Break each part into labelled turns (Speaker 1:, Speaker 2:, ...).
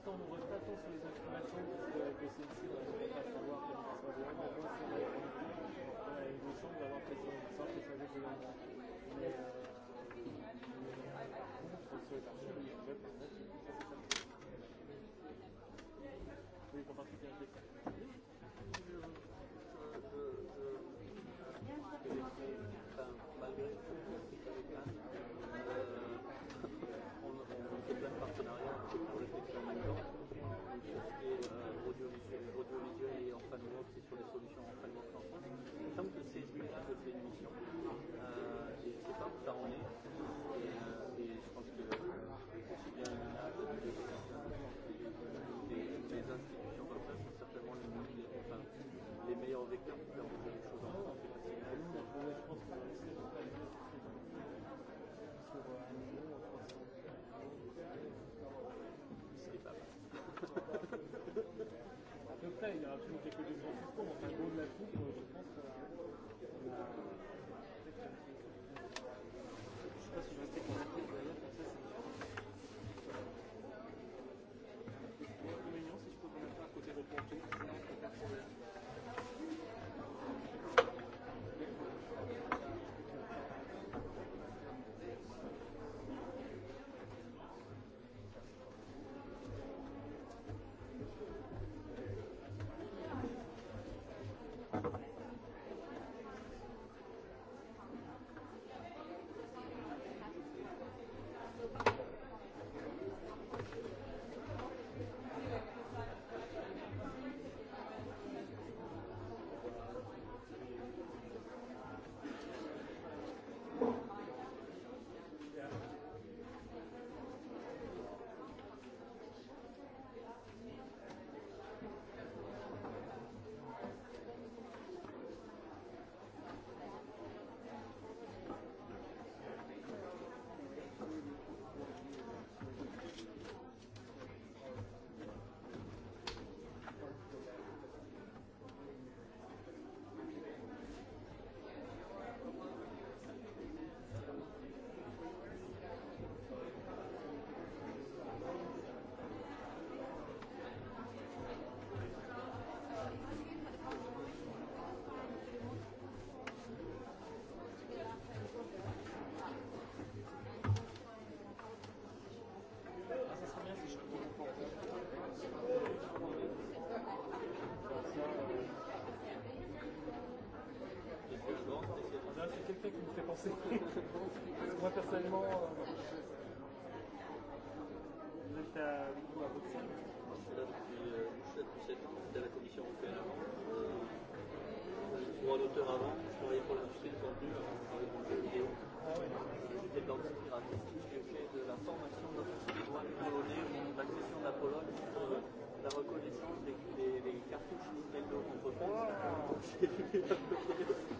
Speaker 1: attends, on reste pas tant sur les informations euh, que celle-ci, on ne peut pas savoir comment ça se passe. Vraiment, c'est la évolution de l'avoir fait sortir sa vie de l'année. effet qui me fait penser. Moi personnellement, euh... vous êtes à, à Bruxelles là depuis, euh, je 7 ans, j'étais à la Commission européenne avant, euh, j'étais droit avant, je travaillais pour l'industrie du contenu je travaillais pour le jeu vidéo. Ah j'étais dans le piratisme, j'ai fait de la formation d'officier de droit polonais, l'accession de la Pologne sur euh, la reconnaissance des, des, des cartouches Nintendo contre France. Wow.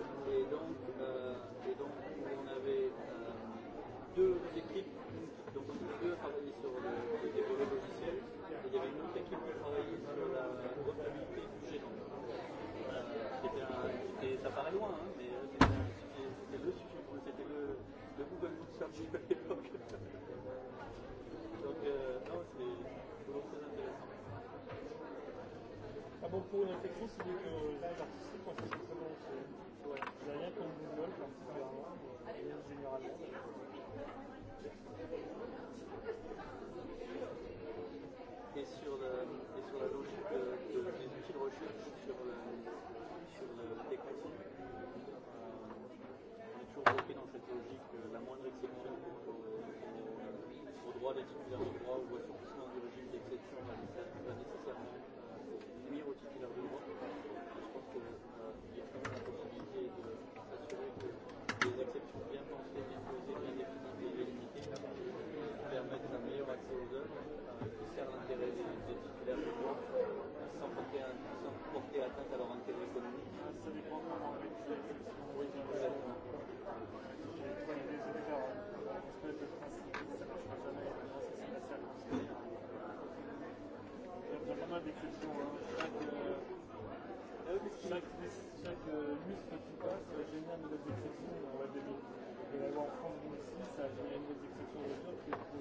Speaker 1: Спасибо.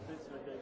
Speaker 1: Thanks,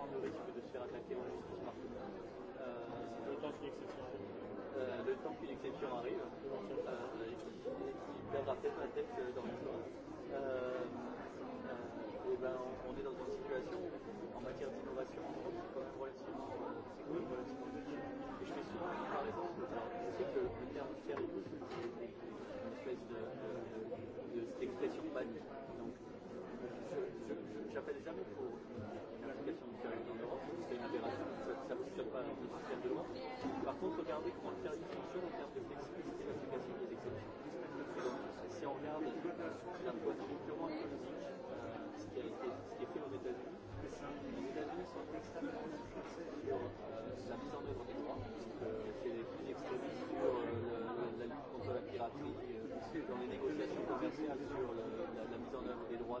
Speaker 1: prendre le risque de se faire attaquer en justice partout. Euh, le temps qu'une exception arrive. Euh, le temps qu'une exception arrive. Euh, et euh, qui, qui perdra peut-être la tête euh, dans l'histoire. Euh, euh, et ben, on, on est dans une situation en matière d'innovation en France, c'est quand même relativement, euh, oui. relativement Et je fais souvent une comparaison. Je sais que le terme fair use,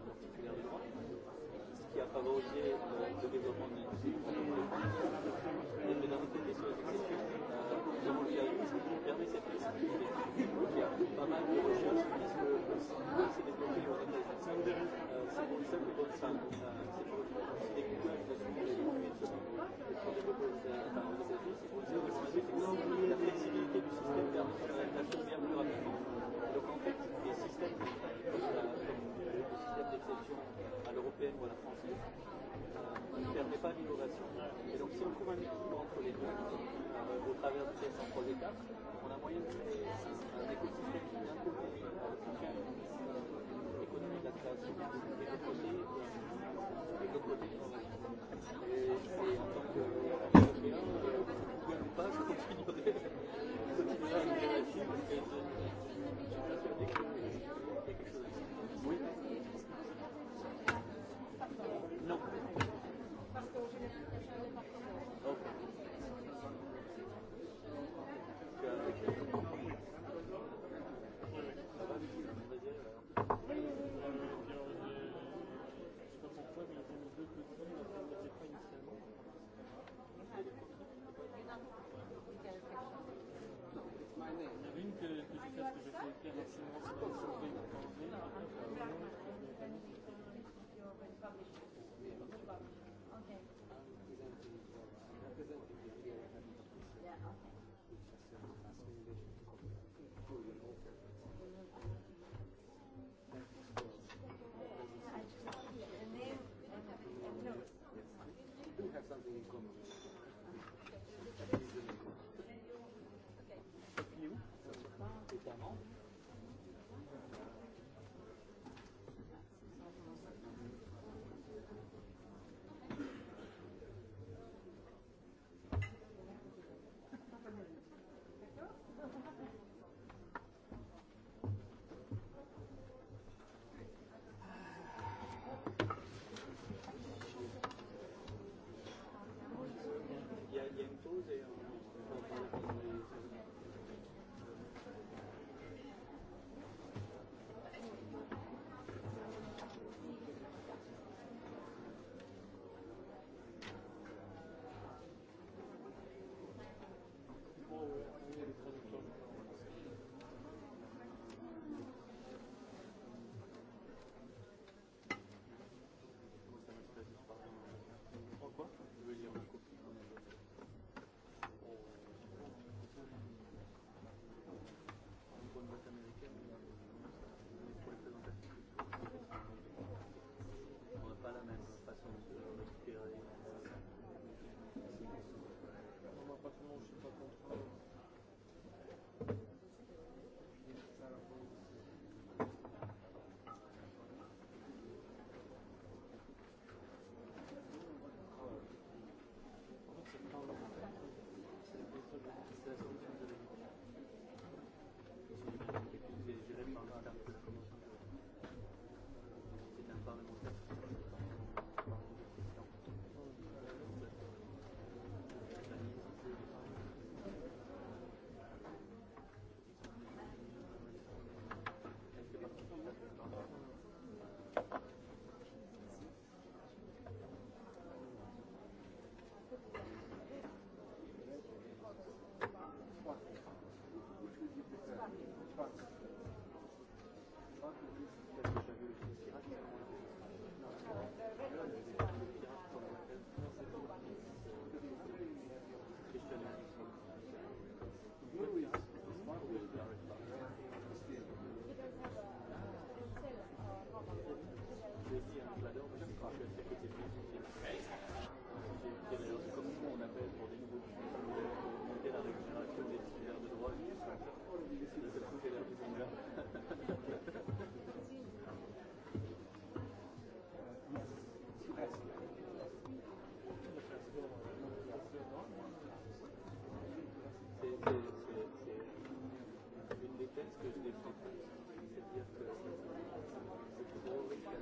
Speaker 1: cadre circulaire qui a favorisé le, développement de l'industrie Mais d'un autre côté, sur les exceptions, euh, qui permet cette flexibilité. Donc il y a pas mal de recherches qui disent que si l'Europe s'est développée aux c'est pour ça que bonne femme, c'est pour ça que la flexibilité du système permet de la Donc en fait, les systèmes. Euh, sélection à l'européenne ou à la française euh, qui ne permet pas d'innovation. Et donc si on trouve un équilibre entre les deux, euh, au travers de ces trois étapes, on a moyen de créer un, un écosystème pak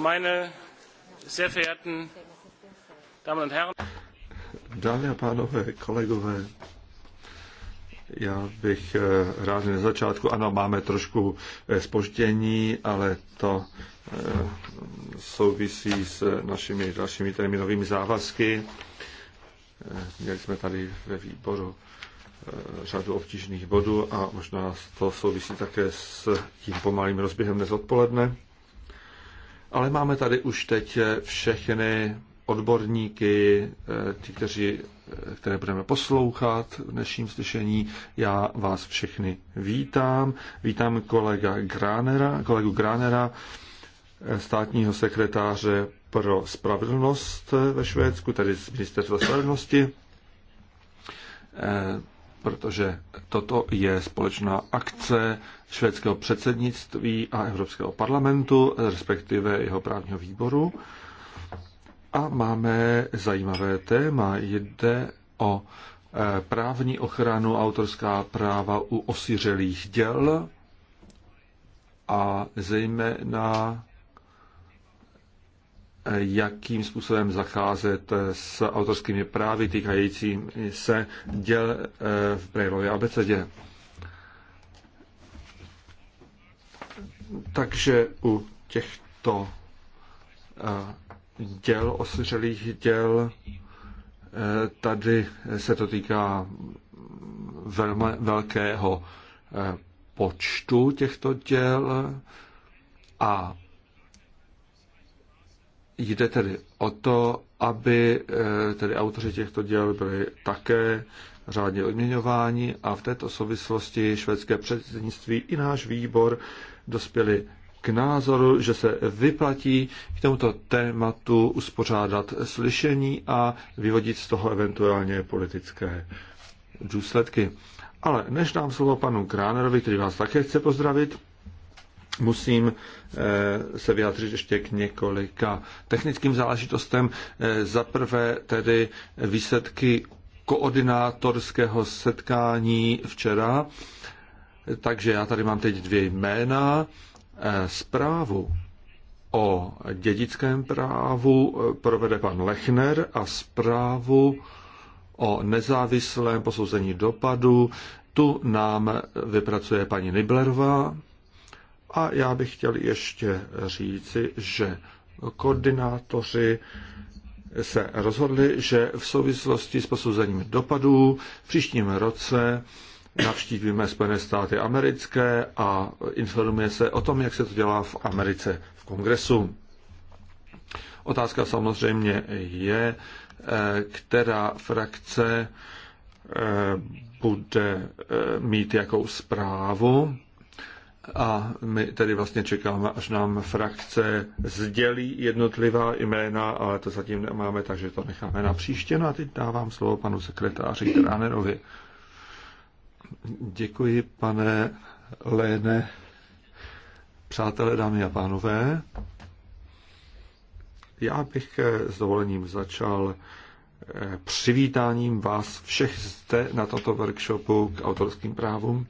Speaker 2: meine sehr verehrten Damen und Herren.
Speaker 3: Dámy a pánové, kolegové, já bych eh, rád na začátku, ano, máme trošku spoždění, eh, ale to eh, souvisí s našimi dalšími termínovými závazky. Měli jsme tady ve výboru řadu obtížných bodů a možná to souvisí také s tím pomalým rozběhem dnes odpoledne. Ale máme tady už teď všechny odborníky, eh, ti, kteří, eh, které budeme poslouchat v dnešním slyšení. Já vás všechny vítám. Vítám kolega Gránera, kolegu Gránera, eh, státního sekretáře pro spravedlnost ve Švédsku, tady z ministerstva spravedlnosti protože toto je společná akce švédského předsednictví a Evropského parlamentu, respektive jeho právního výboru. A máme zajímavé téma. Jde o eh, právní ochranu autorská práva u osiřelých děl a zejména jakým způsobem zacházet s autorskými právy týkajícími se děl eh, v Braillově abecedě. Takže u těchto eh, děl, osvěřelých děl, eh, tady se to týká velmi velkého počtu těchto děl a Jde tedy o to, aby eh, tedy autoři těchto děl byli také řádně odměňováni a v této souvislosti švédské předsednictví i náš výbor dospěli k názoru, že se vyplatí k tomuto tématu uspořádat slyšení a vyvodit z toho eventuálně politické důsledky. Ale než dám slovo panu Kránerovi, který vás také chce pozdravit, musím eh, se vyjádřit ještě k několika technickým záležitostem. Eh, za prvé tedy výsledky koordinátorského setkání včera. Takže já tady mám teď dvě jména. Eh, zprávu o dědickém právu provede pan Lechner a zprávu o nezávislém posouzení dopadu tu nám vypracuje paní Niblerová a já bych chtěl ještě říci, že koordinátoři se rozhodli, že v souvislosti s posouzením dopadů v příštím roce navštívíme Spojené státy americké a informuje se o tom, jak se to dělá v Americe v kongresu. Otázka samozřejmě je, eh, která frakce eh, bude eh, mít jakou zprávu a my tedy vlastně čekáme, až nám frakce sdělí jednotlivá jména, ale to zatím nemáme, takže to necháme na příště. No a teď dávám slovo panu sekretáři Kránerovi. Děkuji, pane Léne. Přátelé, dámy a pánové, já bych s dovolením začal eh, přivítáním vás všech zde na tomto workshopu k autorským právům.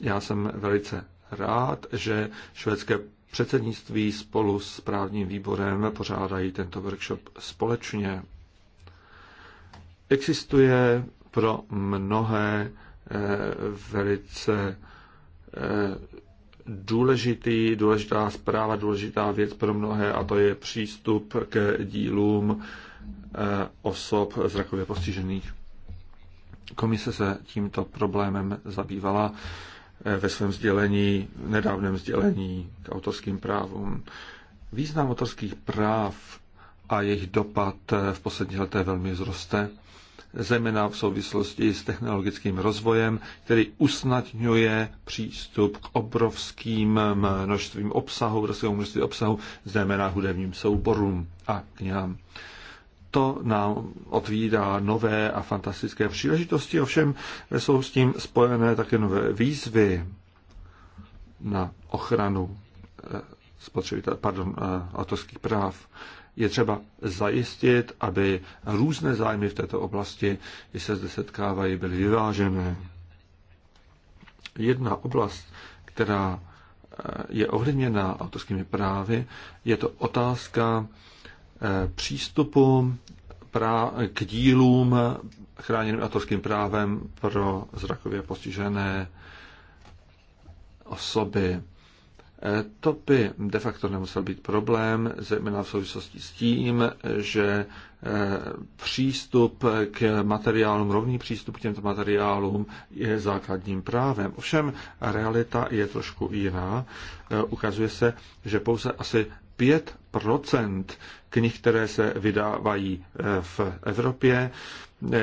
Speaker 3: Já jsem velice rád, že švédské předsednictví spolu s právním výborem pořádají tento workshop společně. Existuje pro mnohé eh, velice eh, důležitý, důležitá zpráva, důležitá věc pro mnohé a to je přístup k dílům eh, osob zrakově postižených. Komise se tímto problémem zabývala Eh, ve svém sdělení, nedávném sdělení k autorským právům. Význam autorských práv a jejich dopad eh, v posledních letech velmi zroste, zejména v souvislosti s technologickým rozvojem, který usnadňuje přístup k obrovským mm, množstvím obsahu, množství obsahu, zejména hudebním souborům a knihám to nám otvírá nové a fantastické příležitosti, ovšem jsou s tím spojené také nové výzvy na ochranu eh, spotřebitel, pardon, eh, autorských práv. Je třeba zajistit, aby různé zájmy v této oblasti, když se zde setkávají, byly vyvážené. Jedna oblast, která eh, je ovlivněna autorskými právy, je to otázka přístupu k dílům chráněným autorským právem pro zrakově postižené osoby. E, to by de facto nemusel být problém, zejména v souvislosti s tím, že e, přístup k materiálům, rovný přístup k těmto materiálům je základním právem. Ovšem realita je trošku jiná. E, ukazuje se, že pouze asi 5 knih, které se vydávají eh, v Evropě, eh,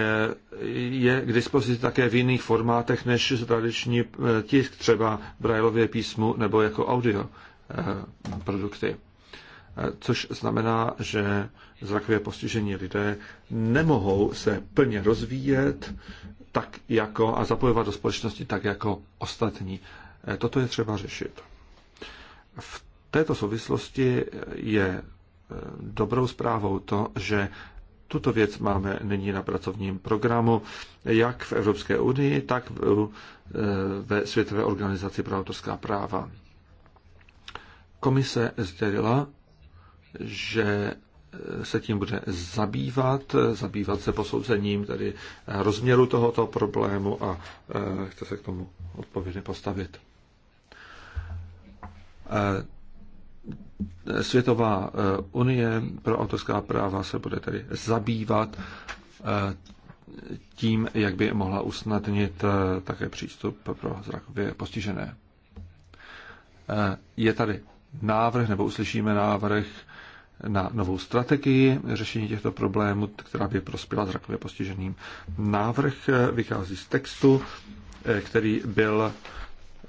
Speaker 3: je k dispozici také v jiných formátech než tradiční eh, tisk, třeba brajlově písmu nebo jako audio produkty. Což znamená, že zrakově postižení lidé nemohou se plně rozvíjet tak jako, a zapojovat do společnosti tak jako ostatní. Toto je třeba řešit. V této souvislosti je eh, dobrou zprávou to, že tuto věc máme nyní na pracovním programu, jak v Evropské unii, tak eh, ve Světové organizaci pro autorská práva. Komise sdělila, že eh, se tím bude zabývat, zabývat se posouzením tedy rozměru tohoto problému a chce se k tomu odpovědně postavit. Světová eh, unie pro autorská práva se bude tedy zabývat eh, tím, jak by mohla usnadnit eh, také přístup pro zrakově postižené. Je tady návrh, nebo uslyšíme návrh na novou strategii řešení těchto problémů, která by prospěla zrakově postiženým. Návrh vychází z textu, který byl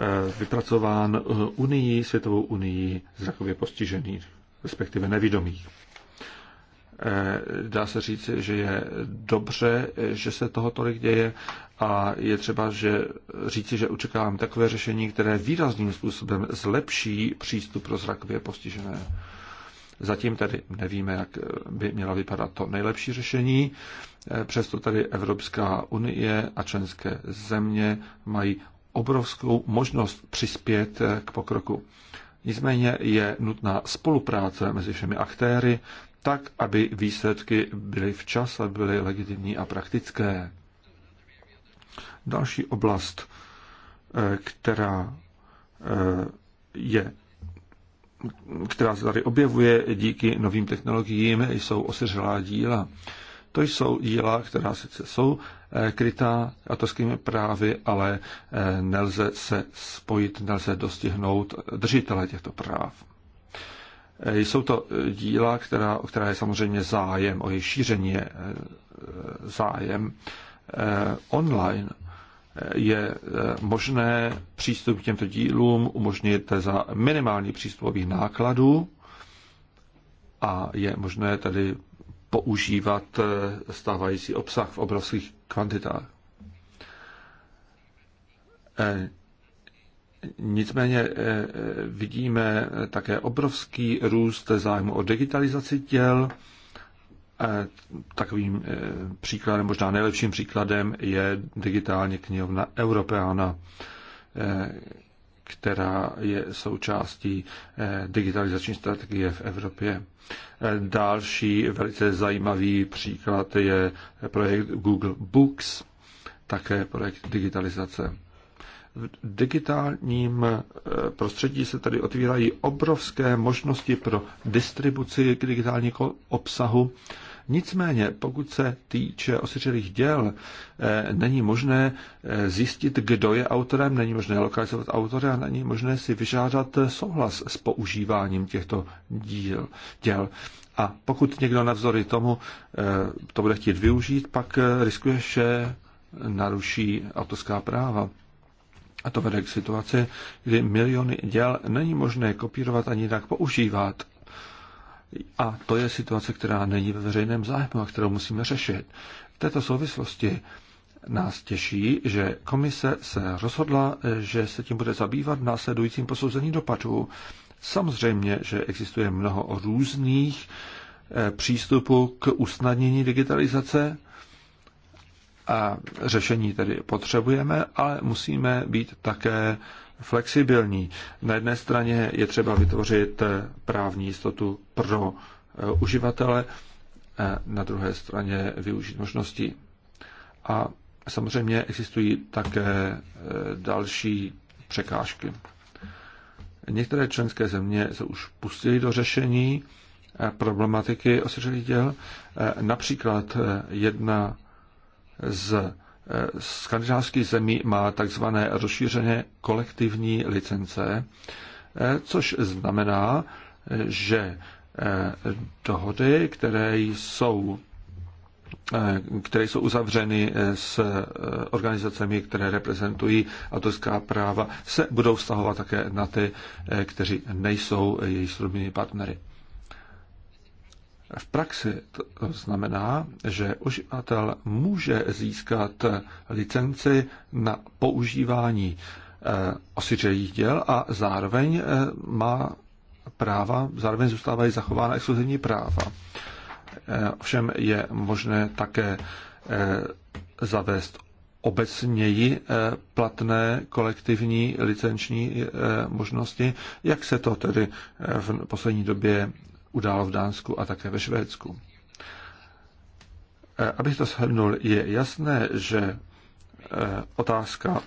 Speaker 3: Eh, vypracován eh, unii, Světovou unii zrakově postižených, respektive nevidomých. Eh, dá se říct, že je dobře, že se toho tolik děje a je třeba že říci, že očekávám takové řešení, které výrazným způsobem zlepší přístup pro zrakově postižené. Zatím tedy nevíme, jak by měla vypadat to nejlepší řešení. Přesto tady Evropská unie a členské země mají obrovskou možnost přispět eh, k pokroku. Nicméně je nutná spolupráce mezi všemi aktéry, tak, aby výsledky byly včas a byly legitimní a praktické. Další oblast, eh, která eh, je která se tady objevuje díky novým technologiím, jsou osiřelá díla. To jsou díla, která sice jsou Eh, krytá autorskými právy, ale eh, nelze se spojit, nelze dostihnout držitele těchto práv. Eh, jsou to díla, která, která je samozřejmě zájem, o jejich šíření je zájem. Online je možné přístup k těmto dílům umožnit za minimální přístupových nákladů a je možné tedy používat stávající obsah v obrovských Kvantita. E, nicméně e, vidíme také obrovský růst zájmu o digitalizaci těl. E, takovým příkladem, možná nejlepším příkladem, je digitální knihovna Europeana, která je součástí eh, digitalizační strategie v Evropě. Eh, další velice zajímavý příklad je projekt Google Books, také projekt digitalizace. V digitálním eh, prostředí se tady otvírají obrovské možnosti pro distribuci digitálního obsahu Nicméně, pokud se týče osiřelých děl, eh, není možné eh, zjistit, kdo je autorem, není možné lokalizovat autora, není možné si vyžádat souhlas s používáním těchto díl, děl. A pokud někdo navzory tomu eh, to bude chtít využít, pak riskuje, že naruší autorská práva. A to vede k situaci, kdy miliony děl není možné kopírovat ani tak používat. A to je situace, která není ve veřejném zájmu a kterou musíme řešit. V této souvislosti nás těší, že komise se rozhodla, že se tím bude zabývat v následujícím posouzení dopadů. Samozřejmě, že existuje mnoho různých eh, přístupů k usnadnění digitalizace a řešení tedy potřebujeme, ale musíme být také flexibilní. Na jedné straně je třeba vytvořit eh, právní jistotu pro eh, uživatele, eh, na druhé straně využít možnosti. A samozřejmě existují také další překážky. Některé členské země se už pustily do řešení problematiky osiřelých děl. Například jedna z Eh, skandinávských zemí má takzvané rozšířené kolektivní licence, eh, což znamená, eh, že dohody, které jsou které jsou uzavřeny s organizacemi, které reprezentují autorská práva, se budou vztahovat také na ty, kteří nejsou jejich smluvními partnery. V praxi to znamená, že uživatel může získat licenci na používání eh, osiřelých děl a zároveň eh, má práva, zároveň zůstávají zachována exkluzivní práva. Eh, ovšem je možné také zavést obecněji platné kolektivní licenční možnosti, jak se to tedy v poslední době událo v Dánsku a také ve Švédsku. Eh, abych to shrnul, je jasné, že eh, otázka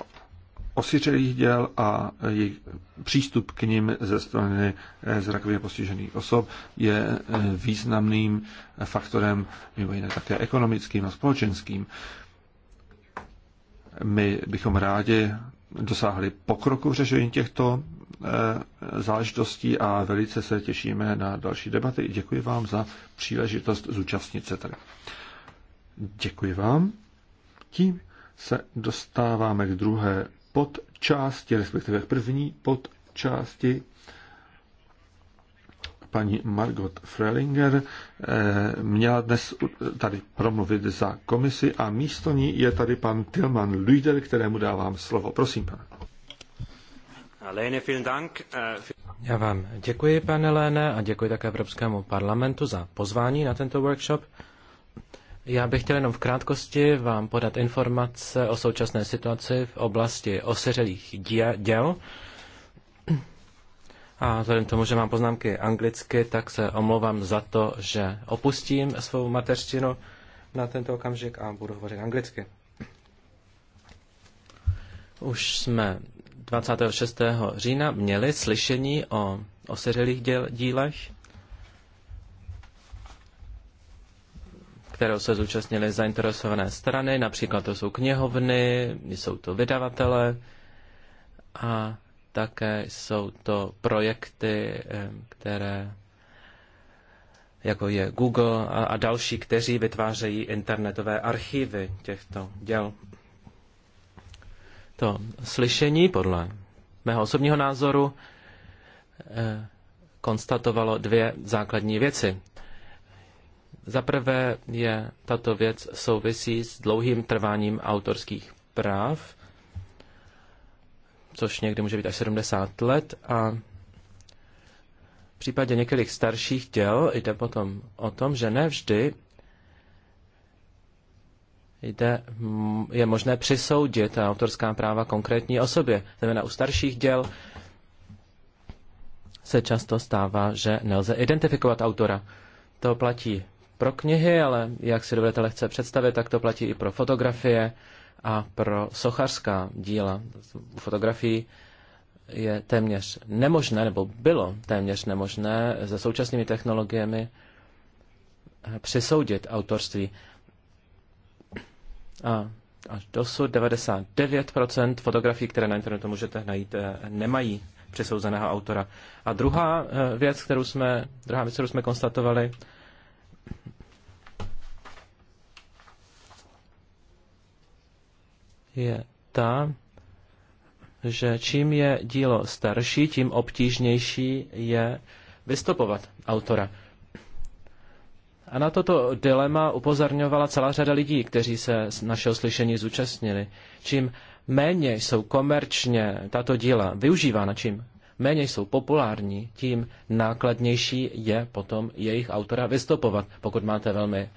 Speaker 3: osiřelých děl a jejich přístup k nim ze strany eh, zrakově postižených osob je významným faktorem, mimo jiné také ekonomickým a společenským. My bychom rádi dosáhli pokroku v řešení těchto Eh, záležitostí a velice se těšíme na další debaty. Děkuji vám za příležitost zúčastnit se tady. Děkuji vám. Tím se dostáváme k druhé podčásti, respektive k první podčásti paní Margot Frelinger eh, měla dnes tady promluvit za komisi a místo ní je tady pan Tilman Lüder, kterému dávám slovo. Prosím, pane.
Speaker 2: Äh,
Speaker 3: Já vám děkuji, pane
Speaker 2: Léne, a děkuji také Evropskému parlamentu za pozvání na tento workshop. Já bych chtěl jenom v krátkosti vám podat informace o současné situaci v oblasti osiřelých děl. A vzhledem k tomu, že mám poznámky anglicky, tak se omlouvám za to, že opustím svou mateřštinu na tento okamžik a budu hovořit anglicky. Už jsme 26. října měli slyšení o osiřelých děl, dílech, kterou se zúčastnili zainteresované strany, například to jsou knihovny, jsou to vydavatele a také jsou to projekty, eh, které jako je Google a, a další, kteří vytvářejí internetové archivy těchto děl to slyšení podle mého osobního názoru eh, konstatovalo dvě základní věci. Zaprvé je tato věc souvisí s dlouhým trváním autorských práv, což někdy může být až 70 let a v případě některých starších děl jde potom o tom, že ne vždy jde, hm, je možné přisoudit autorská práva konkrétní osobě. Znamená u starších děl se často stává, že nelze identifikovat autora. To platí pro knihy, ale jak si dovedete lehce představit, tak to platí i pro fotografie a pro sochařská díla. U fotografií je téměř nemožné, nebo bylo téměř nemožné se současnými technologiemi přisoudit autorství. A až dosud 99% fotografií, které na internetu můžete najít, eh, nemají přesouzeného autora. A druhá eh, věc, kterou jsme, druhá věc, kterou jsme konstatovali, je ta, že čím je dílo starší, tím obtížnější je vystopovat autora. A na toto dilema upozorňovala celá řada lidí, kteří se z našeho slyšení zúčastnili. Čím méně jsou komerčně tato díla využívána, čím méně jsou populární, tím nákladnější je potom jejich autora vystupovat. Pokud máte velmi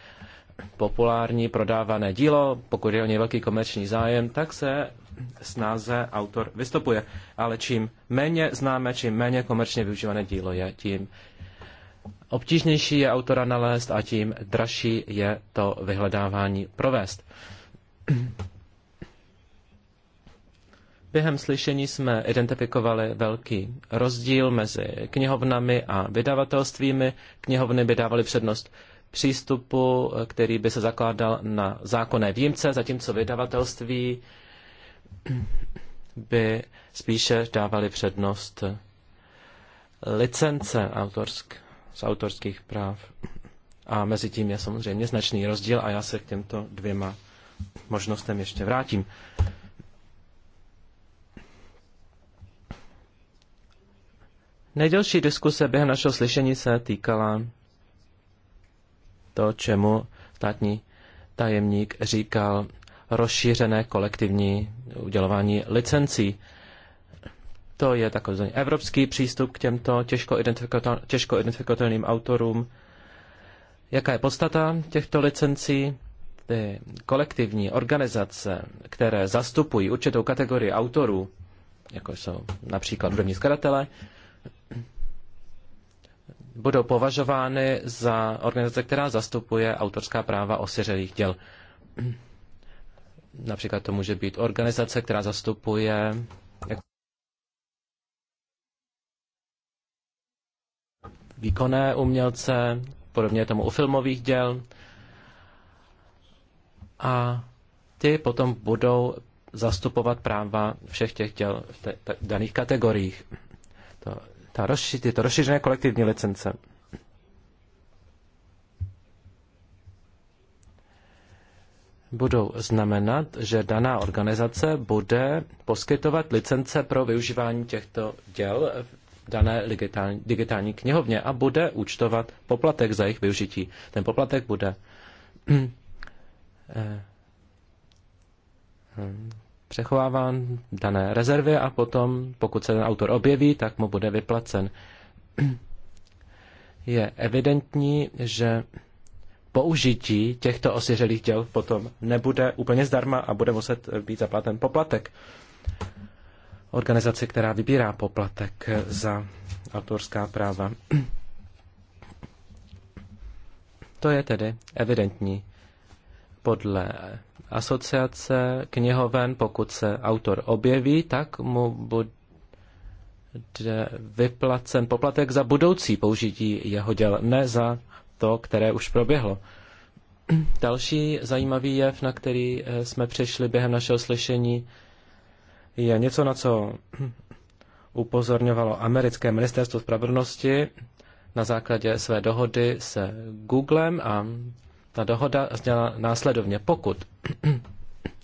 Speaker 2: populární prodávané dílo, pokud je o něj velký komerční zájem, tak se snáze autor vystupuje. Ale čím méně známe, čím méně komerčně využívané dílo je, tím obtížnější je autora nalézt a tím dražší je to vyhledávání provést. Během slyšení jsme identifikovali velký rozdíl mezi knihovnami a vydavatelstvími. Knihovny by dávaly přednost přístupu, který by se zakládal na zákonné výjimce, zatímco vydavatelství by spíše dávali přednost licence autorské z autorských práv. A mezi tím je samozřejmě značný rozdíl a já se k těmto dvěma možnostem ještě vrátím. Nejdelší diskuse během našeho slyšení se týkala to, čemu státní tajemník říkal rozšířené kolektivní udělování licencí. To je takový evropský přístup k těmto těžko, identifikatel, těžko identifikovatelným autorům. Jaká je podstata těchto licencí? Ty kolektivní organizace, které zastupují určitou kategorii autorů, jako jsou například hudební skladatele, budou považovány za organizace, která zastupuje autorská práva osiřelých děl. Například to může být organizace, která zastupuje výkonné umělce, podobně tomu u filmových děl. A ty potom budou zastupovat práva všech těch děl v te, te, daných kategoriích. To, ta rozši, tyto rozšířené kolektivní licence. budou znamenat, že daná organizace bude poskytovat licence pro využívání těchto děl dané digitální, digitální knihovně a bude účtovat poplatek za jejich využití. Ten poplatek bude eh, eh, přechováván dané rezervě a potom, pokud se ten autor objeví, tak mu bude vyplacen. Je evidentní, že použití těchto osiřelých děl potom nebude úplně zdarma a bude muset být zaplaten poplatek. Organizace, která vybírá poplatek za autorská práva. To je tedy evidentní. Podle asociace knihoven, pokud se autor objeví, tak mu bude vyplacen poplatek za budoucí použití jeho děl, ne za to, které už proběhlo. Další zajímavý jev, na který eh, jsme přišli během našeho slyšení, je něco, na co upozorňovalo americké ministerstvo spravedlnosti na základě své dohody se Googlem a ta dohoda zněla následovně. Pokud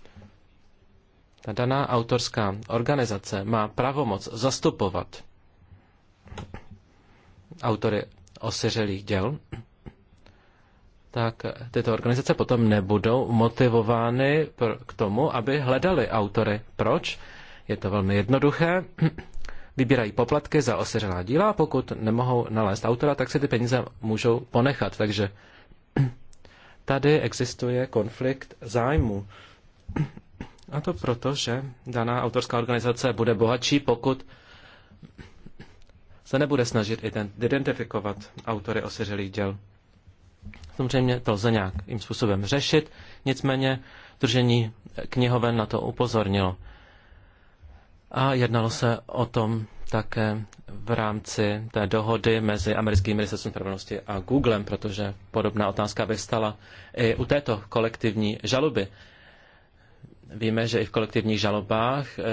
Speaker 2: ta daná autorská organizace má pravomoc zastupovat autory osiřelých děl, tak tyto organizace potom nebudou motivovány k tomu, aby hledali autory. Proč? Je to velmi jednoduché. Vybírají poplatky za osiřelá díla a pokud nemohou nalézt autora, tak si ty peníze můžou ponechat. Takže tady existuje konflikt zájmu. A to proto, že daná autorská organizace bude bohatší, pokud se nebude snažit identifikovat autory osiřelých děl. Samozřejmě to lze nějakým způsobem řešit, nicméně držení knihoven na to upozornilo. A jednalo se o tom také v rámci té dohody mezi americkým ministerstvem spravedlnosti a Googlem, protože podobná otázka vystala i u této kolektivní žaloby. Víme, že i v kolektivních žalobách eh,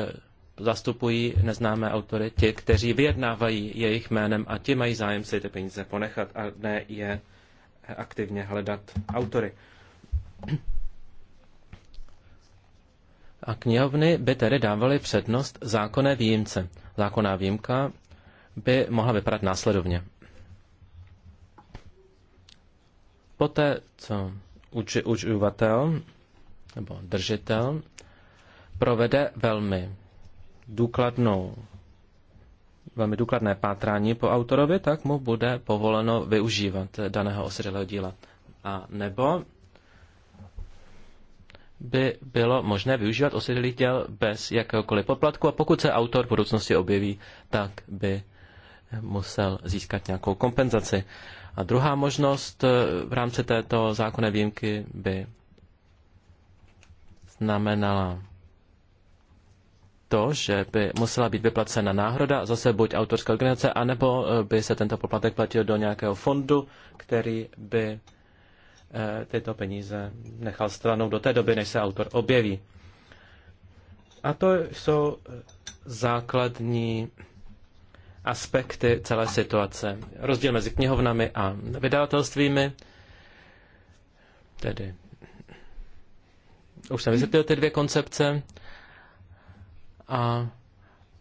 Speaker 2: zastupují neznámé autory ti, kteří vyjednávají jejich jménem a ti mají zájem si ty peníze ponechat a ne je aktivně hledat autory. A knihovny by tedy dávaly přednost zákonné výjimce. Zákonná výjimka by mohla vypadat následovně. Poté, co uči, uživatel nebo držitel provede velmi důkladnou velmi důkladné pátrání po autorovi, tak mu bude povoleno využívat daného osiřelého díla. A nebo by bylo možné využívat osvědělý děl bez jakéhokoliv poplatku a pokud se autor v budoucnosti objeví, tak by musel získat nějakou kompenzaci. A druhá možnost eh, v rámci této zákonné výjimky by znamenala to, že by musela být vyplacena náhrada, zase buď autorské organizace, anebo eh, by se tento poplatek platil do nějakého fondu, který by Eh, tyto peníze nechal stranou do té doby, než se autor objeví. A to jsou základní aspekty celé situace. Rozdíl mezi knihovnami a vydavatelstvími, tedy už jsem vysvětlil ty dvě koncepce a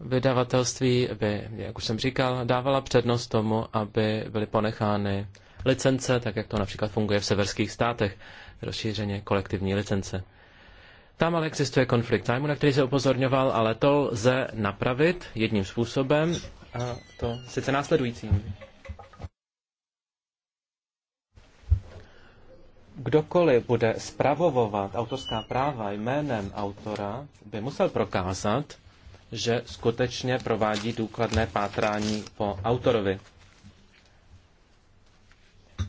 Speaker 2: vydavatelství by, jak už jsem říkal, dávala přednost tomu, aby byly ponechány licence, tak jak to například funguje v severských státech, rozšířeně kolektivní licence. Tam ale existuje konflikt zájmu, na který se upozorňoval, ale to lze napravit jedním způsobem, a to sice následujícím. Kdokoliv bude spravovovat autorská práva jménem autora, by musel prokázat, že skutečně provádí důkladné pátrání po autorovi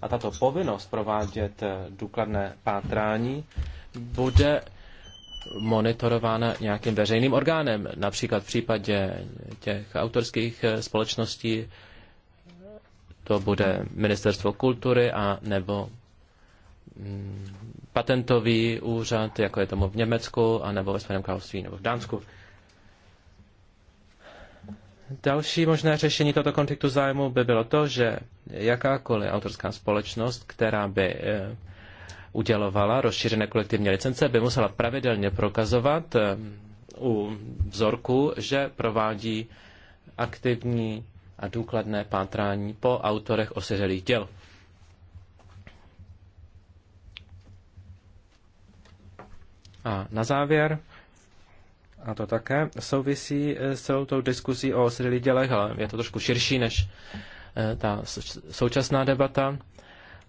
Speaker 2: a tato povinnost provádět eh, důkladné pátrání bude monitorována nějakým veřejným orgánem. Například v případě těch autorských eh, společností to bude Ministerstvo kultury a nebo mm, patentový úřad, jako je tomu v Německu, a nebo ve Spojeném království, nebo v Dánsku. Další možné řešení tohoto konfliktu zájmu by bylo to, že jakákoliv autorská společnost, která by eh, udělovala rozšířené kolektivní licence, by musela pravidelně prokazovat eh, u vzorku, že provádí aktivní a důkladné pátrání po autorech osiřelých děl. A na závěr a to také souvisí s celou tou diskusí o osvědlých dělech, ale je to trošku širší než eh, ta současná debata.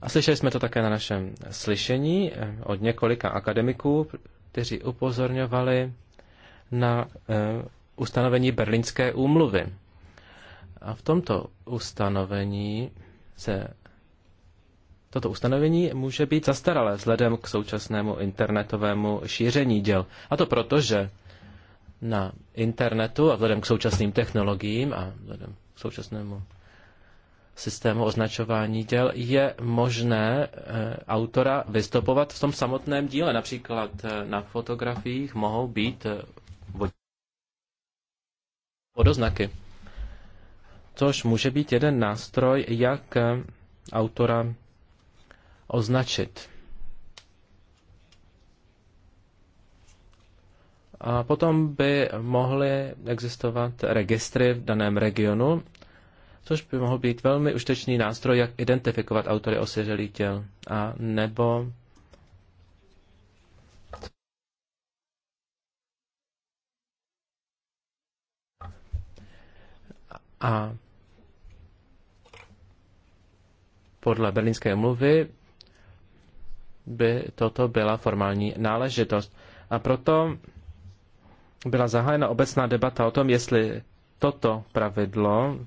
Speaker 2: A slyšeli jsme to také na našem slyšení eh, od několika akademiků, kteří upozorňovali na eh, ustanovení Berlínské úmluvy. A v tomto ustanovení se Toto ustanovení může být zastaralé vzhledem k současnému internetovému šíření děl. A to proto, že na internetu a vzhledem k současným technologiím a vzhledem k současnému systému označování děl je možné eh, autora vystupovat v tom samotném díle. Například eh, na fotografiích mohou být eh, vodoznaky, což může být jeden nástroj, jak autora označit. A potom by mohly existovat registry v daném regionu, což by mohl být velmi užtečný nástroj, jak identifikovat autory osiřelých těl. A nebo A podle berlínské mluvy by toto byla formální náležitost. A proto byla zahájena obecná debata o tom, jestli toto pravidlo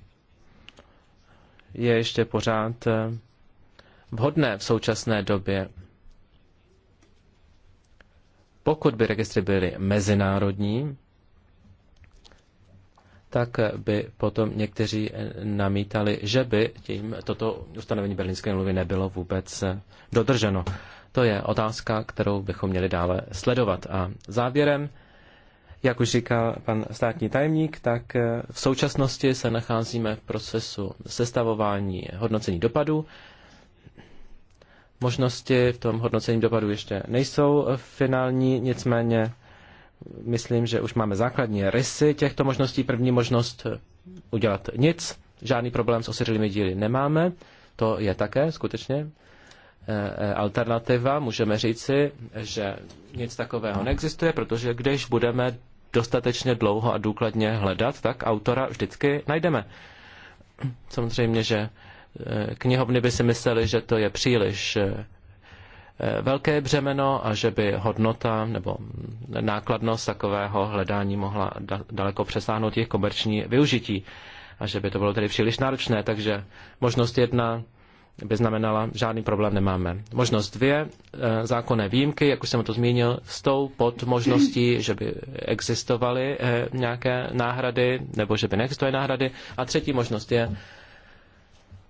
Speaker 2: je ještě pořád eh, vhodné v současné době. Pokud by registry byly mezinárodní, tak by potom někteří eh, namítali, že by tím toto ustanovení berlínské mluvy nebylo vůbec eh, dodrženo. To je otázka, kterou bychom měli dále sledovat. A závěrem jak už říkal pan státní tajemník, tak eh, v současnosti se nacházíme v procesu sestavování hodnocení dopadu. Možnosti v tom hodnocení dopadu ještě nejsou eh, finální, nicméně eh, myslím, že už máme základní rysy těchto možností. První možnost udělat nic, žádný problém s osiřelými díly nemáme, to je také skutečně alternativa, můžeme říci, že nic takového neexistuje, protože když budeme dostatečně dlouho a důkladně hledat, tak autora vždycky najdeme. Samozřejmě, že eh, knihovny by si myslely, že to je příliš eh, velké břemeno a že by hodnota nebo nákladnost takového hledání mohla daleko přesáhnout jejich komerční využití a že by to bylo tedy příliš náročné. Takže možnost jedna by znamenala, žádný problém nemáme. Možnost dvě, eh, zákonné výjimky, jak už jsem to zmínil, s tou pod možností, že by existovaly eh, nějaké náhrady, nebo že by neexistovaly náhrady. A třetí možnost je,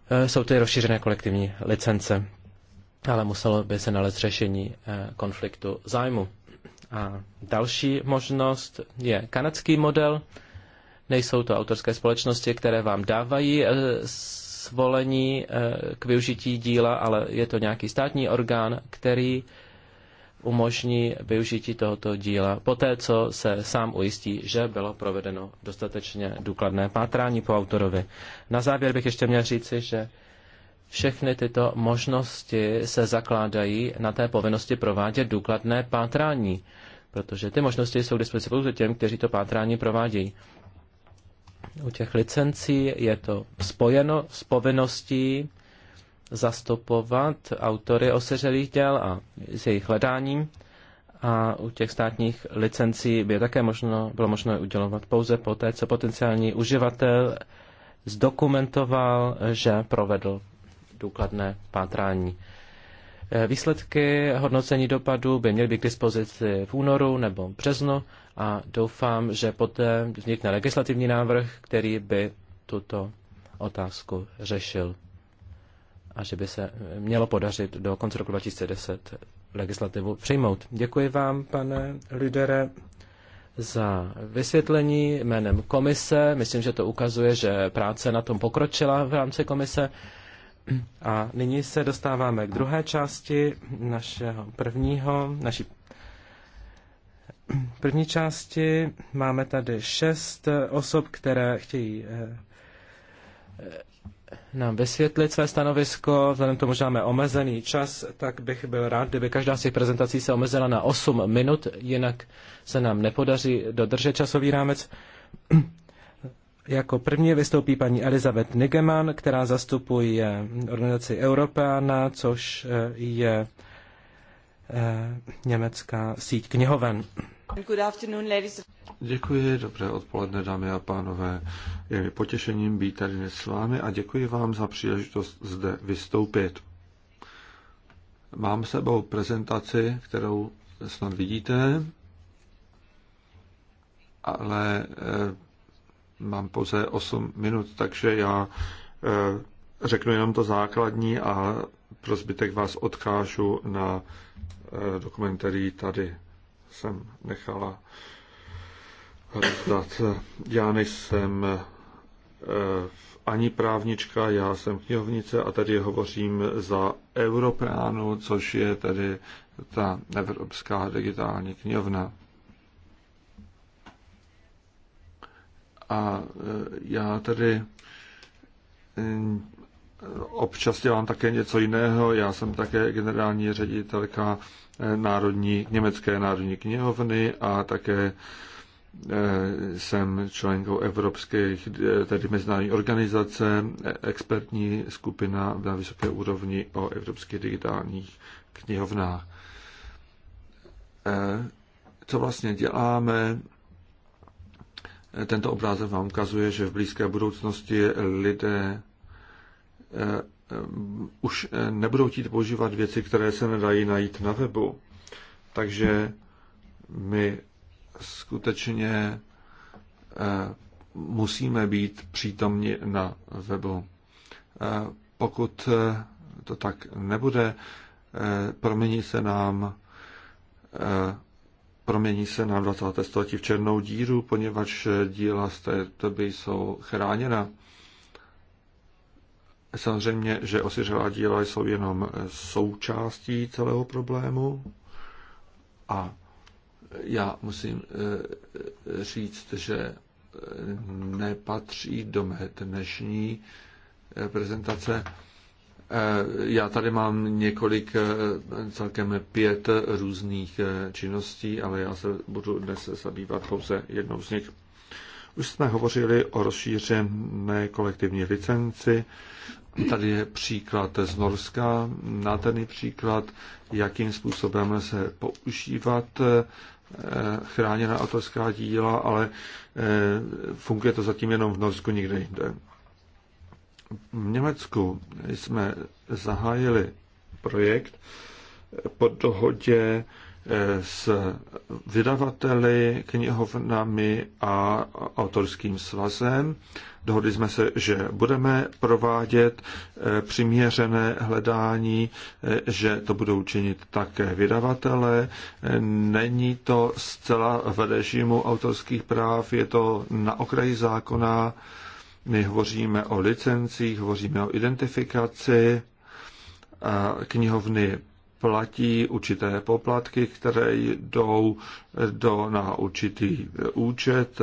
Speaker 2: eh, jsou ty rozšířené kolektivní licence. Ale muselo by se nalézt řešení konfliktu zájmu. A další možnost je kanadský model. Nejsou to autorské společnosti, které vám dávají svolení eh, k využití díla, ale je to nějaký státní orgán, který umožní využití tohoto díla poté, co se sám ujistí, že bylo provedeno dostatečně důkladné pátrání po autorovi. Na závěr bych ještě měl říci, že všechny tyto možnosti se zakládají na té povinnosti provádět důkladné pátrání, protože ty možnosti jsou k dispozici pouze těm, kteří to pátrání provádějí. U těch licencí je to spojeno s povinností zastupovat autory oseřelých děl a s jejich hledáním. A u těch státních licencí by také možno, bylo možno udělovat pouze poté, co potenciální uživatel zdokumentoval, že provedl důkladné pátrání. Výsledky hodnocení dopadu by měly být k dispozici v únoru nebo březnu a doufám, že poté vznikne legislativní návrh, který by tuto otázku řešil a že by se mělo podařit do konce roku 2010 legislativu přijmout. Děkuji vám, pane lidere, za vysvětlení jménem komise. Myslím, že to ukazuje, že práce na tom pokročila v rámci komise. A nyní se dostáváme k druhé části našeho prvního, naší první části máme tady šest osob, které chtějí eh, eh, nám vysvětlit své stanovisko. Vzhledem tomu, že máme omezený čas, tak bych byl rád, kdyby každá z těch prezentací se omezila na 8 minut, jinak se nám nepodaří dodržet časový rámec. Jako první vystoupí paní Elizabeth Nigeman, která zastupuje organizaci Europeana, což eh, je
Speaker 3: německá síť knihoven. Děkuji, dobré odpoledne, dámy a pánové. Je mi potěšením být tady dnes s vámi a děkuji vám za příležitost zde vystoupit. Mám sebou prezentaci, kterou snad vidíte, ale eh, mám pouze 8 minut, takže já eh, řeknu jenom to základní a pro zbytek vás odkážu na e, eh, dokumentary tady jsem nechala rozdat. Já nejsem eh, ani právnička, já jsem knihovnice a tady hovořím za Europránu, což je tedy ta Evropská digitální knihovna. A eh, já tedy eh, občas dělám také něco jiného. Já jsem také generální ředitelka národní, Německé národní knihovny a také e, jsem členkou evropských, e, tedy mezinárodní organizace, e, expertní skupina na vysoké úrovni o evropských digitálních knihovnách. Co vlastně děláme? Tento obrázek vám ukazuje, že v blízké budoucnosti lidé Eh, už eh, nebudou chtít používat věci, které se nedají najít na webu. Takže my skutečně eh, musíme být přítomni na webu. Pokud to tak nebude, promění se nám promění se nám 20. století v černou díru, poněvadž díla z té doby jsou chráněna. Samozřejmě, že osiřelá díla jsou jenom součástí celého problému a já musím eh, říct, že eh, nepatří do mé dnešní eh, prezentace. Já tady mám několik, celkem pět různých činností, ale já se budu dnes zabývat pouze jednou z nich. Už jsme hovořili o rozšířené kolektivní licenci, Tady je příklad z Norska, nádherný příklad, jakým způsobem se používat eh, chráněná autorská díla, ale eh, funguje to zatím jenom v Norsku, nikde jinde. V Německu jsme zahájili projekt pod dohodě s vydavateli, knihovnami a autorským svazem. Dohodli jsme se, že budeme provádět eh, přiměřené hledání, eh, že to budou činit také vydavatele. Eh, není to zcela v režimu autorských práv, je to na okraji zákona. My hovoříme o licencích, hovoříme o identifikaci. Knihovny platí určité poplatky, které jdou do, na určitý účet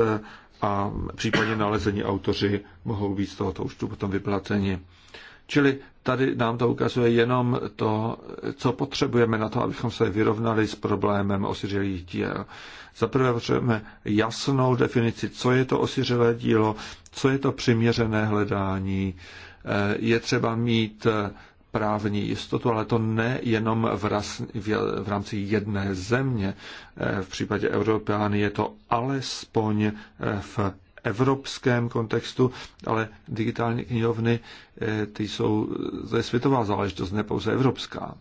Speaker 3: a případně nalezení autoři mohou být z tohoto účtu potom vyplaceni. Čili tady nám to ukazuje jenom to, co potřebujeme na to, abychom se vyrovnali s problémem osiřelých děl. Zaprvé potřebujeme jasnou definici, co je to osiřelé dílo, co je to přiměřené hledání. Je třeba mít právní jistotu, ale to ne jenom v, ras, v, v rámci jedné země. Eh, v případě Evropány je to alespoň eh, v evropském kontextu, ale digitální knihovny eh, ty jsou, to je světová záležitost, ne pouze evropská.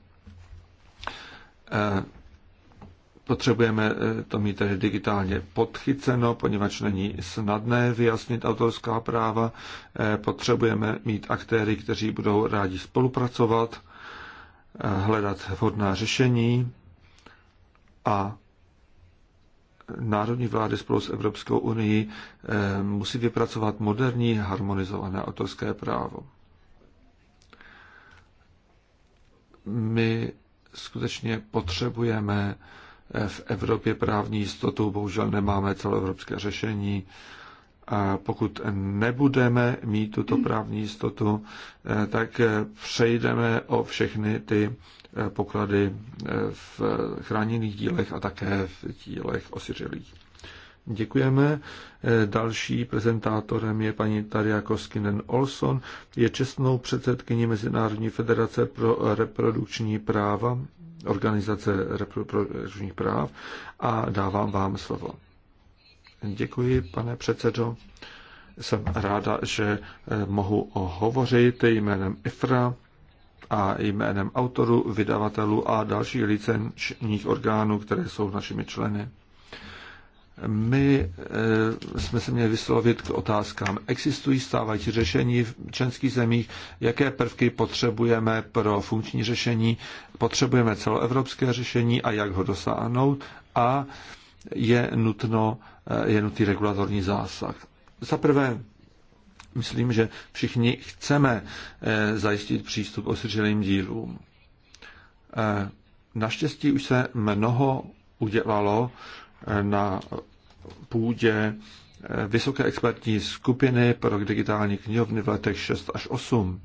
Speaker 3: Potřebujeme eh, to mít tedy digitálně podchyceno, poněvadž není snadné vyjasnit autorská práva. Eh, potřebujeme mít aktéry, kteří budou rádi spolupracovat, eh, hledat vhodná řešení a národní vlády spolu s Evropskou unii musí vypracovat moderní harmonizované autorské právo. My skutečně potřebujeme v Evropě právní jistotu, bohužel nemáme celoevropské řešení. A pokud nebudeme mít tuto právní jistotu, eh, tak eh, přejdeme o všechny ty eh, poklady v chráněných dílech a také v dílech osiřelých. Děkujeme. Další prezentátorem je paní Taria Koskinen Olson. Je čestnou předsedkyní Mezinárodní federace pro reprodukční práva organizace reprodukčních práv a dávám vám slovo. Děkuji, pane předsedo. Jsem ráda, že eh, mohu hovořit jménem IFRA a jménem autorů, vydavatelů a dalších licenčních orgánů, které jsou našimi členy. My eh, jsme se měli vyslovit k otázkám. Existují stávající řešení v členských zemích? Jaké prvky potřebujeme pro funkční řešení? Potřebujeme celoevropské řešení a jak ho dosáhnout? A je nutno eh, je nutný regulatorní zásah. Za prvé, myslím, že všichni chceme eh, zajistit přístup osiřelým dílům. Naštěstí už se mnoho udělalo na půdě eh, vysoké expertní skupiny pro digitální knihovny v letech 6 až 8.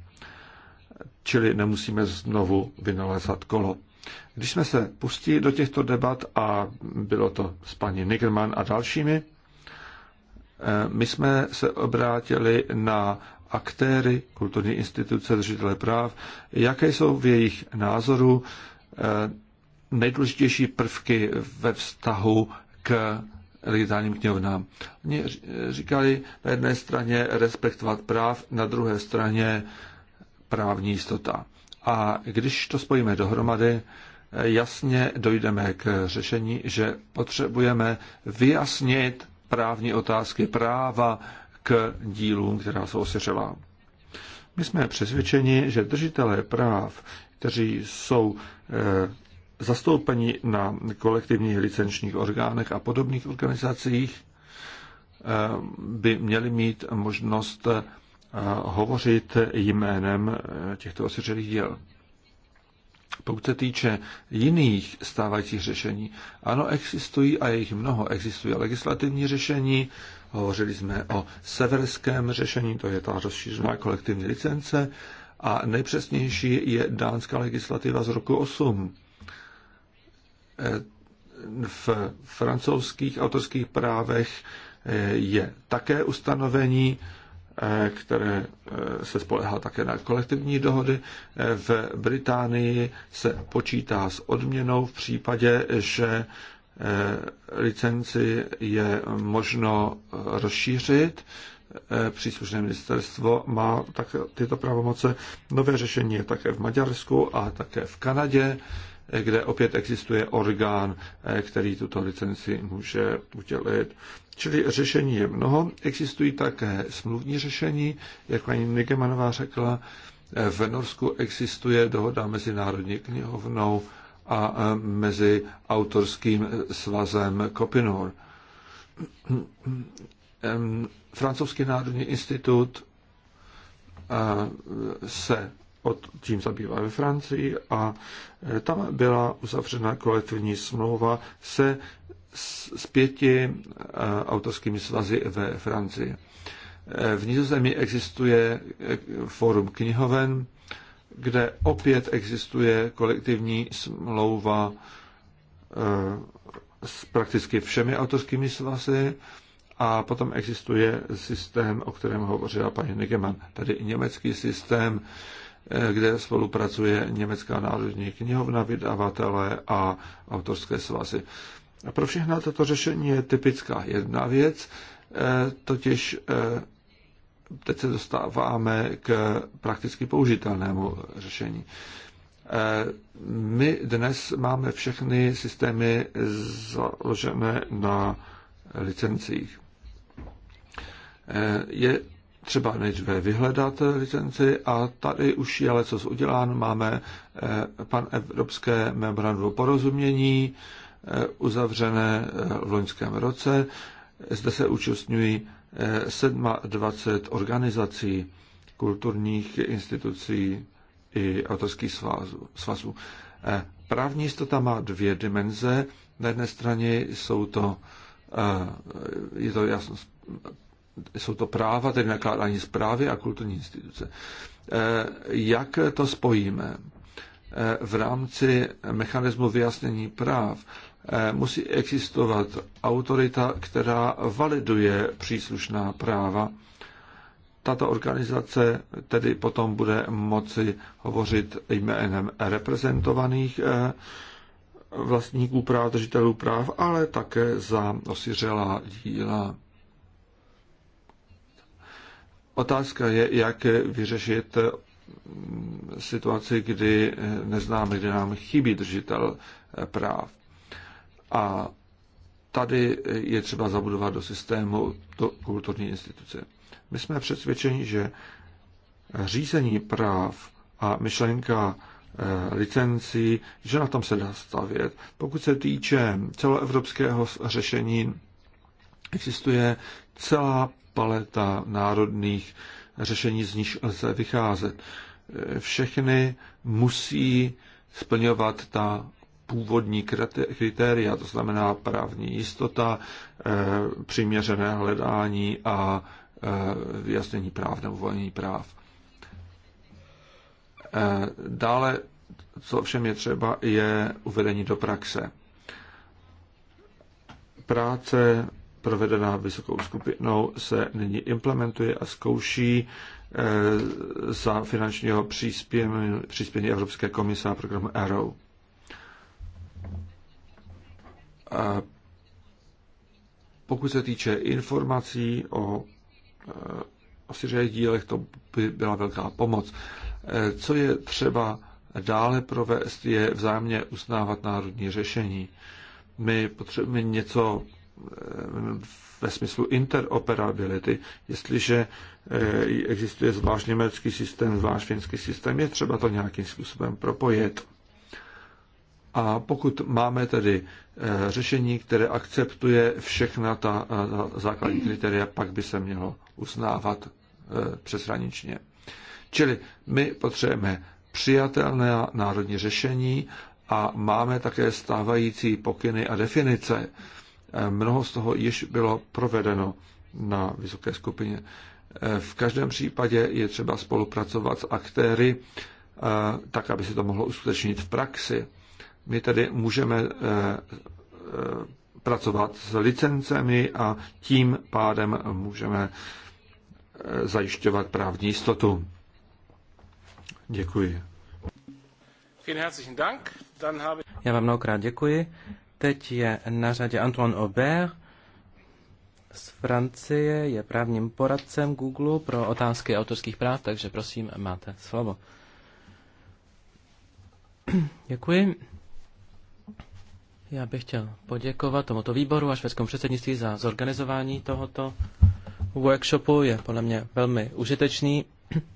Speaker 3: Čili nemusíme znovu vynalézat kolo. Když jsme se pustili do těchto debat, a bylo to s paní Nigerman a dalšími, eh, my jsme se obrátili na aktéry, kulturní instituce, držitele práv, jaké jsou v jejich názoru eh, nejdůležitější prvky ve vztahu k digitálním knihovnám. Oni říkali na jedné straně respektovat práv, na druhé straně právní jistota. A když to spojíme dohromady, jasně dojdeme k řešení, že potřebujeme vyjasnit právní otázky práva k dílům, která jsou osiřela. My jsme přesvědčeni, že držitelé práv, kteří jsou eh, zastoupeni na kolektivních licenčních orgánech a podobných organizacích eh, by měli mít možnost eh, hovořit jménem eh, těchto osiřelých děl. Pokud se týče jiných stávajících řešení, ano, existují a je jich mnoho. Existují legislativní řešení, hovořili jsme o severském řešení, to je ta rozšířená kolektivní licence, a nejpřesnější je dánská legislativa z roku 8. Eh, v francouzských autorských právech eh, je také ustanovení, eh, které se spolehá také na kolektivní dohody. V Británii se počítá s odměnou v případě, že licenci je možno rozšířit. Příslušné ministerstvo má také tyto pravomoce. Nové řešení je také v Maďarsku a také v Kanadě kde opět existuje orgán, eh, který tuto licenci může udělit. Čili řešení je mnoho. Existují také smluvní řešení, jak paní Nigemanová řekla. V Norsku existuje dohoda mezi Národní knihovnou a eh, mezi autorským svazem Kopinor. Francouzský národní institut eh, se od, tím zabývá ve Francii a e, tam byla uzavřena kolektivní smlouva se s pěti e, autorskými svazy ve Francii. E, v Nizozemí existuje fórum knihoven, kde opět existuje kolektivní smlouva s prakticky všemi autorskými svazy a potom existuje systém, o kterém hovořila paní Negeman, tedy německý systém kde spolupracuje Německá národní knihovna, vydavatele a autorské svazy. A pro všechna toto řešení je typická jedna věc, e, totiž e, teď se dostáváme k prakticky použitelnému řešení. E, my dnes máme všechny systémy založené na licencích. Je třeba nejdříve vyhledat licenci a tady už je ale co udělán, Máme eh, pan Evropské membranu porozumění eh, uzavřené eh, v loňském roce. Zde se účastňují 27 organizací, kulturních institucí i autorských svazů. Právní jistota má dvě dimenze. Na jedné straně jsou to, je to jasnost jsou to práva, tedy nakládání s právy a kulturní instituce. Eh, jak to spojíme? Eh, v rámci mechanismu vyjasnění práv eh, musí existovat autorita, která validuje příslušná práva. Tato organizace tedy potom bude moci hovořit jménem reprezentovaných vlastníků práv, držitelů práv, ale také za osiřelá díla. Otázka je, jak vyřešit mm, situaci, kdy neznáme, kde nám chybí držitel eh, práv. A tady je třeba zabudovat do systému to kulturní instituce. My jsme přesvědčeni, že řízení práv a myšlenka eh, licencí, že na tom se dá stavět. Pokud se týče celoevropského řešení, existuje celá paleta národných řešení, z níž lze vycházet. Všechny musí splňovat ta původní kritéria, to znamená právní jistota, eh, přiměřené hledání a eh, vyjasnění práv nebo volení práv. Eh, dále, co všem je třeba, je uvedení do praxe. Práce provedená vysokou skupinou, se nyní implementuje a zkouší eh, za finančního příspění, Evropské komise a programu Arrow. pokud se týče informací o, eh, o syřejích dílech, to by byla velká pomoc. Eh, co je třeba dále provést, je vzájemně usnávat národní řešení. My potřebujeme něco ve smyslu interoperability, jestliže eh, existuje zvlášť německý systém, zvlášť finský systém, je třeba to nějakým způsobem propojit. A pokud máme tedy eh, řešení, které akceptuje všechna eh, ta základní kritéria, pak by se mělo uznávat přeshraničně. Čili my potřebujeme přijatelné národní řešení a máme také stávající pokyny a definice. Mnoho z toho již bylo provedeno na vysoké skupině. V každém případě je třeba spolupracovat s aktéry, eh, tak, aby se to mohlo uskutečnit v praxi. My tedy můžeme eh, eh, pracovat s licencemi a tím pádem můžeme zajišťovat právní jistotu. Děkuji. Já vám mnohokrát děkuji. Teď je
Speaker 2: na řadě Antoine Aubert z Francie, je právním poradcem Google pro otázky autorských práv, takže prosím, máte slovo. Děkuji. Já bych chtěl poděkovat tomuto výboru a švédskému předsednictví za zorganizování tohoto workshopu. Je podle mě velmi užitečný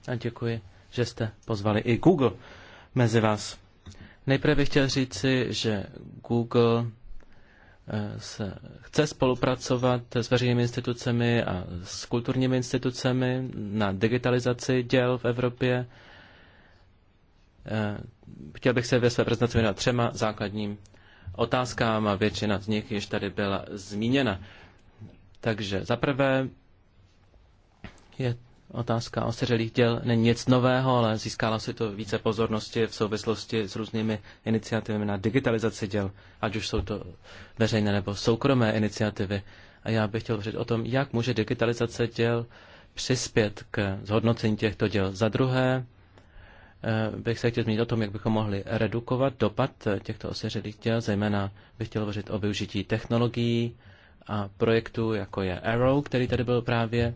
Speaker 2: a děkuji, že jste pozvali i Google mezi vás. Nejprve bych chtěl říci, že Google eh, se chce spolupracovat s veřejnými institucemi a s kulturními institucemi na digitalizaci děl v Evropě. Eh, chtěl bych se ve své prezentaci věnovat třema základním otázkám a většina z nich již tady byla zmíněna. Takže za prvé je Otázka osiřelých děl není nic nového, ale získala si to více pozornosti v souvislosti s různými iniciativami na digitalizaci děl, ať už jsou to veřejné nebo soukromé iniciativy. A já bych chtěl říct o tom, jak může digitalizace děl přispět k zhodnocení těchto děl. Za druhé eh, bych se chtěl zmínit o tom, jak bychom mohli redukovat dopad těchto osiřelých děl, zejména bych chtěl hovořit o využití technologií a projektů, jako je Arrow, který tady byl právě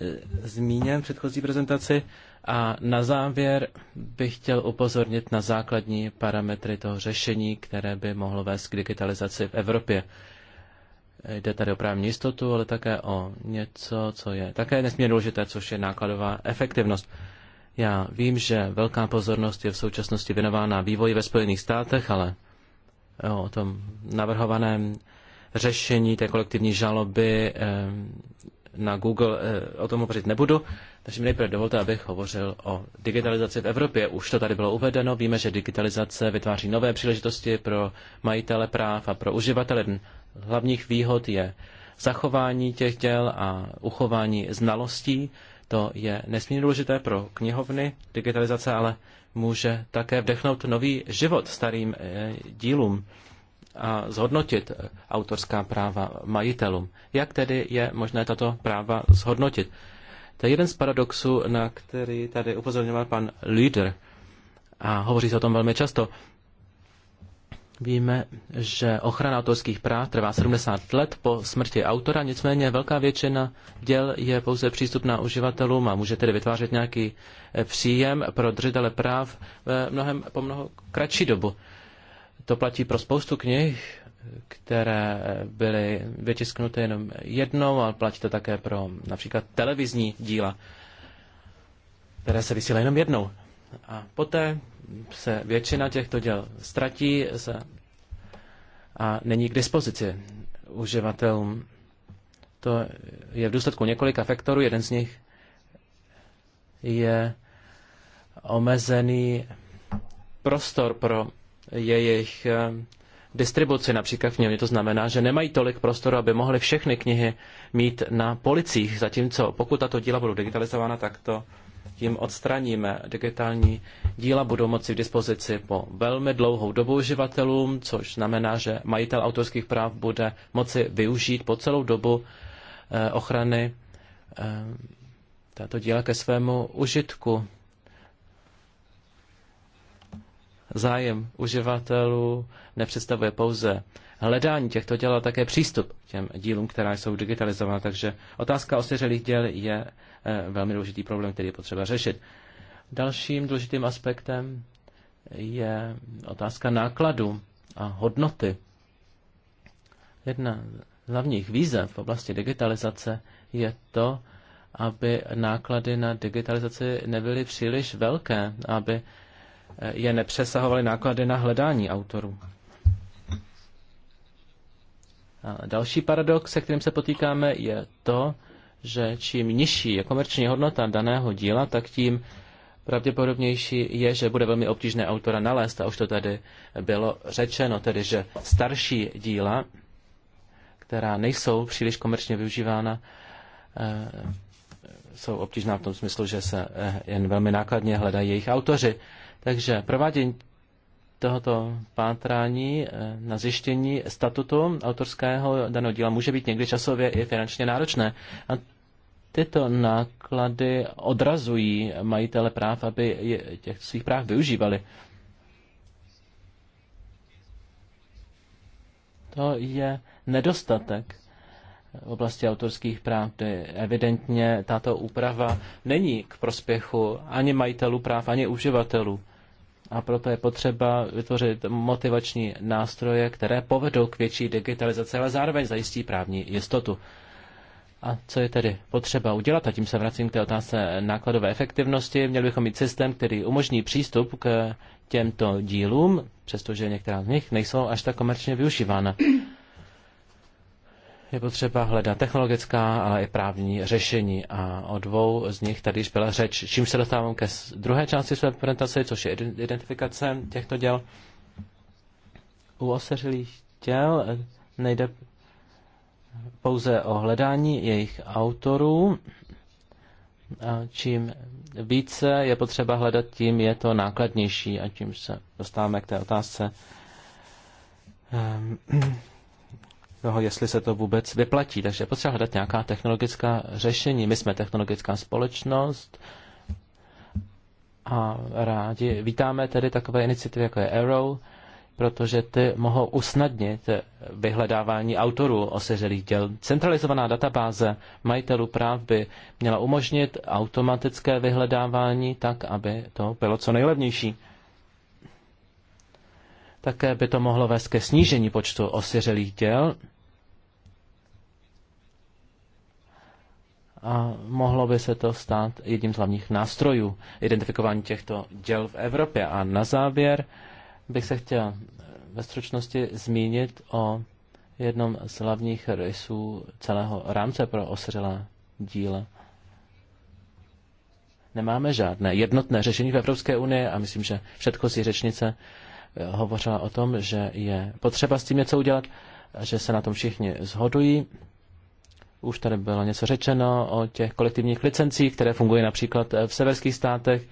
Speaker 2: E, zmíněn v předchozí prezentaci. A na závěr bych chtěl upozornit na základní parametry toho řešení, které by mohlo vést k digitalizaci v Evropě. E, jde tady o právní jistotu, ale také o něco, co je také nesmírně důležité, což je nákladová efektivnost. Já vím, že velká pozornost je v současnosti věnována vývoji ve Spojených státech, ale o tom navrhovaném řešení té kolektivní žaloby na Google eh, o tom hovořit nebudu, takže mi nejprve dovolte, abych hovořil o digitalizaci v Evropě. Už to tady bylo uvedeno, víme, že digitalizace vytváří nové příležitosti pro majitele práv a pro uživatele. Hlavních výhod je zachování těch děl a uchování znalostí. To je nesmírně důležité pro knihovny. Digitalizace ale může také vdechnout nový život starým eh, dílům a zhodnotit eh, autorská práva majitelům. Jak tedy je možné tato práva zhodnotit? To je jeden z paradoxů, na který tady upozorňoval pan Lüder a hovoří se o tom velmi často. Víme, že ochrana autorských práv trvá 70 let po smrti autora, nicméně velká většina děl je pouze přístupná uživatelům a může tedy vytvářet nějaký eh, příjem pro držitele práv v eh, mnohem, po mnoho kratší dobu. To platí pro spoustu knih, které byly vytisknuty jenom jednou, ale platí to také pro například televizní díla, které se vysílají jenom jednou. A poté se většina těchto děl ztratí se a není k dispozici uživatelům. To je v důsledku několika faktorů. Jeden z nich je omezený prostor pro jejich eh, distribuci například knihovně. To znamená, že nemají tolik prostoru, aby mohly všechny knihy mít na policích, zatímco pokud tato díla budou digitalizována, tak to tím odstraníme. Digitální díla budou moci v dispozici po velmi dlouhou dobu uživatelům, což znamená, že majitel autorských práv bude moci využít po celou dobu eh, ochrany eh, tato díla ke svému užitku. zájem uživatelů nepředstavuje pouze hledání těchto děl, ale také přístup k těm dílům, která jsou digitalizovaná. Takže otázka osiřelých děl je eh, velmi důležitý problém, který je potřeba řešit. Dalším důležitým aspektem je otázka nákladu a hodnoty. Jedna z hlavních výzev v oblasti digitalizace je to, aby náklady na digitalizaci nebyly příliš velké, aby Eh, je nepřesahovaly náklady na hledání autorů. A další paradox, se kterým se potýkáme, je to, že čím nižší je komerční hodnota daného díla, tak tím pravděpodobnější je, že bude velmi obtížné autora nalézt. A už to tady bylo řečeno, tedy že starší díla, která nejsou příliš komerčně využívána, eh, jsou obtížná v tom smyslu, že se eh, jen velmi nákladně hledají jejich autoři. Takže provádění tohoto pátrání eh, na zjištění statutu autorského daného díla může být někdy časově i finančně náročné. A tyto náklady odrazují majitele práv, aby těch svých práv využívali. To je nedostatek v oblasti autorských práv, kdy evidentně tato úprava není k prospěchu ani majitelů práv, ani uživatelů a proto je potřeba vytvořit motivační nástroje, které povedou k větší digitalizaci, ale zároveň zajistí právní jistotu. A co je tedy potřeba udělat? A tím se vracím k té otázce nákladové efektivnosti. Měli bychom mít systém, který umožní přístup k těmto dílům, přestože některá z nich nejsou až tak komerčně využívána je potřeba hledat technologická, ale i právní řešení. A o dvou z nich tady již byla řeč. Čím se dostávám ke druhé části své prezentace, což je identifikace těchto děl. U osiřelých těl eh, nejde pouze o hledání jejich autorů. A čím více je potřeba hledat, tím je to nákladnější a tím se dostáváme k té otázce ehm, toho, jestli se to vůbec vyplatí. Takže potřeba hledat nějaká technologická řešení. My jsme technologická společnost a rádi vítáme tedy takové iniciativy, jako je Arrow, protože ty mohou usnadnit vyhledávání autorů osiřelých děl. Centralizovaná databáze majitelů práv by měla umožnit automatické vyhledávání tak, aby to bylo co nejlevnější. Také by to mohlo vést ke snížení počtu osiřelých děl a mohlo by se to stát jedním z hlavních nástrojů identifikování těchto děl v Evropě. A na závěr bych se chtěl ve stručnosti zmínit o jednom z hlavních rysů celého rámce pro osřelé díla. Nemáme žádné jednotné řešení v Evropské unii a myslím, že předchozí řečnice eh, hovořila o tom, že je potřeba s tím něco udělat, že se na tom všichni zhodují už tady bylo něco řečeno o těch kolektivních licencích, které fungují například eh, v severských státech,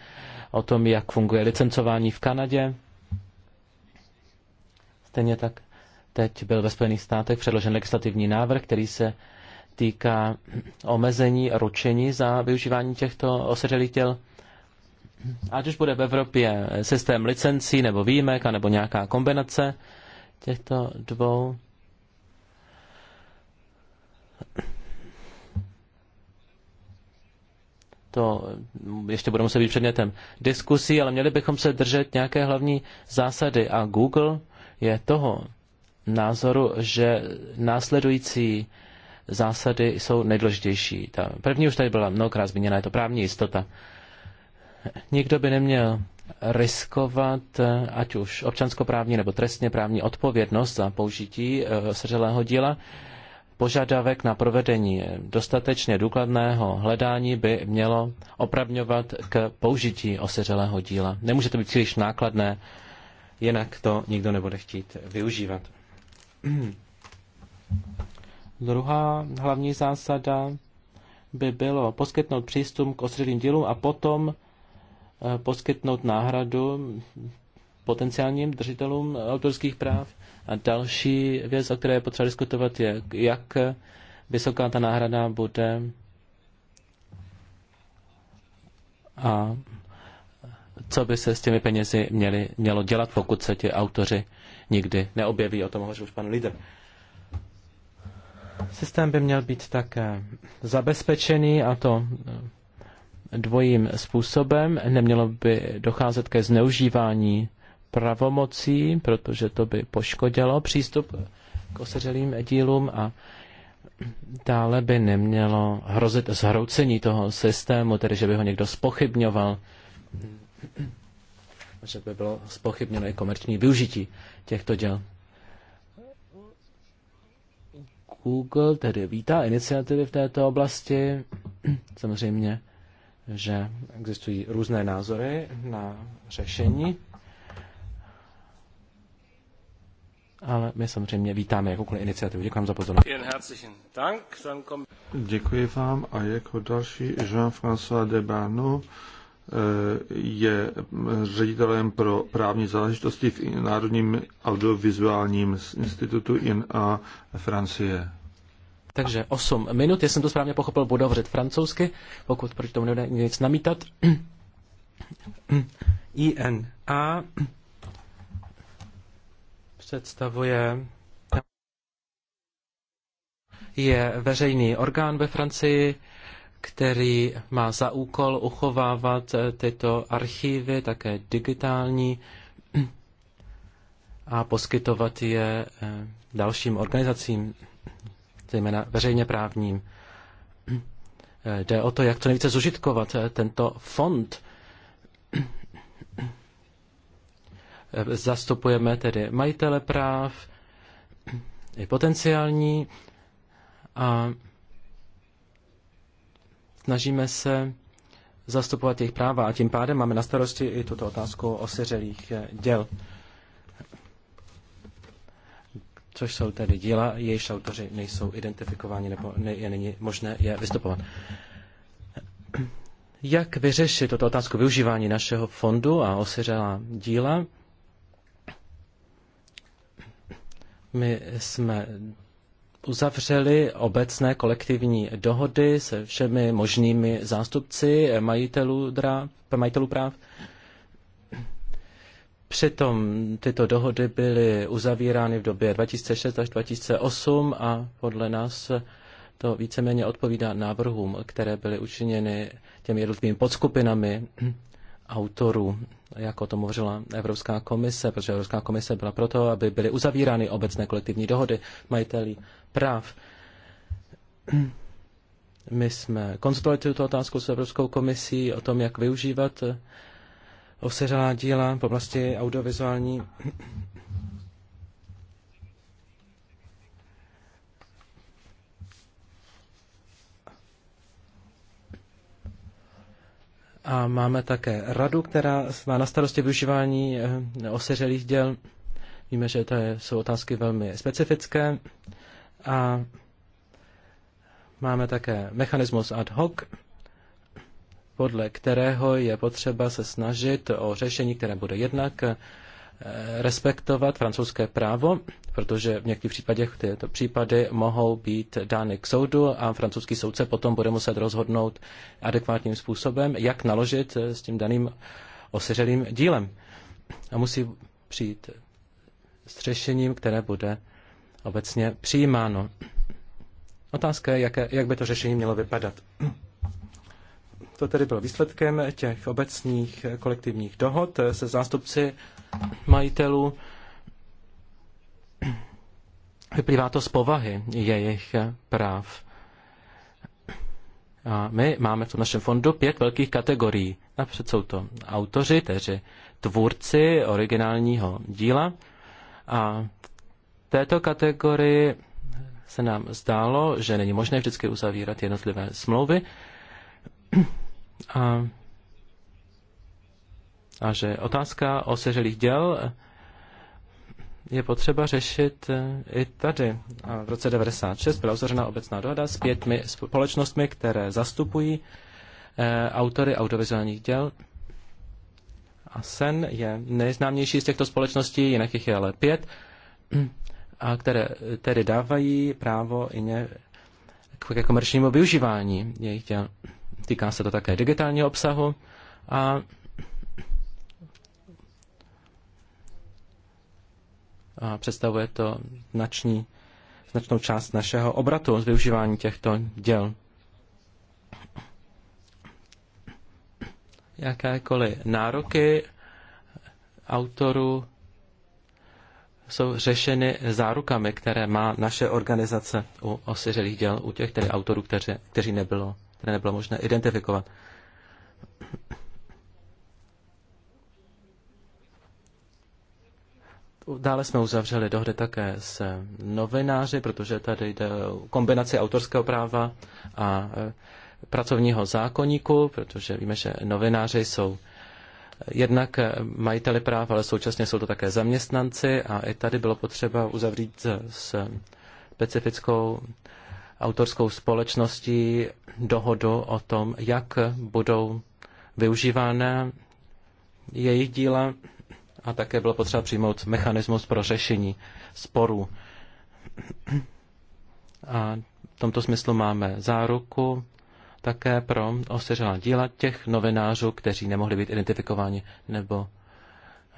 Speaker 2: o tom, jak funguje licencování v Kanadě. Stejně tak teď byl ve Spojených státech předložen legislativní návrh, který se týká omezení ručení za využívání těchto oseřelých těl. Ať už bude v Evropě systém licencí nebo výjimek, nebo nějaká kombinace těchto dvou. to mm, ještě bude muset být předmětem diskusí, ale měli bychom se držet nějaké hlavní zásady. A Google je toho názoru, že následující zásady jsou nejdůležitější. Ta první už tady byla mnohokrát zmíněna, je to právní jistota. Nikdo by neměl riskovat eh, ať už občanskoprávní nebo trestně právní odpovědnost za použití eh, sřelého díla požadavek na provedení dostatečně důkladného hledání by mělo opravňovat k použití osiřelého díla. Nemůže to být příliš nákladné, jinak to nikdo nebude chtít využívat. Druhá hlavní zásada by bylo poskytnout přístup k osiřelým dílům a potom eh, poskytnout náhradu potenciálním držitelům autorských práv a další věc, o které je potřeba diskutovat, je, jak vysoká ta náhrada bude a co by se s těmi penězi měli, mělo dělat, pokud se ti autoři nikdy neobjeví. O tom hovořil už pan Lider. Systém by měl být také zabezpečený a to eh, dvojím způsobem. Nemělo by docházet ke zneužívání pravomocí, protože to by poškodilo přístup k oseřelým dílům a dále by nemělo hrozit zhroucení toho systému, tedy že by ho někdo spochybňoval, že by bylo spochybněno i komerční využití těchto děl. Google tedy vítá iniciativy v této oblasti. Samozřejmě, že existují různé názory na řešení ale my samozřejmě vítáme jakoukoliv
Speaker 3: iniciativu. Děkuji za pozornost. Děkuji vám a jako další Jean-François Debano eh, je eh, ředitelem pro právní záležitosti v Národním audiovizuálním institutu INA Francie.
Speaker 2: Takže 8 minut, jestli jsem to správně pochopil, budu hovořit francouzsky, pokud proti tomu nebude nic namítat. INA představuje je veřejný orgán ve Francii, který má za úkol uchovávat tyto archívy, také digitální, a poskytovat je eh, dalším organizacím, zejména veřejně právním. Eh, jde o to, jak co nejvíce zužitkovat eh, tento fond zastupujeme tedy majitele práv, i potenciální a snažíme se zastupovat jejich práva a tím pádem máme na starosti i tuto otázku o seřelých eh, děl, což jsou tedy díla, jejichž autoři nejsou identifikováni nebo ne, je není možné je vystupovat. Jak vyřešit tuto otázku využívání našeho fondu a osiřelá díla? My jsme uzavřeli obecné kolektivní dohody se všemi možnými zástupci majitelů, dra, majitelů práv. Přitom tyto dohody byly uzavírány v době 2006 až 2008 a podle nás to víceméně odpovídá návrhům, které byly učiněny těmi jednotlivými podskupinami autorů, jak o tom hovořila Evropská komise, protože Evropská komise byla proto, aby byly uzavírány obecné kolektivní dohody majitelí práv. My jsme konzultovali tuto otázku s Evropskou komisí o tom, jak využívat oseřelá díla v oblasti audiovizuální A máme také radu, která má na starosti využívání eh, osiřelých děl. Víme, že to jsou otázky velmi specifické. A máme také mechanismus ad hoc, podle kterého je potřeba se snažit o řešení, které bude jednak eh, respektovat francouzské právo protože v některých případech tyto případy mohou být dány k soudu a francouzský soudce potom bude muset rozhodnout adekvátním způsobem, jak naložit s tím daným osiřelým dílem. A musí přijít s řešením, které bude obecně přijímáno. Otázka je, jaké, jak by to řešení mělo vypadat. To tedy bylo výsledkem těch obecních kolektivních dohod se zástupci majitelů Vyplývá to z povahy jejich práv. A my máme v tom našem fondu pět velkých kategorií. Napřed jsou to autoři, tedy tvůrci originálního díla. A v této kategorii se nám zdálo, že není možné vždycky uzavírat jednotlivé smlouvy a, a že otázka o seřelých děl je potřeba řešit eh, i tady. A v roce 1996 byla uzavřena obecná dohoda s pětmi společnostmi, které zastupují eh, autory audiovizuálních děl. A Sen je nejznámější z těchto společností, jinak jich je ale pět, a které tedy dávají právo i ně ke komerčnímu využívání jejich děl. Týká se to také digitálního obsahu a a představuje to značný, značnou část našeho obratu z využívání těchto děl. Jakékoliv nároky autorů jsou řešeny zárukami, které má naše organizace u osiřelých děl, u těch tedy autorů, kteři, kteří nebylo, které nebylo možné identifikovat. Dále jsme uzavřeli dohody také s novináři, protože tady jde o kombinaci autorského práva a e, pracovního zákoníku, protože víme, že novináři jsou jednak e, majiteli práv, ale současně jsou to také zaměstnanci a i tady bylo potřeba uzavřít s specifickou autorskou společností dohodu o tom, jak budou využívána jejich díla a také bylo potřeba přijmout mechanismus pro řešení sporů. A v tomto smyslu máme záruku také pro osiřelá díla těch novinářů, kteří nemohli být identifikováni, nebo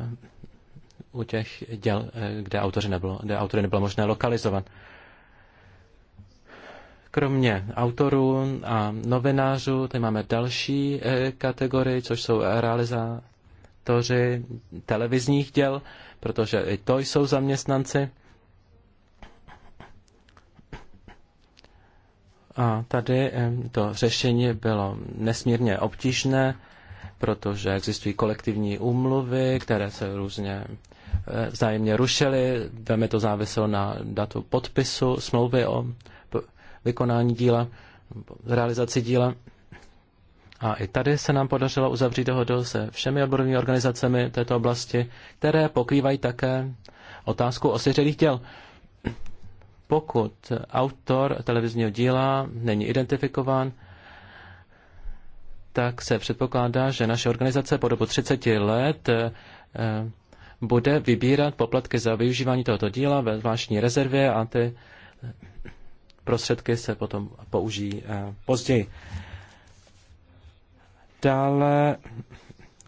Speaker 2: eh, u těch děl, eh, kde, autoři nebylo, kde autory nebylo možné lokalizovat. Kromě autorů a novinářů, tady máme další eh, kategorii, což jsou realizá redaktoři televizních děl, protože i to jsou zaměstnanci. A tady to řešení bylo nesmírně obtížné, protože existují kolektivní úmluvy, které se různě eh, vzájemně rušily. Veme to záviselo na datu podpisu smlouvy o vykonání díla, realizaci díla. A i tady se nám podařilo uzavřít dohodu se všemi odborovými organizacemi této oblasti, které pokrývají také otázku osiřelých děl. Pokud autor televizního díla není identifikován, tak se předpokládá, že naše organizace po dobu 30 let eh, bude vybírat poplatky za využívání tohoto díla ve zvláštní rezervě a ty prostředky se potom použijí eh, později. Dále,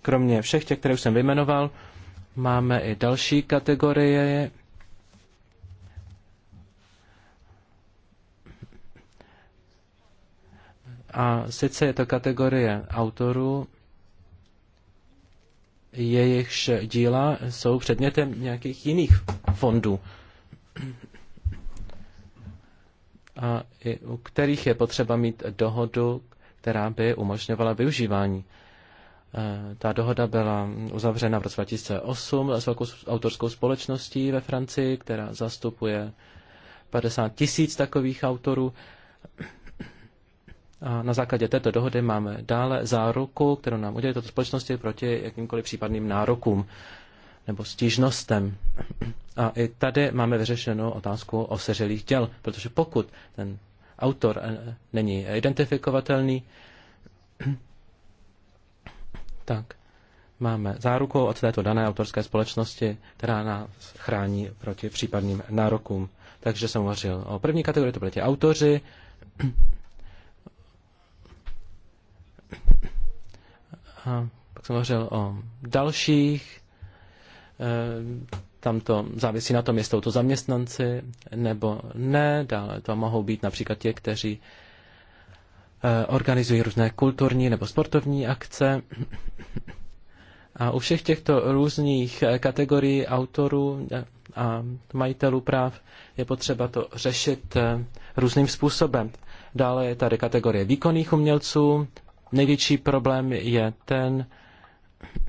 Speaker 2: kromě všech těch, které už jsem vyjmenoval, máme i další kategorie. A sice je to kategorie autorů, jejichž díla jsou předmětem nějakých jiných fondů, a i u kterých je potřeba mít dohodu která by umožňovala využívání. E, ta dohoda byla uzavřena v roce 2008 s velkou autorskou společností ve Francii, která zastupuje 50 tisíc takových autorů. A na základě této dohody máme dále záruku, kterou nám udělí toto společnosti proti jakýmkoliv případným nárokům nebo stížnostem. A i tady máme vyřešenou otázku o seřelých děl, protože pokud ten autor eh, není identifikovatelný, tak máme záruku od této dané autorské společnosti, která nás chrání proti případným nárokům. Takže jsem hovořil o první kategorii, to byli ti autoři. A pak jsem hovořil o dalších eh, tam to závisí na tom, jestli jsou to zaměstnanci nebo ne. Dále to mohou být například ti, kteří eh, organizují různé kulturní nebo sportovní akce. A u všech těchto různých eh, kategorií autorů eh, a majitelů práv je potřeba to řešit různým způsobem. Dále je tady kategorie výkonných umělců. Největší problém je ten,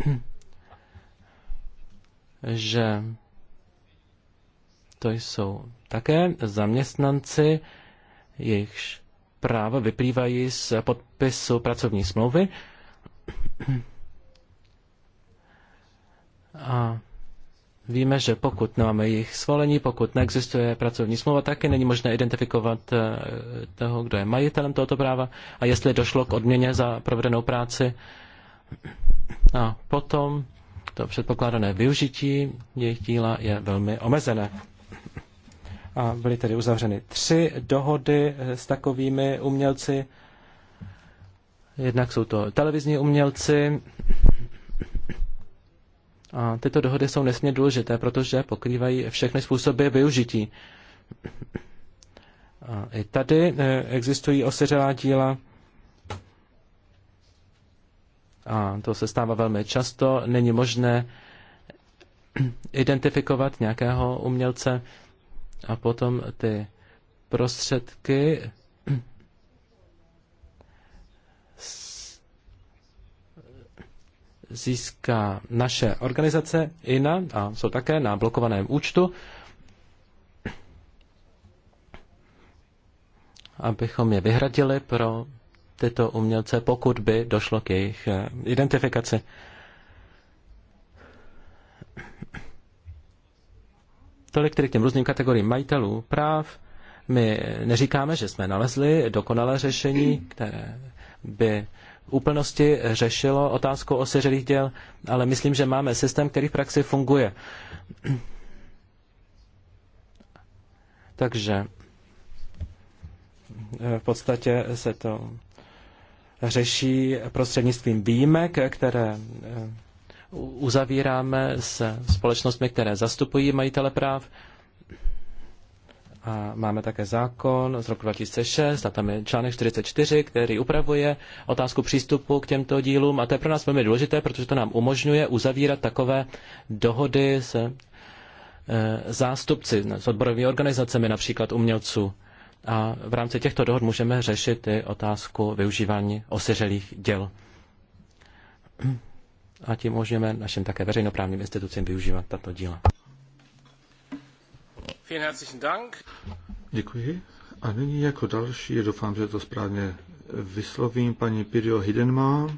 Speaker 2: že to jsou také zaměstnanci, jejichž práva vyplývají z podpisu pracovní smlouvy. A víme, že pokud nemáme jejich svolení, pokud neexistuje pracovní smlouva, taky není možné identifikovat eh, toho, kdo je majitelem tohoto práva a jestli došlo k odměně za provedenou práci. A potom to předpokládané využití jejich díla je velmi omezené a byly tedy uzavřeny tři dohody eh, s takovými umělci. Jednak jsou to televizní umělci. A tyto dohody jsou nesmě důležité, protože pokrývají všechny způsoby využití. A I tady eh, existují osiřelá díla a to se stává velmi často. Není možné identifikovat nějakého umělce a potom ty prostředky získá naše organizace INA a jsou také na blokovaném účtu, abychom je vyhradili pro tyto umělce, pokud by došlo k jejich eh, identifikaci. Tolik tedy k těm různým kategoriím majitelů práv. My neříkáme, že jsme nalezli dokonalé řešení, které by v úplnosti řešilo otázku seřelých děl, ale myslím, že máme systém, který v praxi funguje. Takže eh, v podstatě se to řeší prostřednictvím výjimek, které eh, uzavíráme se společnostmi, které zastupují majitele práv. A máme také zákon z roku 2006 a tam je článek 44, který upravuje otázku přístupu k těmto dílům a to je pro nás velmi důležité, protože to nám umožňuje uzavírat takové dohody s eh, zástupci, s odborovými organizacemi, například umělců. A v rámci těchto dohod můžeme řešit i otázku využívání osiřelých děl a tím můžeme našim také veřejnoprávním institucím využívat
Speaker 3: tato díla. Děkuji. A nyní jako další, doufám, že to správně vyslovím, paní Pirio Hidenma,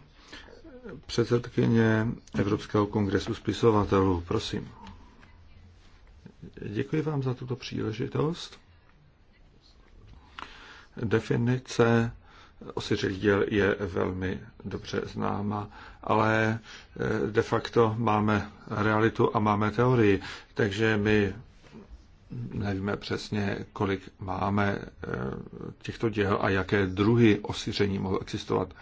Speaker 3: předsedkyně Evropského kongresu spisovatelů. Prosím. Děkuji vám za tuto příležitost. Definice osiřelý děl je velmi dobře známa, ale eh, de facto máme realitu a máme teorii, takže my nevíme přesně, kolik máme eh, těchto děl a jaké druhy osiření mohou existovat.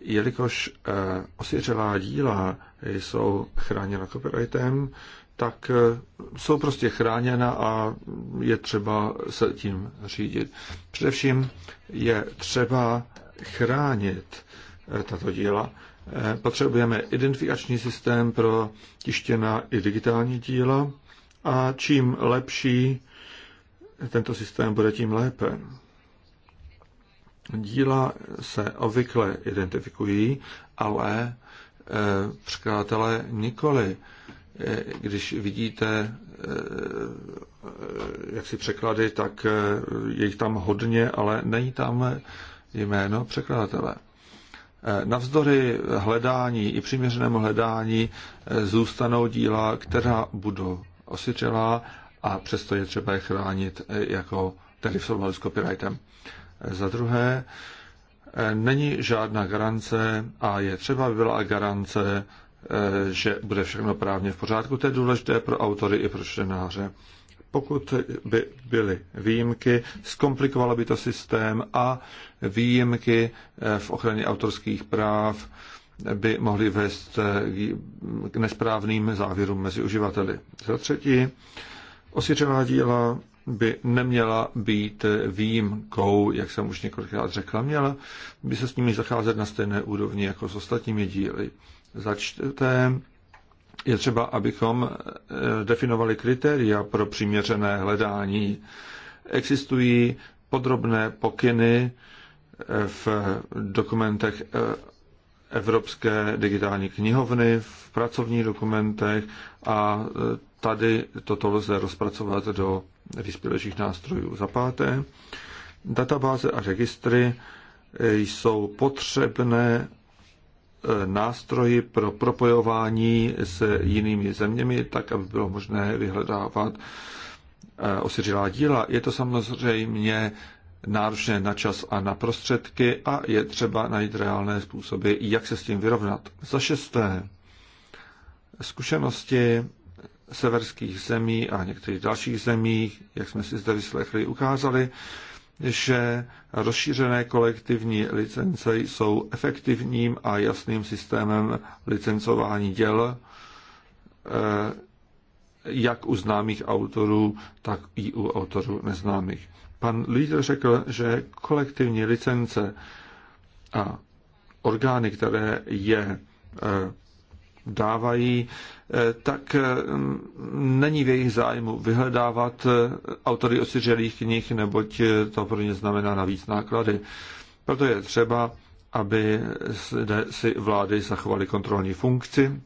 Speaker 3: Jelikož eh, osiřelá díla jsou chráněna copyrightem, tak eh, jsou prostě chráněna a je třeba se tím řídit. Především je třeba chránit eh, tato díla. Eh, potřebujeme identifikační systém pro tištěná i digitální díla a čím lepší tento systém bude, tím lépe. Díla se obvykle identifikují, ale překladatelé nikoli když vidíte eh, jak si překlady, tak eh, je jich tam hodně, ale není tam jméno překladatele. Eh, navzdory hledání i přiměřenému hledání zůstanou díla, která budou osvědčená a přesto je třeba je chránit jako tedy v souladu s copyrightem. Za druhé, není žádná garance a je třeba by byla garance Eh, že bude všechno právně v pořádku. To je důležité pro autory i pro čtenáře. Pokud by byly výjimky, zkomplikovalo by to systém a výjimky eh, v ochraně autorských práv by mohly vést eh, k nesprávným závěrům mezi uživateli. Za třetí, osvědčená díla by neměla být výjimkou, jak jsem už několikrát řekla, měla by se s nimi zacházet na stejné úrovni jako s ostatními díly. Za čtvrté, je třeba, abychom eh, definovali kritéria pro přiměřené hledání. Existují podrobné pokyny eh, v dokumentech eh, Evropské digitální knihovny, v pracovních dokumentech a tady toto lze rozpracovat do vyspělejších nástrojů. Za páté, databáze a registry jsou potřebné nástroji pro propojování s jinými zeměmi, tak aby bylo možné vyhledávat eh, osiřelá díla. Je to samozřejmě náročné na čas a na prostředky a je třeba najít reálné způsoby, jak se s tím vyrovnat. Za šesté, zkušenosti severských zemí a některých dalších zemí, jak jsme si zde vyslechli, ukázali že rozšířené kolektivní licence jsou efektivním a jasným systémem licencování děl, eh, jak u známých autorů, tak i u autorů neznámých. Pan lídr řekl, že kolektivní licence a orgány, které je eh, dávají, Eh, tak eh, není v jejich zájmu vyhledávat eh, autory osiřelých knih, neboť to pro ně znamená navíc náklady. Proto je třeba, aby si vlády zachovaly kontrolní funkci.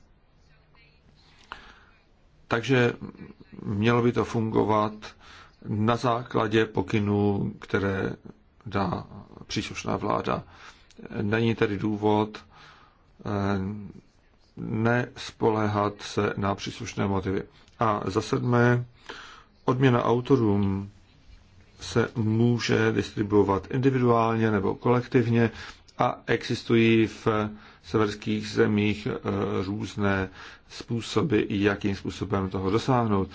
Speaker 3: Takže mělo by to fungovat na základě pokynů, které dá příslušná vláda. Není tedy důvod nespoléhat se na příslušné motivy. A za sedmé, odměna autorům se může distribuovat individuálně nebo kolektivně a existují v severských zemích eh, různé způsoby, jakým způsobem toho dosáhnout.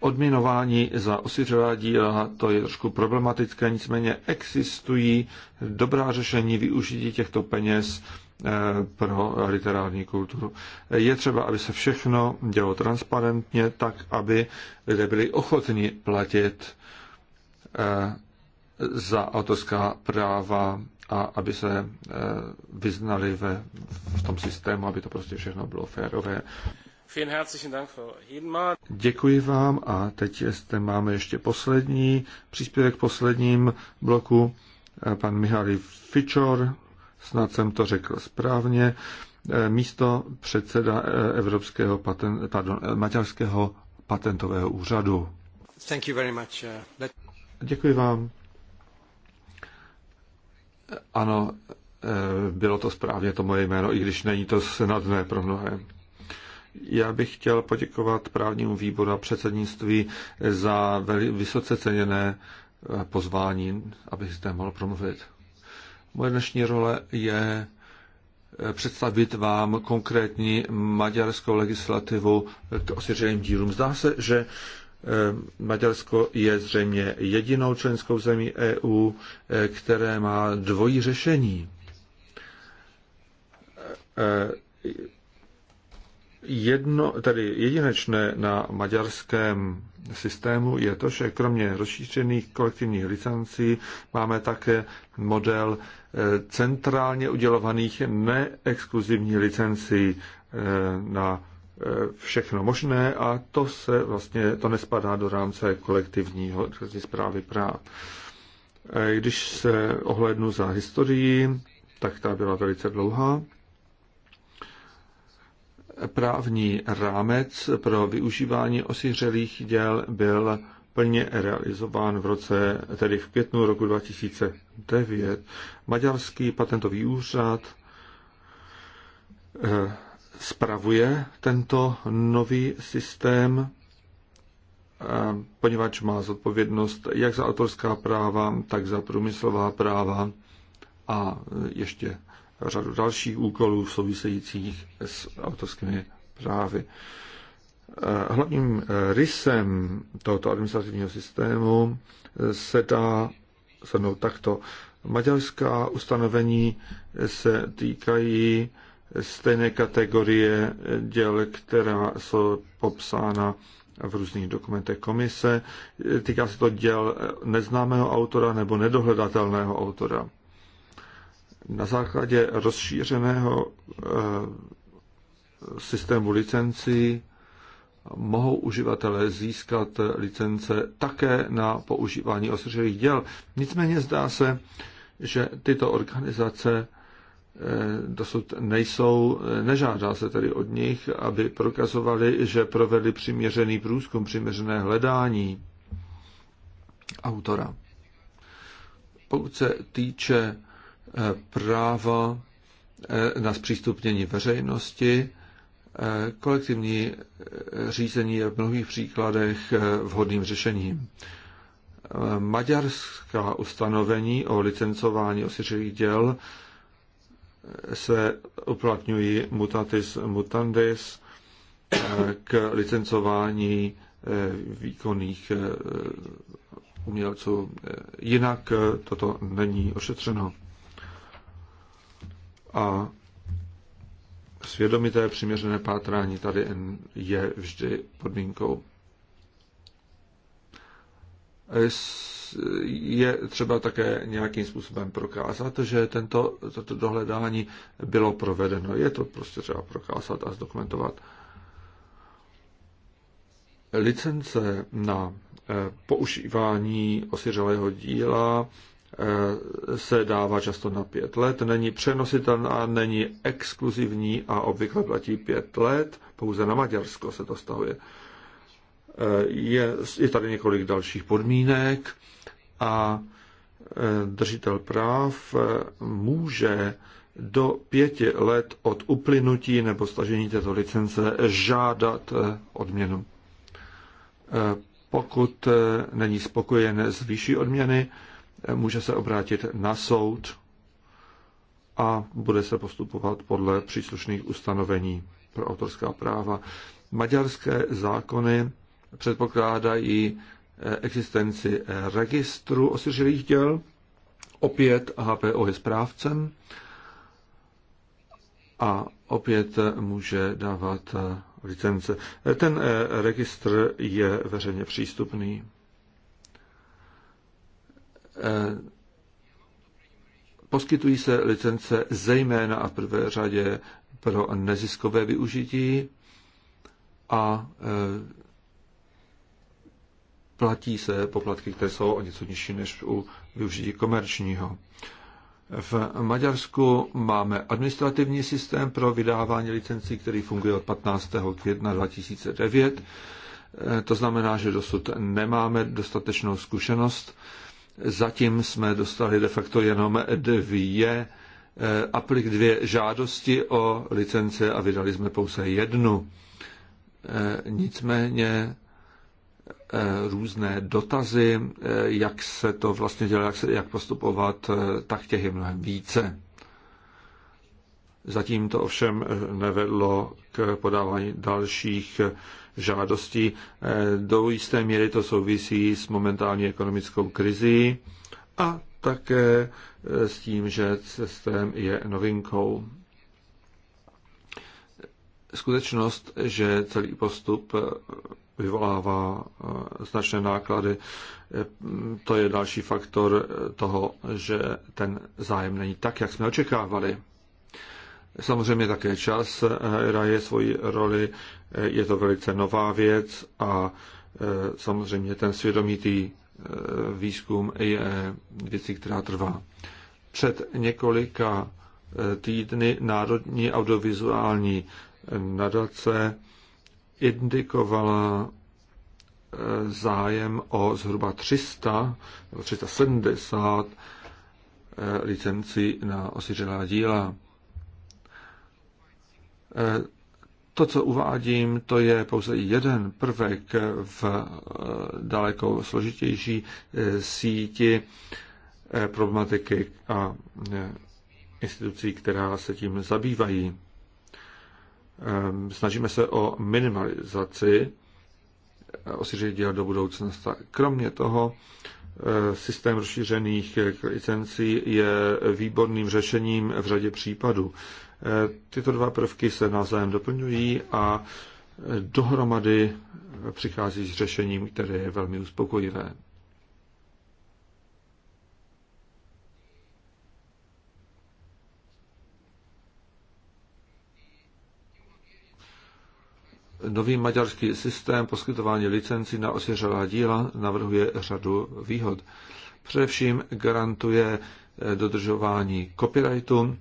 Speaker 3: Odměnování za osiřelá díla, to je trošku problematické, nicméně existují dobrá řešení využití těchto peněz Eh, pro literární kulturu. Je třeba, aby se všechno dělo transparentně, tak, aby lidé byli ochotni platit eh, za autorská práva a aby se eh, vyznali ve, v tom systému, aby to prostě všechno bylo férové. Děkuji vám a teď jste, máme ještě poslední příspěvek v posledním bloku. Pan Mihály Fičor, snad jsem to řekl správně, eh, místo předseda eh, Evropského paten, pardon, eh, maďarského patentového úřadu.
Speaker 2: Thank you very much. Let...
Speaker 3: Děkuji vám. Ano, bylo to správně to moje jméno, i když není to snadné pro mnohé. Já bych chtěl poděkovat právnímu výboru a předsednictví za vysoce ceněné pozvání, abych zde mohl promluvit. Moje dnešní role je eh, představit vám konkrétní maďarskou legislativu k osvěřeným dílům. Zdá se, že eh, Maďarsko je zřejmě jedinou členskou zemí EU, eh, které má dvojí řešení. Jedno, tedy jedinečné na maďarském systému je to, že kromě rozšířených kolektivních licencí máme také model eh, centrálně udělovaných neexkluzivních licencí eh, na eh, všechno možné a to se vlastně, to nespadá do rámce kolektivního zprávy práv. Když se ohlednu za historii, tak ta byla velice dlouhá právní rámec pro využívání osiřelých děl byl plně realizován v roce, tedy v květnu roku 2009. Maďarský patentový úřad eh, spravuje tento nový systém, eh, poněvadž má zodpovědnost jak za autorská práva, tak za průmyslová práva a ještě řadu dalších úkolů souvisejících s autorskými právy. Eh, hlavním eh, rysem tohoto administrativního systému eh, se dá shrnout takto. Maďarská ustanovení se týkají stejné kategorie děl, která jsou popsána v různých dokumentech komise. Týká se to děl neznámého autora nebo nedohledatelného autora. Na základě rozšířeného eh, systému licencí mohou uživatelé získat licence také na používání osiřelých děl. Nicméně zdá se, že tyto organizace eh, dosud nejsou, eh, nežádá se tedy od nich, aby prokazovali, že provedli přiměřený průzkum, přiměřené hledání autora. Pokud se týče práva eh, na zpřístupnění veřejnosti, eh, kolektivní eh, řízení je v mnohých příkladech vhodným řešením. Maďarská ustanovení o licencování osiřelých děl se uplatňují mutatis mutandis k licencování výkonných umělců. Jinak toto není ošetřeno. A svědomité přiměřené pátrání tady je vždy podmínkou. Je třeba také nějakým způsobem prokázat, že tento, toto dohledání bylo provedeno. Je to prostě třeba prokázat a zdokumentovat. Licence na eh, používání osiřelého díla Eh, se dává často na pět let, není přenositelná, není exkluzivní a obvykle platí pět let, pouze na Maďarsko se to stahuje. Eh, je, je tady několik dalších podmínek a eh, držitel práv může do pěti let od uplynutí nebo stažení této licence žádat odměnu. Pokud není spokojen s výší odměny, může se obrátit na soud a bude se postupovat podle příslušných ustanovení pro autorská práva. Maďarské zákony předpokládají eh, existenci eh, registru osiřelých děl. Opět HPO je správcem a opět může dávat eh, licence. Ten registr je veřejně přístupný. Eh, poskytují se licence zejména a v prvé řadě pro neziskové využití a eh, platí se poplatky, které jsou o něco nižší než u využití komerčního. V Maďarsku máme administrativní systém pro vydávání licencí, který funguje od 15. května 2009. Eh, to znamená, že dosud nemáme dostatečnou zkušenost Zatím jsme dostali de facto jenom dvě, eh, aplik dvě žádosti o licence a vydali jsme pouze jednu. Eh, nicméně eh, různé dotazy, jak se to vlastně dělá, jak, se, jak postupovat, tak těch je mnohem více. Zatím to ovšem nevedlo k podávání dalších žádostí. Eh, do jisté míry to souvisí s momentální ekonomickou krizí a také eh, s tím, že systém je novinkou. Skutečnost, že celý postup eh, vyvolává značné náklady, to je další faktor toho, že ten zájem není tak, jak jsme očekávali. Samozřejmě také čas hraje svoji roli, je to velice nová věc a e, samozřejmě ten svědomitý e, výzkum je věcí, která trvá. Před několika e, týdny Národní audiovizuální nadace indikovala zájem o zhruba 300 nebo 370 licenci na osiřelá díla. To, co uvádím, to je pouze jeden prvek v eh, daleko složitější eh, síti eh, problematiky a institucí, která se tím zabývají. Snažíme se o minimalizaci osiřit dělat do budoucnosti. Kromě toho, systém rozšířených licencí je výborným řešením v řadě případů. Tyto dva prvky se navzájem doplňují a dohromady přichází s řešením, které je velmi uspokojivé. Nový maďarský systém poskytování licencí na osiřelá díla navrhuje řadu výhod. Především garantuje dodržování copyrightu,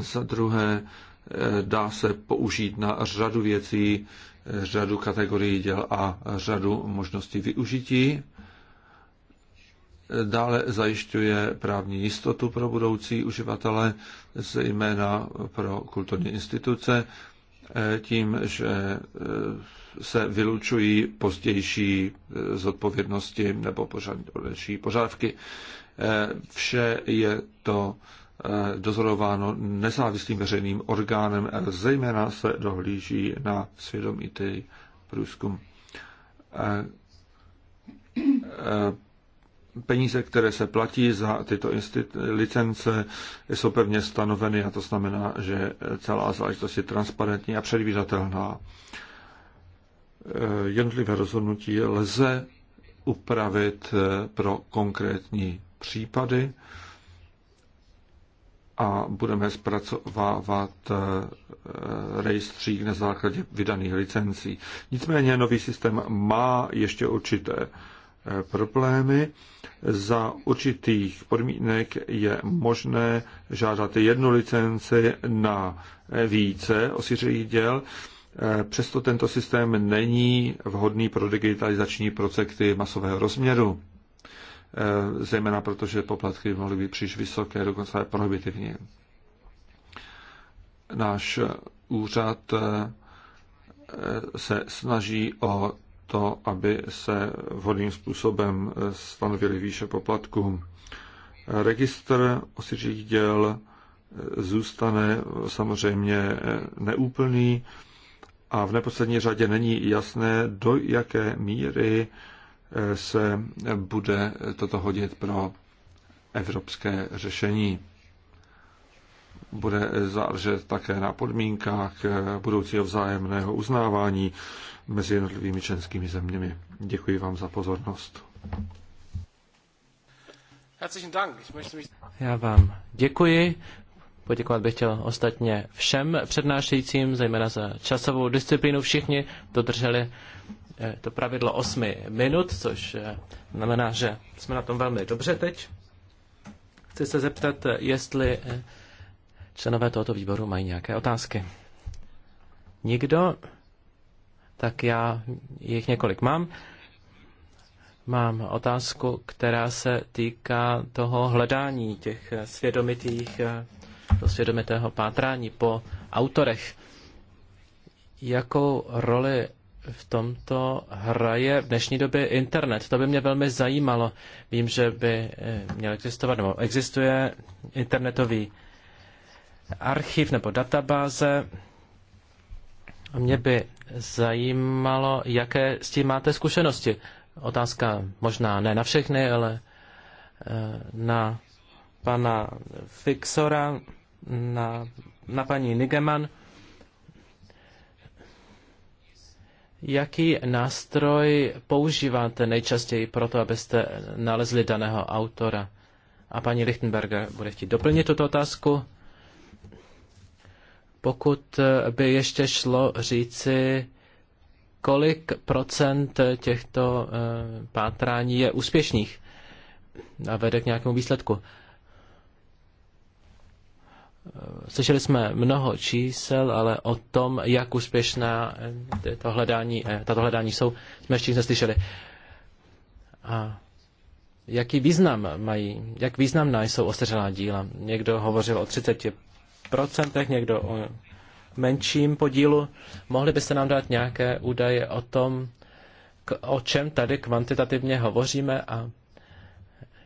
Speaker 3: za druhé, eh, dá se použít na řadu věcí, eh, řadu kategorií děl a řadu možností využití. Dále zajišťuje právní jistotu pro budoucí uživatele, zejména pro kulturní instituce, eh, tím, že se vylučují pozdější zodpovědnosti nebo další Vše je to dozorováno nezávislým veřejným orgánem, zejména se dohlíží na svědomitý průzkum. Peníze, které se platí za tyto licence, jsou pevně stanoveny a to znamená, že celá záležitost je transparentní a předvídatelná. Jednotlivé rozhodnutí lze upravit pro konkrétní případy a budeme zpracovávat eh, rejstřík na základě vydaných licencí. Nicméně nový systém má ještě určité eh, problémy. Za určitých podmínek je možné žádat jednu licenci na eh, více osiřelých děl. Přesto tento systém není vhodný pro digitalizační projekty masového rozměru. Eh, zejména protože poplatky mohly být příliš vysoké, dokonce prohibitivní. Náš úřad eh, se snaží o to, aby se vhodným způsobem eh, stanovily výše poplatků. Registr osiřích děl zůstane samozřejmě neúplný a v neposlední řadě není jasné, do jaké míry se bude toto hodit pro evropské řešení. Bude záležet také na podmínkách budoucího vzájemného uznávání mezi jednotlivými členskými zeměmi. Děkuji vám za pozornost. Já vám
Speaker 2: děkuji. Poděkovat bych chtěl ostatně všem přednášejícím, zejména za časovou disciplínu. Všichni dodrželi Eh, to pravidlo 8 minut, což eh, znamená, že jsme na tom velmi dobře teď. Chci se zeptat, eh, jestli členové tohoto výboru mají nějaké otázky. Nikdo? Tak já jich několik mám. Mám otázku, která se týká toho hledání těch svědomitých, to svědomitého pátrání po autorech. Jakou roli v tomto hraje v dnešní době internet. To by mě velmi zajímalo. Vím, že by eh, měl existovat, nebo existuje internetový archiv nebo databáze. A mě by zajímalo, jaké s tím máte zkušenosti. Otázka možná ne na všechny, ale eh, na pana Fixora, na, na paní Nigeman. Jaký nástroj používáte nejčastěji pro to, abyste nalezli daného autora? A paní Lichtenberger bude chtít doplnit tuto otázku. Pokud by ještě šlo říci, kolik procent těchto eh, pátrání je úspěšných a vede k nějakému výsledku. Slyšeli jsme mnoho čísel, ale o tom, jak úspěšná to hledání, eh, tato hledání jsou, jsme ještě neslyšeli. A jaký význam mají, jak významná jsou osteřelá díla? Někdo hovořil o 30%, někdo o menším podílu. Mohli byste nám dát nějaké údaje o tom, o čem tady kvantitativně hovoříme a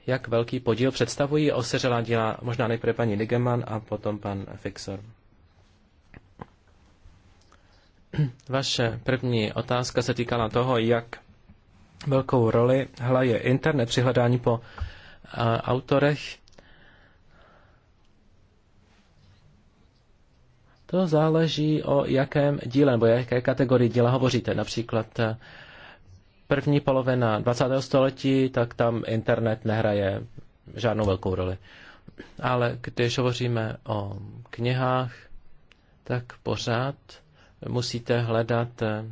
Speaker 2: jak velký podíl představují osiřelá díla, možná nejprve paní Ligeman a potom pan Fixor. Vaše první otázka se týkala toho, jak velkou roli hraje internet při hledání po a, autorech. To záleží o jakém díle nebo jaké kategorii díla hovoříte. Například první polovina 20. století, tak tam internet nehraje žádnou velkou roli. Ale když hovoříme o knihách, tak pořád musíte hledat eh,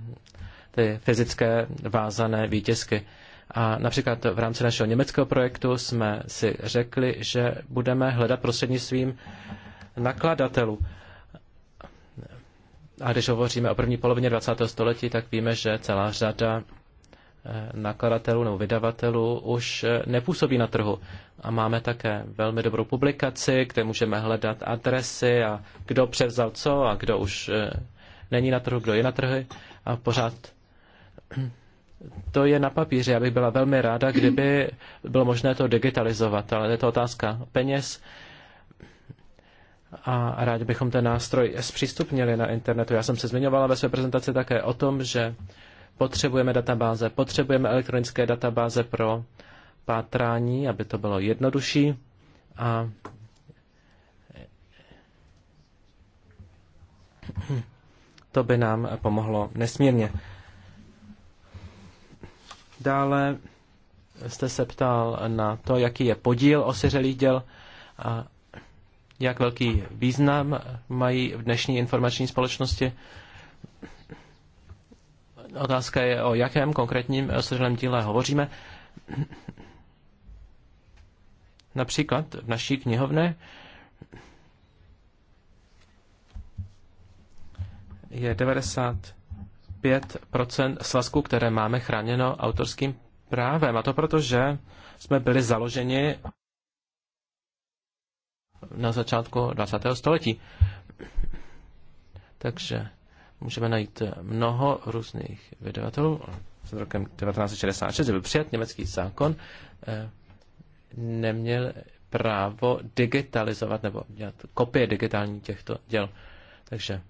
Speaker 2: ty fyzické vázané výtisky. A například v rámci našeho německého projektu jsme si řekli, že budeme hledat prostřednictvím nakladatelů. A když hovoříme o první polovině 20. století, tak víme, že celá řada Eh, nakladatelů nebo vydavatelů už eh, nepůsobí na trhu. A máme také velmi dobrou publikaci, kde můžeme hledat adresy a kdo převzal co a kdo už eh, není na trhu, kdo je na trhu a pořád to je na papíře. Já bych byla velmi ráda, kdyby bylo možné to digitalizovat, ale je to otázka peněz a rádi bychom ten nástroj zpřístupnili na internetu. Já jsem se zmiňovala ve své prezentaci také o tom, že Potřebujeme databáze, potřebujeme elektronické databáze pro pátrání, aby to bylo jednodušší a to by nám pomohlo nesmírně. Dále jste se ptal na to, jaký je podíl osiřelých děl a jak velký význam mají v dnešní informační společnosti. Otázka je, o jakém konkrétním eh, sežném díle hovoříme. Například v naší knihovně je 95 svazků, které máme chráněno autorským právem. A to proto, že jsme byli založeni na začátku 20. století. Takže Můžeme najít mnoho různých vydavatelů. S rokem 1966 byl přijat německý zákon, eh, neměl právo digitalizovat nebo dělat kopie digitální těchto děl. Takže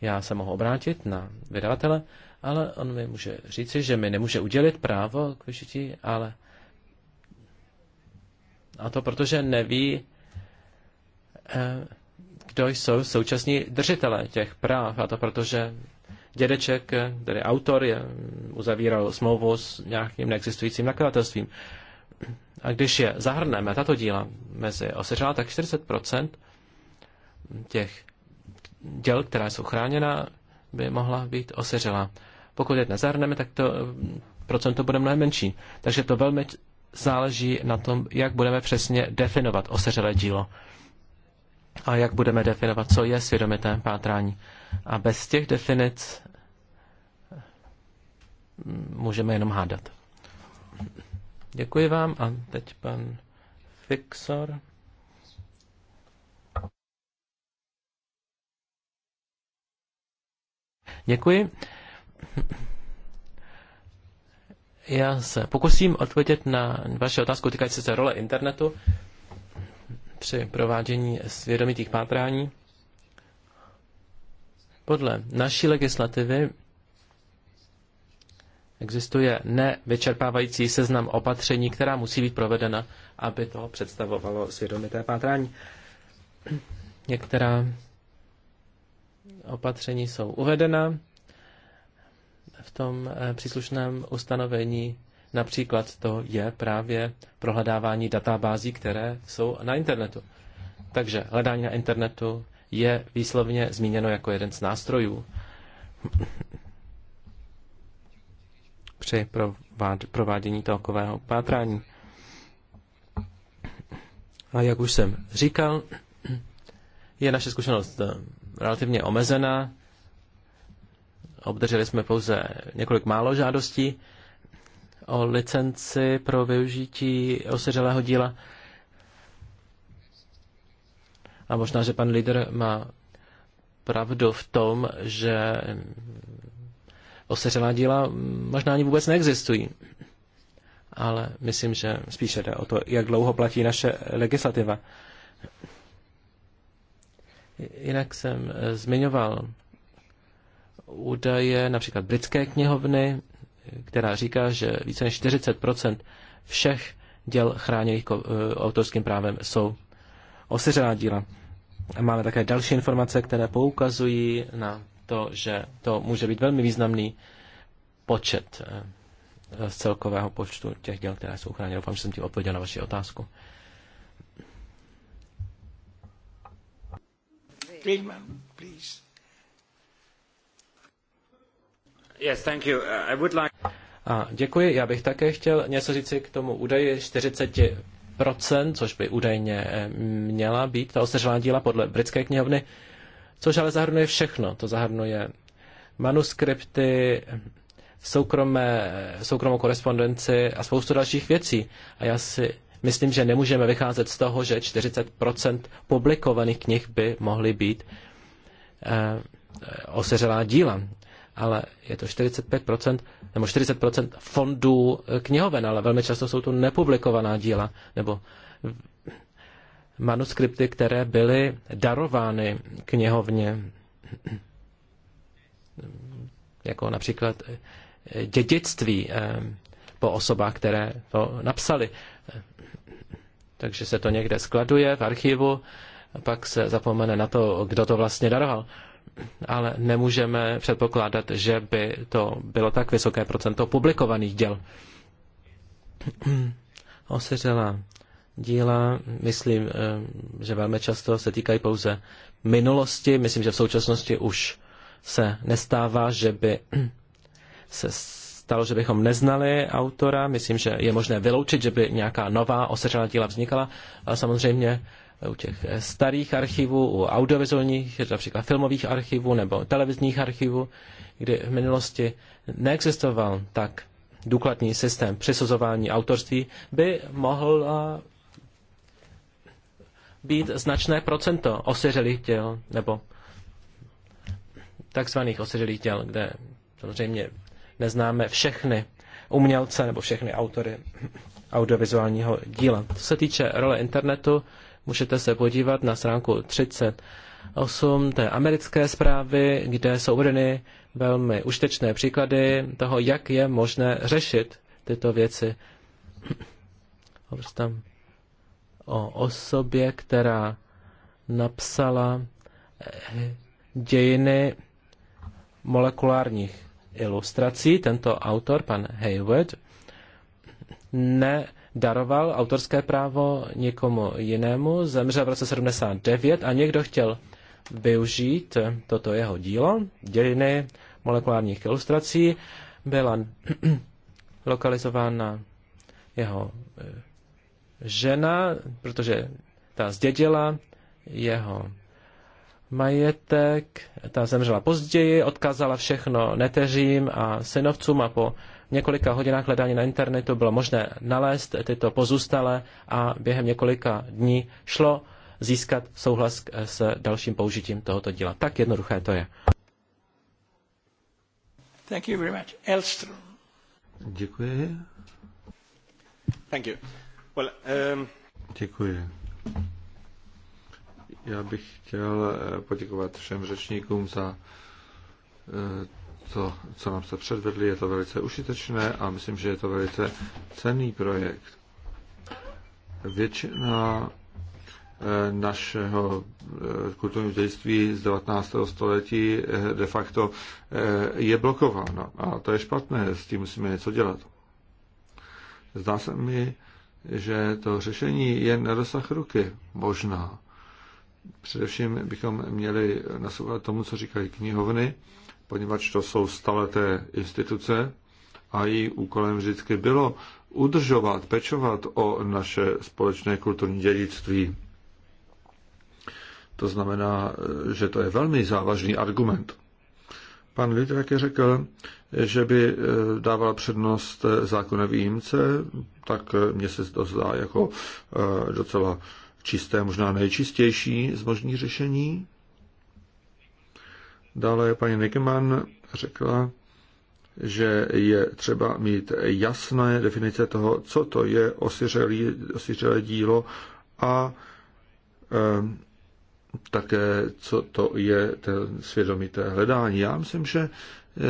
Speaker 2: já se mohu obrátit na vydavatele, ale on mi může říci, že mi nemůže udělit právo k vyžití, ale a to protože neví, eh, kdo jsou současní držitelé těch práv. A to protože dědeček, tedy autor, je, uzavíral smlouvu s nějakým neexistujícím nakladatelstvím. A když je zahrneme, tato díla, mezi osiřela, tak 40% těch děl, která jsou chráněna, by mohla být osiřela. Pokud je nezahrneme, tak to procento bude mnohem menší. Takže to velmi záleží na tom, jak budeme přesně definovat osiřelé dílo a jak budeme definovat, co je svědomité pátrání. A bez těch definic mm, můžeme jenom hádat. Děkuji vám a teď pan Fixor. Děkuji. Já se pokusím odpovědět na vaši otázku týkající se role internetu při provádění svědomitých pátrání. Podle naší legislativy existuje nevyčerpávající seznam opatření, která musí být provedena, aby to představovalo svědomité pátrání. Některá opatření jsou uvedena v tom eh, příslušném ustanovení Například to je právě prohledávání databází, které jsou na internetu. Takže hledání na internetu je výslovně zmíněno jako jeden z nástrojů při provádění takového pátrání. A jak už jsem říkal, je naše zkušenost eh, relativně omezená. Obdrželi jsme pouze několik málo žádostí o licenci pro využití osiřelého díla. A možná, že pan lídr má pravdu v tom, že osiřelá díla možná ani vůbec neexistují. Ale myslím, že spíše jde o to, jak dlouho platí naše legislativa. Jinak jsem zmiňoval údaje například britské knihovny, která říká, že více než 40 všech děl chráněných eh, autorským právem jsou osiřelá díla. A máme také další informace, které poukazují na to, že to může být velmi významný počet eh, z celkového počtu těch děl, která jsou chráněna. Doufám, že jsem tím odpověděl na vaši otázku. please. Yes, thank you. Uh, I would like... A děkuji. Já bych také chtěl něco říci k tomu údaji 40%, což by údajně eh, měla být ta osteřelá díla podle britské knihovny, což ale zahrnuje všechno. To zahrnuje manuskripty, soukromé, soukromou korespondenci a spoustu dalších věcí. A já si myslím, že nemůžeme vycházet z toho, že 40% publikovaných knih by mohly být eh, osteřelá díla. Ale je to 45%, nebo 40% fondů knihoven, ale velmi často jsou to nepublikovaná díla nebo manuskripty, které byly darovány knihovně, jako například eh, dědictví eh, po osobách, které to napsali. Takže se to někde skladuje v archivu, pak se zapomene na to, kdo to vlastně daroval ale nemůžeme předpokládat, že by to bylo tak vysoké procento publikovaných děl. Osiřela díla, myslím, eh, že velmi často se týkají pouze minulosti. Myslím, že v současnosti už se nestává, že by se stalo, že bychom neznali autora. Myslím, že je možné vyloučit, že by nějaká nová osiřelá díla vznikala, ale samozřejmě u těch eh, starých archivů, u audiovizuálních, například filmových archivů nebo televizních archivů, kdy v minulosti neexistoval tak důkladný systém přisuzování autorství, by mohl být značné procento osiřelých děl nebo takzvaných osiřelých děl, kde samozřejmě neznáme všechny umělce nebo všechny autory audiovizuálního díla. Co se týče role internetu, Můžete se podívat na stránku 38 té americké zprávy, kde jsou uvedeny velmi užtečné příklady toho, jak je možné řešit tyto věci. Hovoří tam o osobě, která napsala eh, dějiny molekulárních ilustrací. Tento autor, pan Hayward, ne daroval autorské právo někomu jinému, zemřel v roce 79 a někdo chtěl využít toto jeho dílo, dějiny molekulárních ilustrací, byla lokalizována jeho eh, žena, protože ta zdědila jeho majetek, ta zemřela později, odkázala všechno neteřím a synovcům a po několika hodinách hledání na internetu bylo možné nalézt tyto pozůstale a během několika dní šlo získat souhlas s dalším použitím tohoto díla. Tak jednoduché to je.
Speaker 1: Thank you very much. Elström.
Speaker 3: Děkuji. Thank you. Well, um... Děkuji. Já bych chtěl eh, poděkovat všem řečníkům za eh, to, co nám se předvedli. Je to velice užitečné a myslím, že je to velice cenný projekt. Většina eh, našeho kulturního dědictví z 19. století de facto je blokována. A to je špatné, s tím musíme něco dělat. Zdá se mi, že to řešení je na dosah ruky. Možná. Především bychom měli nasouvat tomu, co říkají knihovny, poněvadž to jsou staleté instituce a její úkolem vždycky bylo udržovat, pečovat o naše společné kulturní dědictví. To znamená, že to je velmi závažný argument. Pan Lid také řekl, že by eh, dával přednost zákonné výjimce, tak eh, mně se to zdá jako eh, docela čisté, možná nejčistější z možných řešení. Dále paní Nickman řekla, že je třeba mít jasné definice toho, co to je osiřelé dílo a e, také, co to je ten svědomité hledání. Já myslím, že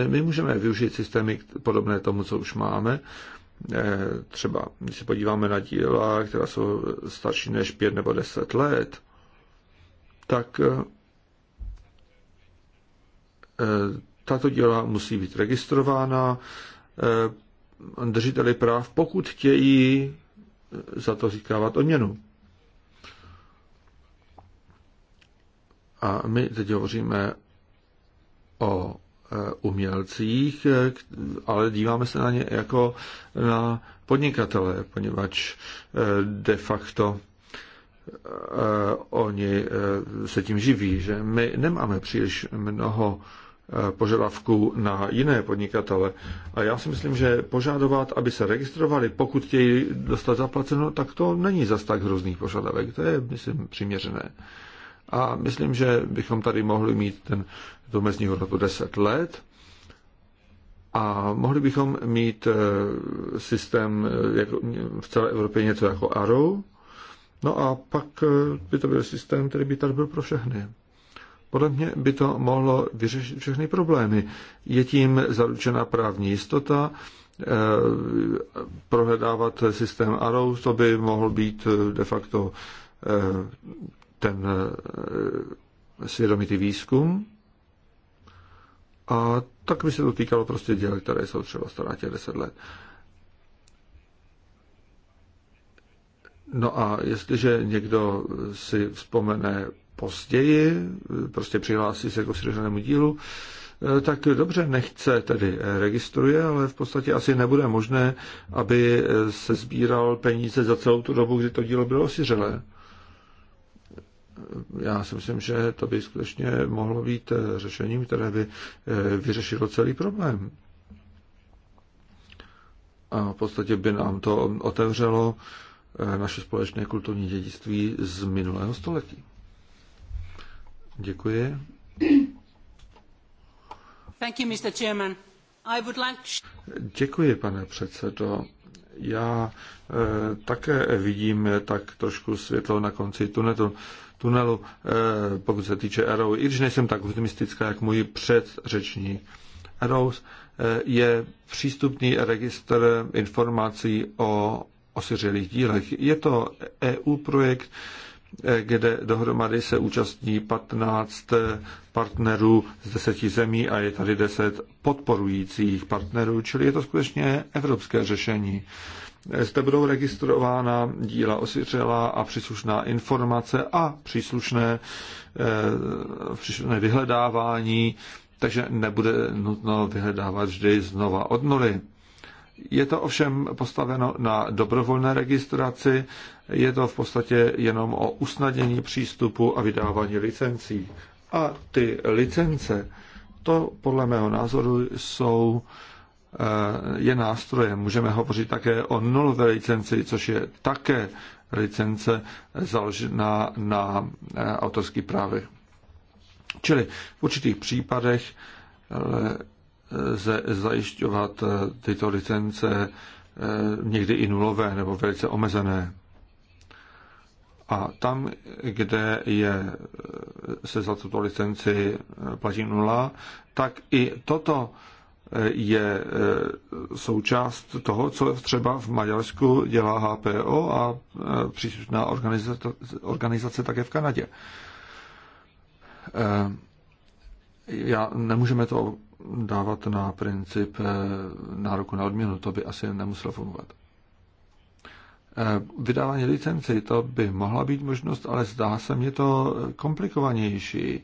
Speaker 3: eh, my můžeme využít systémy podobné tomu, co už máme, Eh, třeba, když se podíváme na díla, která jsou starší než pět nebo deset let, tak eh, eh, tato díla musí být registrována držiteli práv, pokud chtějí za to získávat odměnu. A my teď hovoříme o Eh, umělcích, eh, ale díváme se na ně jako na podnikatele, poněvadž eh, de facto oni se tím živí, že my nemáme příliš mnoho požadavků na jiné podnikatele. A já si myslím, že požadovat, aby se registrovali, pokud chtějí dostat zaplaceno, tak to není zas tak hrozný požadavek. To je, myslím, přiměřené. A myslím, že bychom tady mohli mít ten, to mezní hodnotu 10 let a mohli bychom mít eh, systém eh, jako v celé Evropě něco jako ARO, no a pak eh, by to byl systém, který by tady byl pro všechny. Podle mě by to mohlo vyřešit všechny problémy. Je tím zaručena právní jistota, prohledávat systém ARO, to by mohl být de facto ten eh, svědomitý výzkum a tak by se to týkalo prostě děl, které jsou třeba stará těch 10 let. No a jestliže někdo si vzpomene později, prostě přihlásí se k osvědčenému dílu, eh, tak dobře nechce tedy eh, registruje, ale v podstatě asi nebude možné, aby se sbíral peníze za celou tu dobu, kdy to dílo bylo osiřelé já si myslím, že to by skutečně mohlo být eh, řešením, které by eh, vyřešilo celý problém. A v podstatě by nám to otevřelo eh, naše společné kulturní dědictví z minulého století. Děkuji.
Speaker 1: Thank you,
Speaker 2: Mr. Chairman. I would like...
Speaker 3: Děkuji, pane předsedo. Já eh, také vidím tak trošku světlo na konci tunelu. Eh, tunelu, eh, pokud se týče Arrow, i když nejsem tak optimistická, jak můj předřečník. Arrow eh, je přístupný registr informací o osiřelých dílech. Je to EU projekt, eh, kde dohromady se účastní 15 partnerů z 10 zemí a je tady 10 podporujících partnerů, čili je to skutečně evropské řešení. Zde budou registrována díla osiřelá a příslušná informace a příslušné, eh, příslušné vyhledávání, takže nebude nutno vyhledávat vždy znova od nuly. Je to ovšem postaveno na dobrovolné registraci, je to v podstatě jenom o usnadnění přístupu a vydávání licencí. A ty licence, to podle mého názoru jsou Eh, je nástrojem. Můžeme hovořit také o nulové licenci, což je také licence založená na eh, autorských právech. Čili v určitých případech lze eh, zajišťovat tyto licence někdy i nulové nebo velice omezené. A tam, kde je, se za tuto licenci platí nula, tak i toto je e, součást toho, co třeba v Maďarsku dělá HPO a e, příslušná organizace, organizace také v Kanadě. E, já, nemůžeme to dávat na princip nároku na odměnu, to by asi nemuselo fungovat. Vydávání licenci, to by mohla být možnost, ale zdá se mně to komplikovanější.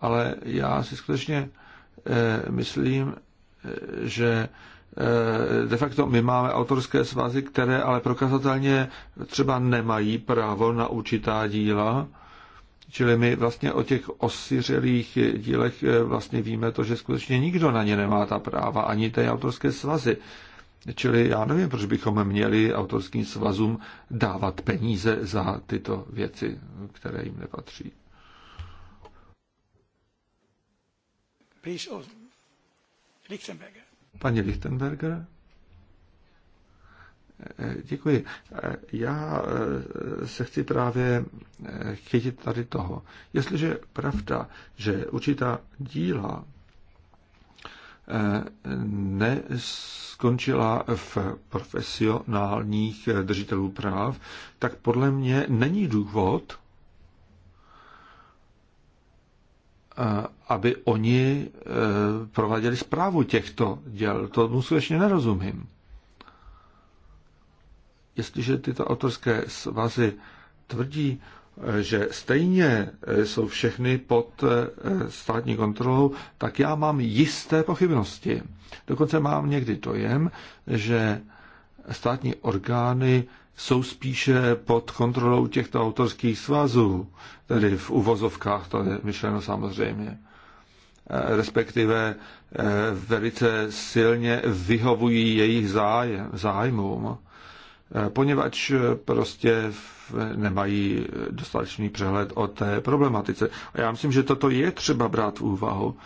Speaker 3: Ale já si skutečně myslím, že eh, de facto my máme autorské svazy, které ale prokazatelně třeba nemají právo na určitá díla, čili my vlastně o těch osiřelých dílech eh, vlastně víme to, že skutečně nikdo na ně nemá ta práva, ani ty autorské svazy. Čili já nevím, proč bychom měli autorským svazům dávat peníze za tyto věci, které jim nepatří. Please, Lichtenberger. Pani Lichtenberger. Eh, děkuji. Eh, já eh, se chci právě chytit tady toho. Jestliže pravda, že určitá díla neskončila v profesionálních držitelů práv, tak podle mě není důvod, aby oni e, prováděli zprávu těchto děl. To skutečně nerozumím. Jestliže tyto autorské svazy tvrdí, e, že stejně e, jsou všechny pod státní kontrolou, tak já mám jisté pochybnosti. Dokonce mám někdy dojem, že státní orgány jsou spíše pod kontrolou těchto autorských svazů, tedy v uvozovkách, to je myšleno samozřejmě, eh, respektive eh, velice silně vyhovují jejich zájem, zájmům, eh, poněvadž prostě nemají dostatečný přehled o té problematice. A já myslím, že toto je třeba brát v úvahu.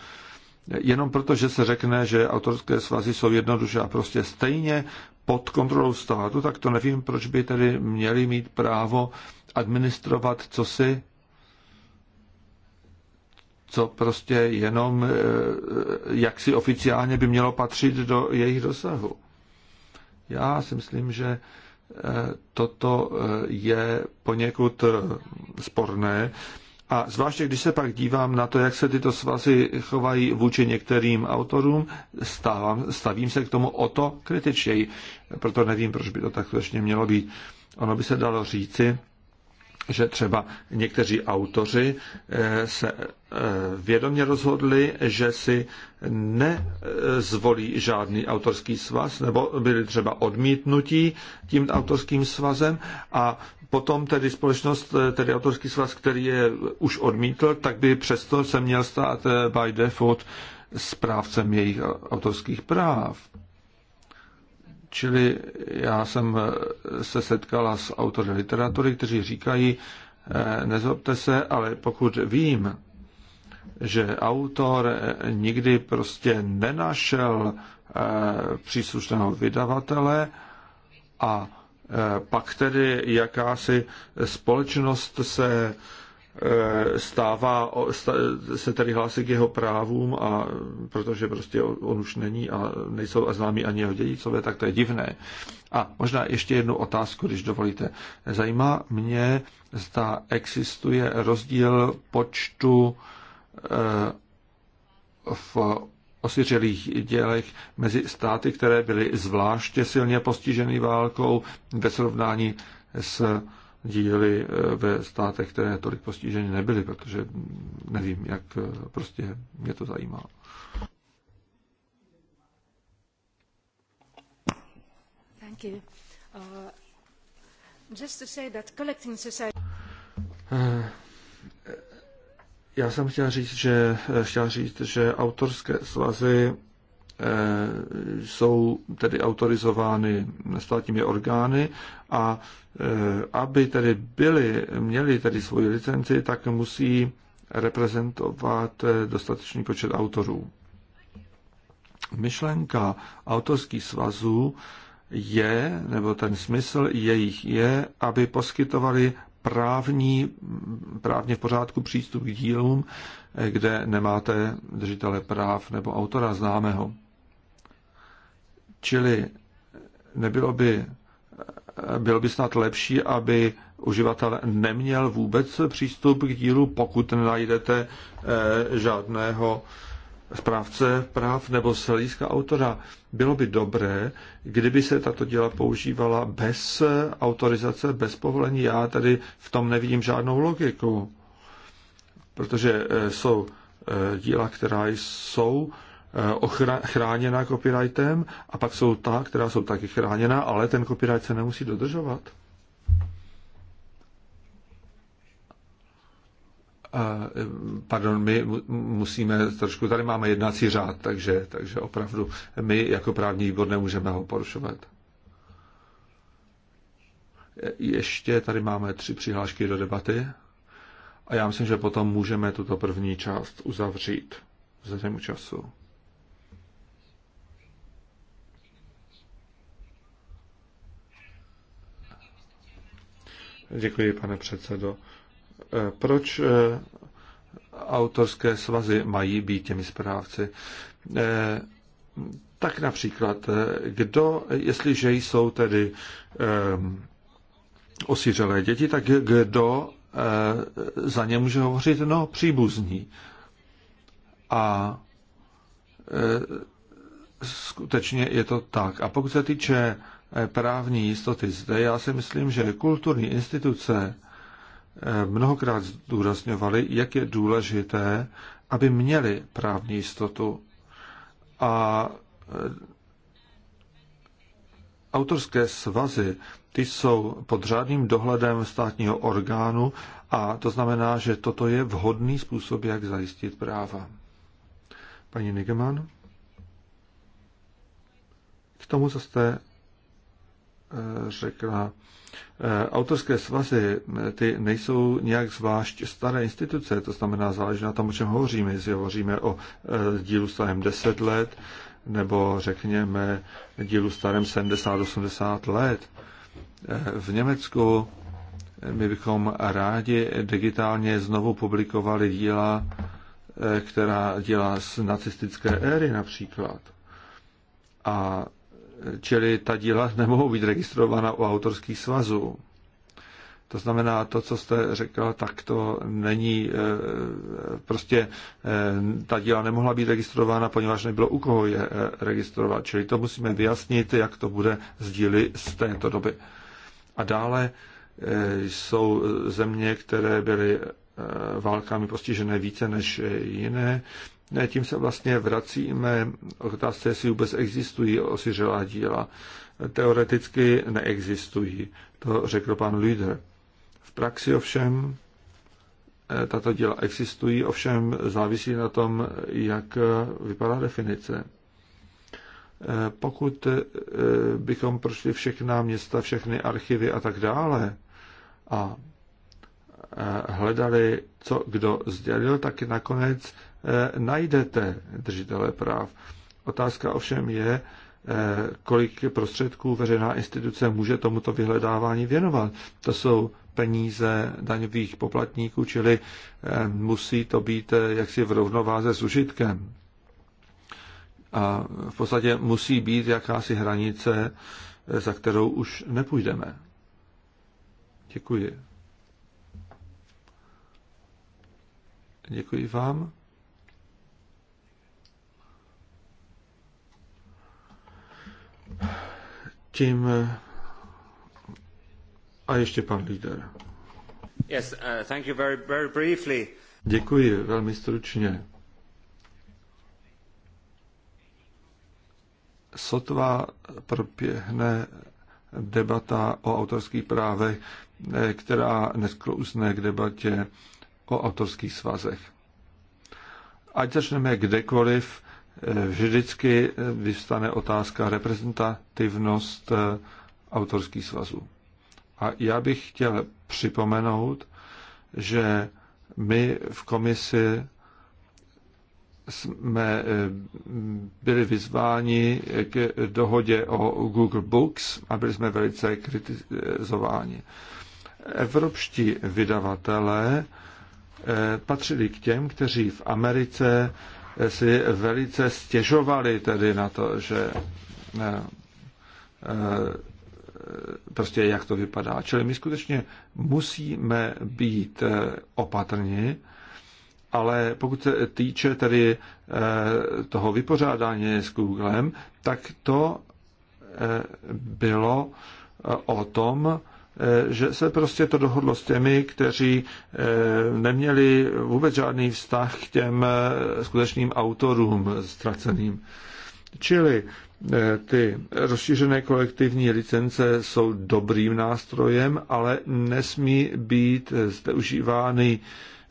Speaker 3: Jenom proto, že se řekne, že autorské svazy jsou jednoduše a prostě stejně, pod kontrolou státu, tak to nevím, proč by tedy měli mít právo administrovat cosi, co prostě jenom eh, jaksi oficiálně by mělo patřit do jejich dosahu. Já si myslím, že eh, toto eh, je poněkud sporné. A zvláště když se pak dívám na to, jak se tyto svazy chovají vůči některým autorům, stávám, stavím se k tomu o to kritičtěji. Proto nevím, proč by to tak skutečně mělo být. Ono by se dalo říci, že třeba někteří autoři eh, se eh, vědomě rozhodli, že si nezvolí žádný autorský svaz, nebo byli třeba odmítnutí tím autorským svazem a potom tedy společnost, eh, tedy autorský svaz, který je už odmítl, tak by přesto se měl stát by default správcem jejich autorských práv. Čili já jsem eh, se setkala s autory literatury, kteří říkají, eh, nezobte se, ale pokud vím, že autor eh, nikdy prostě nenašel příslušného vydavatele a pak tedy jakási společnost se Eh, stává, se tedy hlásí k jeho právům, a protože prostě on už není a nejsou a známí ani jeho dědicové, tak to je divné. A možná ještě jednu otázku, když dovolíte. Zajímá mě, zda existuje rozdíl počtu eh, v osiřelých dělech mezi státy, které byly zvláště silně postiženy válkou ve srovnání s díly eh, ve státech, které tolik postiženy nebyly, protože nevím, jak eh, prostě mě to zajímá.
Speaker 4: Thank you. Uh, just to say that collecting society...
Speaker 3: Uh, já jsem chtěl říct, že, chtěl říct, že autorské svazy Eh, jsou tedy autorizovány státními orgány a eh, aby tedy byli, měli tedy svoji licenci, tak musí reprezentovat eh, dostatečný počet autorů. Myšlenka autorských svazů je, nebo ten smysl jejich je, aby poskytovali právní, právně v pořádku přístup k dílům, kde nemáte držitele práv nebo autora známého. Čili nebylo by, bylo by snad lepší, aby uživatel neměl vůbec přístup k dílu, pokud nenajdete eh, žádného správce práv nebo slízka autora. Bylo by dobré, kdyby se tato díla používala bez autorizace, bez povolení. Já tady v tom nevidím žádnou logiku, protože eh, jsou eh, díla, která jsou Eh, chráněna copyrightem a pak jsou ta, která jsou taky chráněna, ale ten copyright se nemusí dodržovat. Eh, pardon, my musíme trošku, tady máme jednací řád, takže, takže opravdu my jako právní výbor nemůžeme ho porušovat. E, ještě tady máme tři přihlášky do debaty a já myslím, že potom můžeme tuto první část uzavřít vzhledem času. Děkuji, pane předsedo. Eh, proč eh, autorské svazy mají být těmi správci? Eh, tak například, kdo, jestliže jsou tedy osířelé děti, tak kdo za ně může hovořit? No, příbuzní. A skutečně je to tak. A pokud se týče právní jistoty zde. Já si myslím, že kulturní instituce eh, mnohokrát zdůrazňovaly, jak je důležité, aby měli právní jistotu. A eh, autorské svazy, ty jsou pod řádným dohledem státního orgánu a to znamená, že toto je vhodný způsob, jak zajistit práva. Paní Nigeman? K tomu, co jste řekla, eh, autorské svazy, eh, ty nejsou nějak zvlášť staré instituce, to znamená, záleží na tom, o čem hovoříme, jestli hovoříme o eh, dílu starém 10 let, nebo řekněme dílu starém 70-80 let. V Německu my bychom rádi digitálně znovu publikovali díla, která dělá z nacistické éry například. A čili ta díla nemohou být registrována u autorských svazů. To znamená, to, co jste řekl, tak to není, eh, prostě eh, ta díla nemohla být registrována, poněvadž nebylo u koho je eh, registrovat. Čili to musíme vyjasnit, jak to bude s díly z této doby. A dále jsou země, které byly válkami postižené více než jiné. Ne, tím se vlastně vracíme k otázce, jestli vůbec existují osiřelá díla. Teoreticky neexistují, to řekl pan Lüder. V praxi ovšem eh, tato díla existují, ovšem závisí na tom, jak eh, vypadá definice. Eh, pokud bychom prošli všechna města, všechny archivy a tak dále a hledali, co kdo sdělil, tak nakonec Eh, najdete držitele práv. Otázka ovšem je, eh, kolik prostředků veřejná instituce může tomuto vyhledávání věnovat. To jsou peníze daňových poplatníků, čili eh, musí to být jaksi v rovnováze s užitkem. A v podstatě musí být jakási hranice, za kterou už nepůjdeme. Děkuji. Děkuji vám. tím eh, a ještě pan líder. Yes, uh, thank you very, very briefly. Děkuji, velmi stručně. Sotva propěhne debata o autorských právech, eh, která nesklouzne k debatě o autorských svazech. Ať začneme kdekoliv, vždycky vystane otázka reprezentativnost eh, autorských svazů. A já bych chtěl připomenout, že my v komisi jsme eh, byli vyzváni k dohodě o Google Books a byli jsme velice kritizováni. Evropští vydavatelé eh, patřili k těm, kteří v Americe si velice stěžovali tedy na to, že eh, eh, prostě jak to vypadá. Čili my skutečně musíme být eh, opatrní, ale pokud se týče tedy toho vypořádání s Googlem, tak to bylo o tom, Eh, že se prostě to dohodlo s těmi, kteří eh, neměli vůbec žádný vztah k těm eh, skutečným autorům ztraceným. Čili ty rozšířené kolektivní licence jsou dobrým nástrojem, ale nesmí být zneužívány,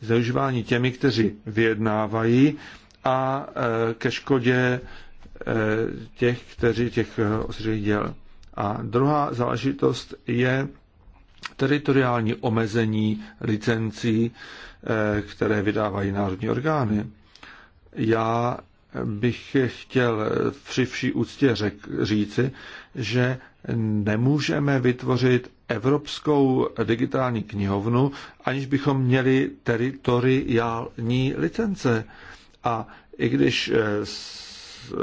Speaker 3: zneužívány těmi, kteří vyjednávají a ke škodě těch, kteří těch děl. A druhá záležitost je teritoriální omezení licencí, eh, které vydávají národní orgány. Já bych chtěl při vší úctě řek, říci, že nemůžeme vytvořit evropskou digitální knihovnu, aniž bychom měli teritoriální licence. A i když eh,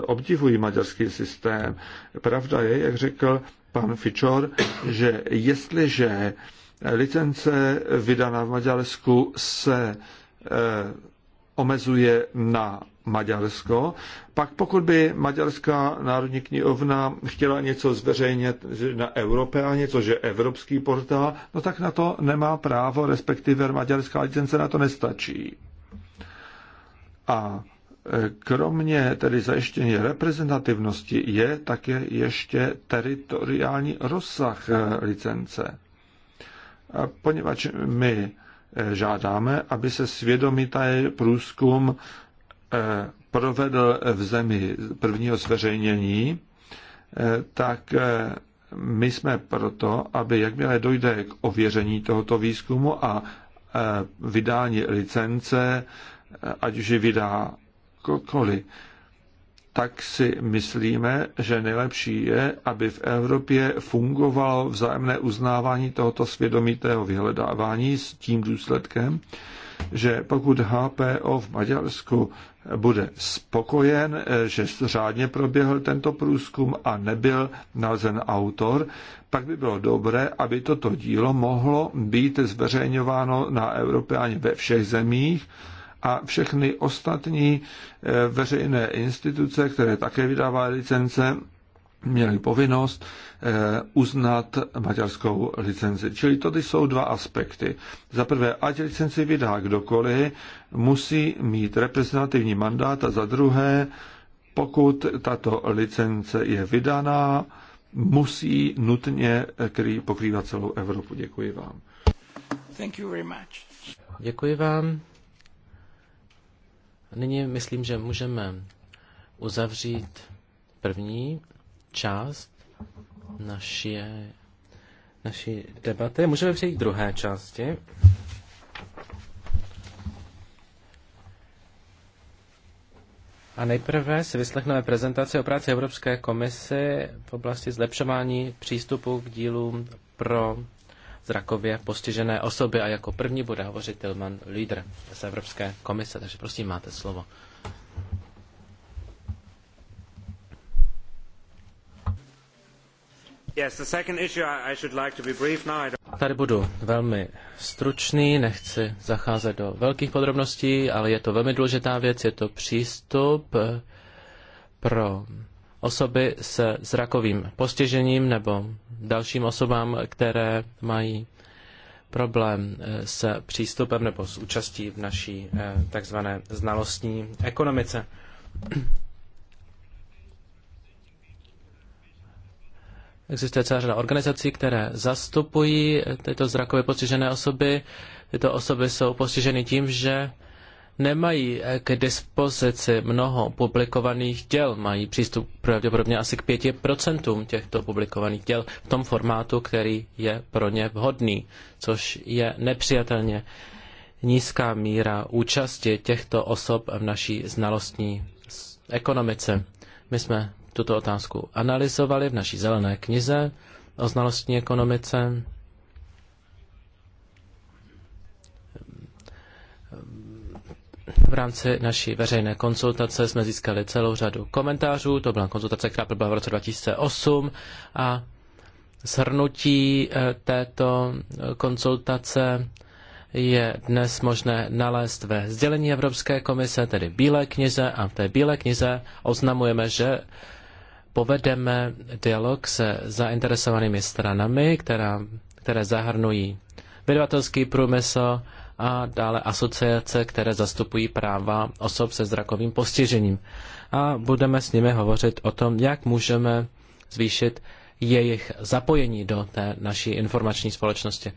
Speaker 3: obdivují maďarský systém, pravda je, jak řekl pan Fičor, že jestliže licence vydaná v Maďarsku se eh, omezuje na Maďarsko. Pak pokud by Maďarská národní knihovna chtěla něco zveřejnit na Evropě a něco, že evropský portál, no tak na to nemá právo, respektive maďarská licence na to nestačí. A Kromě tedy zajištění reprezentativnosti je také ještě teritoriální rozsah eh, licence. Poněvadž my eh, žádáme, aby se svědomitý průzkum eh, provedl v zemi prvního zveřejnění, tak my jsme proto, aby jakmile dojde k ověření tohoto výzkumu a vydání licence, ať už ji vydá jakkoliv, tak si myslíme, že nejlepší je, aby v Evropě fungovalo vzájemné uznávání tohoto svědomitého vyhledávání s tím důsledkem, že pokud HPO v Maďarsku bude spokojen, že řádně proběhl tento průzkum a nebyl nalezen autor, pak by bylo dobré, aby toto dílo mohlo být zveřejňováno na Evropě ani ve všech zemích, a všechny ostatní eh, veřejné instituce, které také vydávají licence, měly povinnost eh, uznat maďarskou licenci. Čili to jsou dva aspekty. Za prvé, ať licenci vydá kdokoliv, musí mít reprezentativní mandát a za druhé, pokud tato licence je vydaná, musí nutně pokrývat celou Evropu. Děkuji vám.
Speaker 2: Thank you very much. Děkuji vám. Nyní myslím, že můžeme uzavřít první část naší, naší debaty. Můžeme přejít k druhé části. A nejprve si vyslechneme prezentaci o práci Evropské komisy v oblasti zlepšování přístupu k dílům pro zrakově postižené osoby a jako první bude hovořit Tilman Lídr z Evropské komise, takže prosím, máte slovo. Tady budu velmi stručný, nechci zacházet do velkých podrobností, ale je to velmi důležitá věc, je to přístup eh, pro osoby se zrakovým postižením nebo dalším osobám, které mají problém eh, s přístupem nebo s účastí v naší eh, takzvané znalostní ekonomice. Existuje celá řada organizací, které zastupují eh, tyto zrakově postižené osoby. Tyto osoby jsou postiženy tím, že nemají k dispozici mnoho publikovaných děl, mají přístup pravděpodobně asi k 5% těchto publikovaných děl v tom formátu, který je pro ně vhodný, což je nepřijatelně nízká míra účasti těchto osob v naší znalostní ekonomice. My jsme tuto otázku analyzovali v naší zelené knize o znalostní ekonomice v rámci naší veřejné konzultace jsme získali celou řadu komentářů. To byla konzultace, která proběhla v roce 2008 a shrnutí eh, této konzultace je dnes možné nalézt ve sdělení Evropské komise, tedy Bílé knize, a v té Bílé knize oznamujeme, že povedeme dialog se zainteresovanými stranami, která, které zahrnují vydavatelský průmysl, a dále asociace, které zastupují práva osob se zrakovým postižením. A budeme s nimi hovořit o tom, jak můžeme zvýšit jejich zapojení do té naší informační společnosti.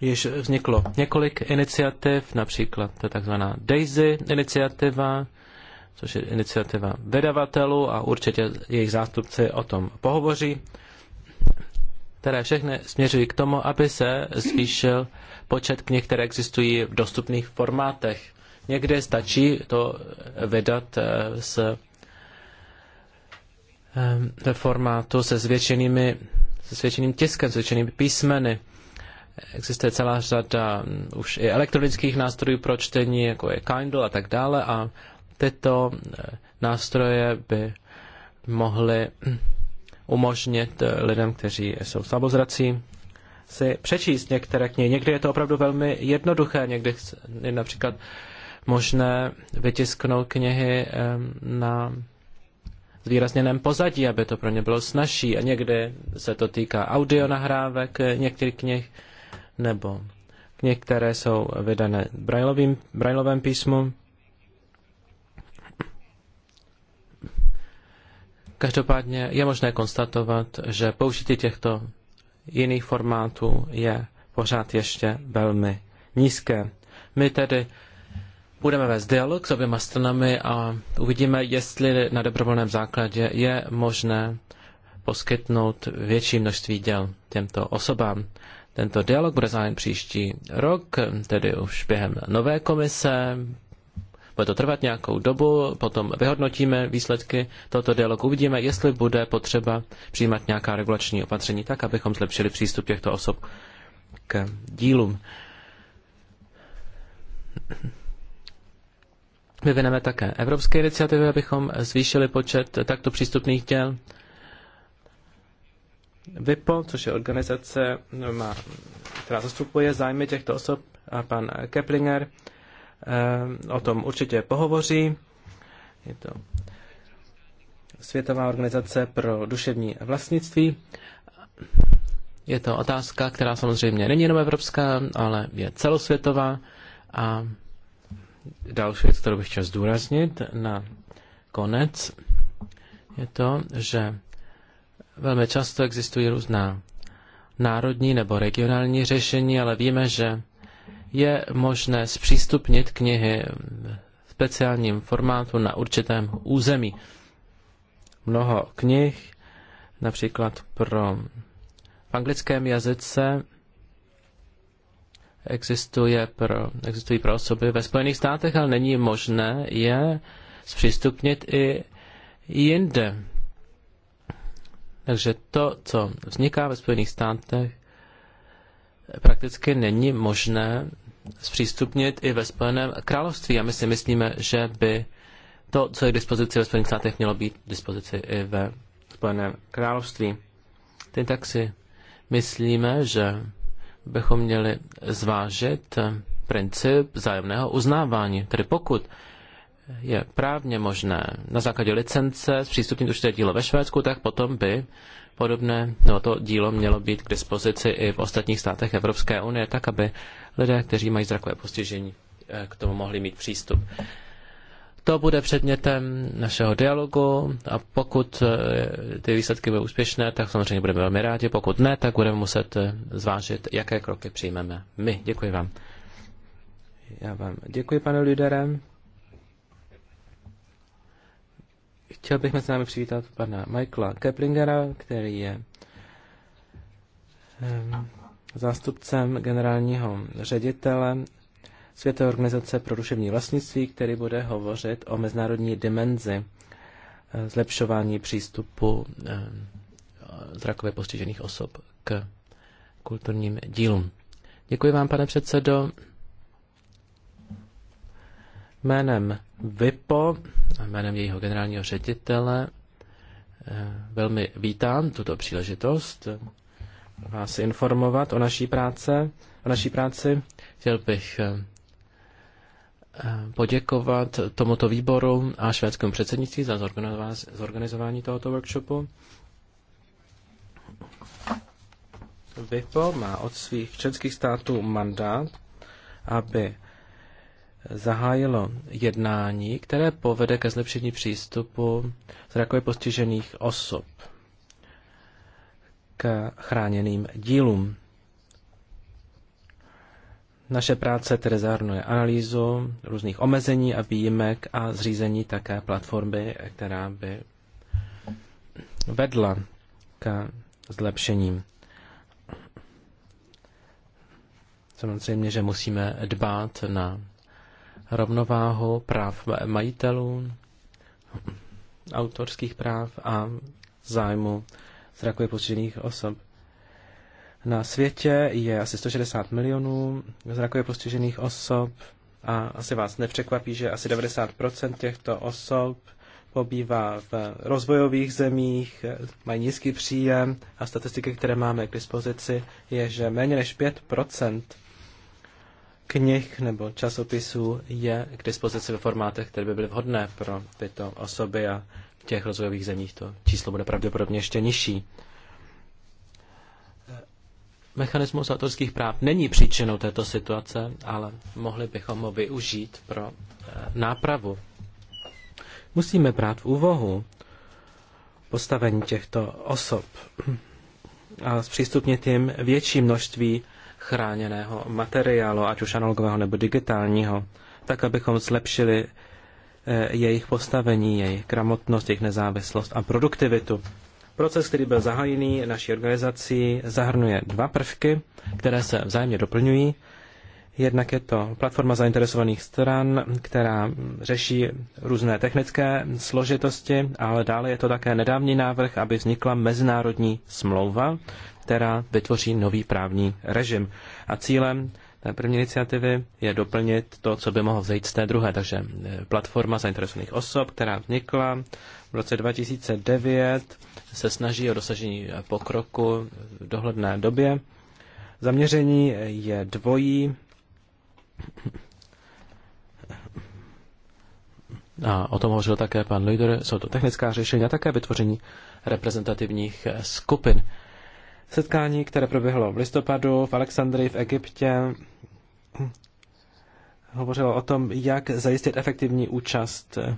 Speaker 2: Již vzniklo několik iniciativ, například ta takzvaná DAISY iniciativa, což je iniciativa vydavatelů a určitě jejich zástupci o tom pohovoří, které všechny směřují k tomu, aby se zvýšil počet knih, které existují v dostupných formátech. Někde stačí to vydat eh, s, eh, ve formátu se zvětšenými, se zvětšeným tiskem, se zvětšenými písmeny. Existuje celá řada mm, už i elektronických nástrojů pro čtení, jako je Kindle a tak dále, a Tyto eh, nástroje by mohly hm, umožnit eh, lidem, kteří jsou slabozrací, si přečíst některé knihy. Někdy je to opravdu velmi jednoduché, někdy je například možné vytisknout knihy na zvýrazněném pozadí, aby to pro ně bylo snažší. A někdy se to týká audionahrávek eh, některých knih nebo knih, které jsou vydané v brajlovém písmu. Každopádně je možné konstatovat, že použití těchto jiných formátů je pořád ještě velmi nízké. My tedy budeme vést dialog s oběma stranami a uvidíme, jestli na dobrovolném základě je možné poskytnout větší množství děl těmto osobám. Tento dialog bude zájem příští rok, tedy už během nové komise, bude to trvat nějakou dobu, potom vyhodnotíme výsledky tohoto dialogu, uvidíme, jestli bude potřeba přijímat nějaká regulační opatření tak, abychom zlepšili přístup těchto osob k dílům. Vyvineme také evropské iniciativy, abychom zvýšili počet takto přístupných děl. VIPO, což je organizace, no, má, která zastupuje zájmy těchto osob, a pan Keplinger Eh, o tom určitě pohovoří. Je to Světová organizace pro duševní vlastnictví. Je to otázka, která samozřejmě není jenom evropská, ale je celosvětová. A další věc, kterou bych chtěl zdůraznit na konec, je to, že velmi často existují různá národní nebo regionální řešení, ale víme, že je možné zpřístupnit knihy v speciálním formátu na určitém území. Mnoho knih, například pro v anglickém jazyce existuje pro, existují pro osoby ve Spojených státech, ale není možné je zpřístupnit i jinde. Takže to, co vzniká ve Spojených státech, prakticky není možné zpřístupnit i ve Spojeném království a my si myslíme, že by to, co je k dispozici ve Spojených státech, mělo být k dispozici i ve Spojeném království. Teď tak si myslíme, že bychom měli zvážit princip zájemného uznávání. Tedy pokud je právně možné na základě licence zpřístupnit určité dílo ve Švédsku, tak potom by podobné no, to dílo mělo být k dispozici i v ostatních státech Evropské unie, tak aby lidé, kteří mají zrakové postižení, eh, k tomu mohli mít přístup. To bude předmětem našeho dialogu a pokud eh, ty výsledky budou úspěšné, tak samozřejmě budeme velmi rádi. Pokud ne, tak budeme muset eh, zvážit, jaké kroky přijmeme my. Děkuji vám. Já vám děkuji, pane Lidere. Chtěl bych mezi námi přivítat pana Michaela Keplingera, který je um, zástupcem generálního ředitele Světové organizace pro duševní vlastnictví, který bude hovořit o mezinárodní dimenzi eh, zlepšování přístupu eh, zrakově postižených osob k kulturním dílům. Děkuji vám, pane předsedo. Jménem VIPO a jménem jejího generálního ředitele eh, velmi vítám tuto příležitost vás informovat o naší práce, o naší práci. Chtěl bych eh, eh, poděkovat tomuto výboru a švédskému předsednictví za zorganizování tohoto workshopu. VIPO má od svých členských států mandát, aby zahájilo jednání, které povede ke zlepšení přístupu zrakově postižených osob k chráněným dílům. Naše práce tedy zahrnuje analýzu různých omezení a výjimek a zřízení také platformy, která by vedla k zlepšením. Samozřejmě, že musíme dbát na rovnováhu práv majitelů, autorských práv a zájmu zrakově postižených osob. Na světě je asi 160 milionů zrakově postižených osob a asi vás nepřekvapí, že asi 90% těchto osob pobývá v rozvojových zemích, mají nízký příjem a statistiky, které máme k dispozici, je, že méně než 5% knih nebo časopisů je k dispozici ve formátech, které by byly vhodné pro tyto osoby a v těch rozvojových zemích to číslo bude pravděpodobně ještě nižší. Mechanismus autorských práv není příčinou této situace, ale mohli bychom ho využít pro eh, nápravu. Musíme brát v úvahu postavení těchto osob a zpřístupnit jim větší množství chráněného materiálu, ať už analogového nebo digitálního, tak abychom zlepšili Eh, jejich postavení, jejich gramotnost, jejich nezávislost a produktivitu. Proces, který byl zahájený naší organizací, zahrnuje dva prvky, které se vzájemně doplňují. Jednak je to platforma zainteresovaných stran, která řeší různé technické složitosti, ale dále je to také nedávný návrh, aby vznikla mezinárodní smlouva, která vytvoří nový právní režim. A cílem té první iniciativy je doplnit to, co by mohlo vzejít z té druhé. Takže eh, platforma zainteresovaných osob, která vznikla v roce 2009, se snaží o dosažení eh, pokroku v dohledné době. Zaměření eh, je dvojí. A o tom hovořil také pan Lider. Jsou to technická řešení a také vytvoření reprezentativních skupin setkání, které proběhlo v listopadu v Alexandrii v Egyptě, hovořilo o tom, jak zajistit efektivní účast eh,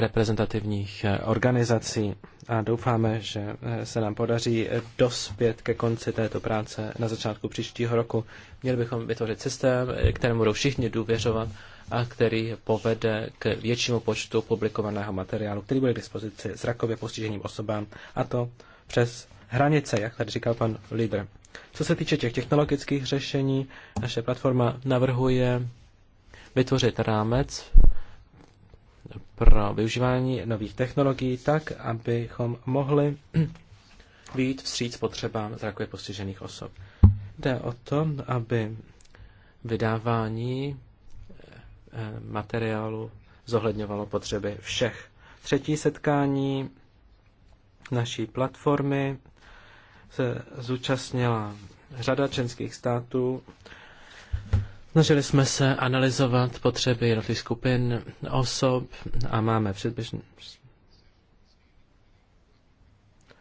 Speaker 2: reprezentativních eh, organizací a doufáme, že eh, se nám podaří dospět ke konci této práce na začátku příštího roku. Měli bychom vytvořit systém, kterému budou všichni důvěřovat a který povede k většímu počtu publikovaného materiálu, který bude k dispozici zrakově postiženým osobám a to přes hranice, jak tady říkal pan lídr. Co se týče těch technologických řešení, naše platforma navrhuje vytvořit rámec pro využívání nových technologií tak, abychom mohli být vstříc potřebám zrakově postižených osob. Jde o to, aby vydávání eh, eh, materiálu zohledňovalo potřeby všech. Třetí setkání naší platformy se zúčastnila řada členských států. Snažili jsme se analyzovat potřeby jednotlivých skupin osob a máme předběžný.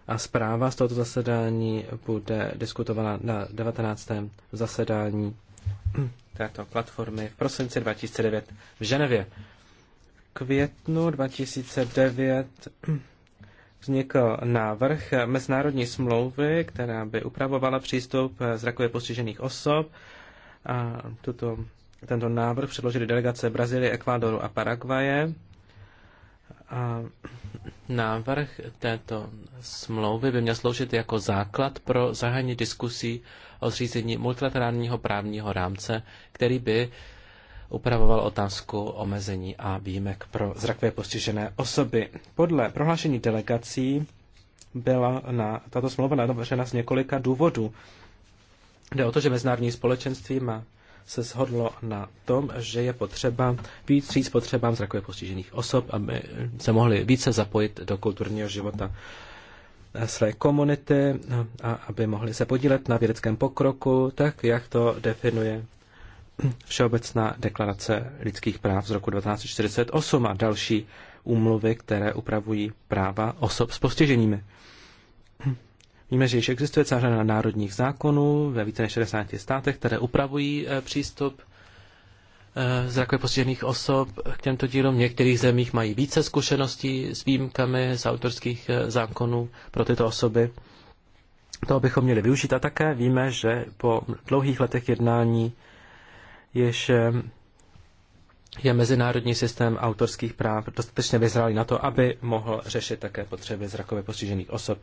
Speaker 2: A zpráva z tohoto zasedání bude diskutována na 19. zasedání této platformy v prosinci 2009 v Ženevě. Květnu 2009 vznikl návrh mezinárodní smlouvy, která by upravovala přístup zrakově postižených osob. A tuto, tento návrh předložili delegace Brazílie, Ekvádoru a Paraguaje. A návrh této smlouvy by měl sloužit jako základ pro zahájení diskusí o zřízení multilaterálního právního rámce, který by upravoval otázku omezení a výjimek pro zrakově postižené osoby. Podle prohlášení delegací byla na tato smlouva navržena z několika důvodů. Jde o to, že mezinárodní společenství má se shodlo na tom, že je potřeba víc říct potřebám zrakově postižených osob, aby se mohli více zapojit do kulturního života své komunity a aby mohli se podílet na vědeckém pokroku, tak jak to definuje Všeobecná deklarace lidských práv z roku 1948 a další úmluvy, které upravují práva osob s postiženími. Víme, že již existuje celá řada národních zákonů ve více než 60 státech, které upravují eh, přístup eh, zrakově postižených osob k těmto dílům. V některých zemích mají více zkušeností s výjimkami z autorských eh, zákonů pro tyto osoby. To bychom měli využít a také víme, že po dlouhých letech jednání jež eh, je mezinárodní systém autorských práv dostatečně vyzrálý na to, aby mohl řešit také potřeby zrakově postižených osob.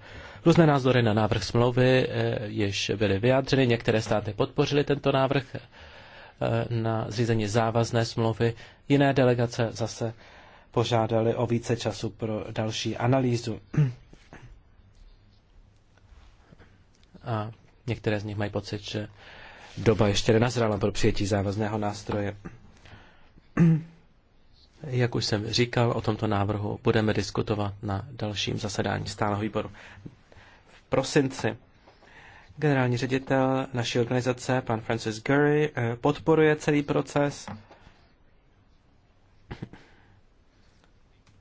Speaker 2: Různé názory na návrh smlouvy eh, již byly vyjádřeny, některé státy podpořily tento návrh eh, na zřízení závazné smlouvy, jiné delegace zase požádali o více času pro další analýzu. A některé z nich mají pocit, že doba ještě nenazrála pro přijetí závazného nástroje. Jak už jsem říkal, o tomto návrhu budeme diskutovat na dalším zasedání stáleho výboru v prosinci. Generální ředitel naší organizace, pan Francis Gurry, eh, podporuje celý proces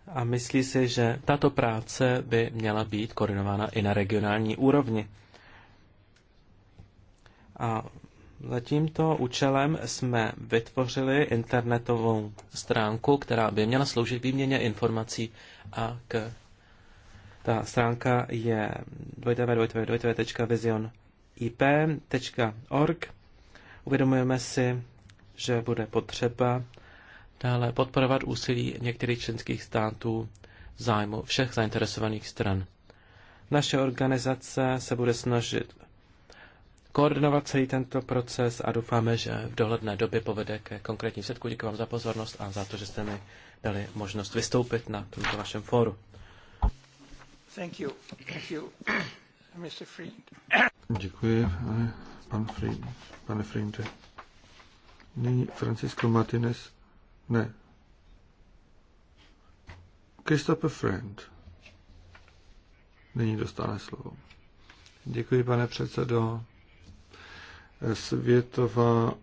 Speaker 2: a myslí si, že tato práce by měla být koordinována i na regionální úrovni. A za tímto účelem jsme vytvořili internetovou stránku, která by měla sloužit výměně informací a k ta stránka je www.visionip.org. Uvědomujeme si, že bude potřeba dále podporovat úsilí některých členských států v zájmu všech zainteresovaných stran. Naše organizace se bude snažit koordinovat celý tento proces a doufáme, že v dohledné době povede ke konkrétním setku. Děkuji vám za pozornost a za to, že jste mi dali možnost vystoupit na tomto vašem fóru.
Speaker 3: Thank you. Thank you. Mr. Friend. Děkuji, pane, pan Friend, pane Frinde. Nyní Francisco Martinez. Ne. Christopher Friend. Nyní dostane slovo. Děkuji, pane předsedo. Světová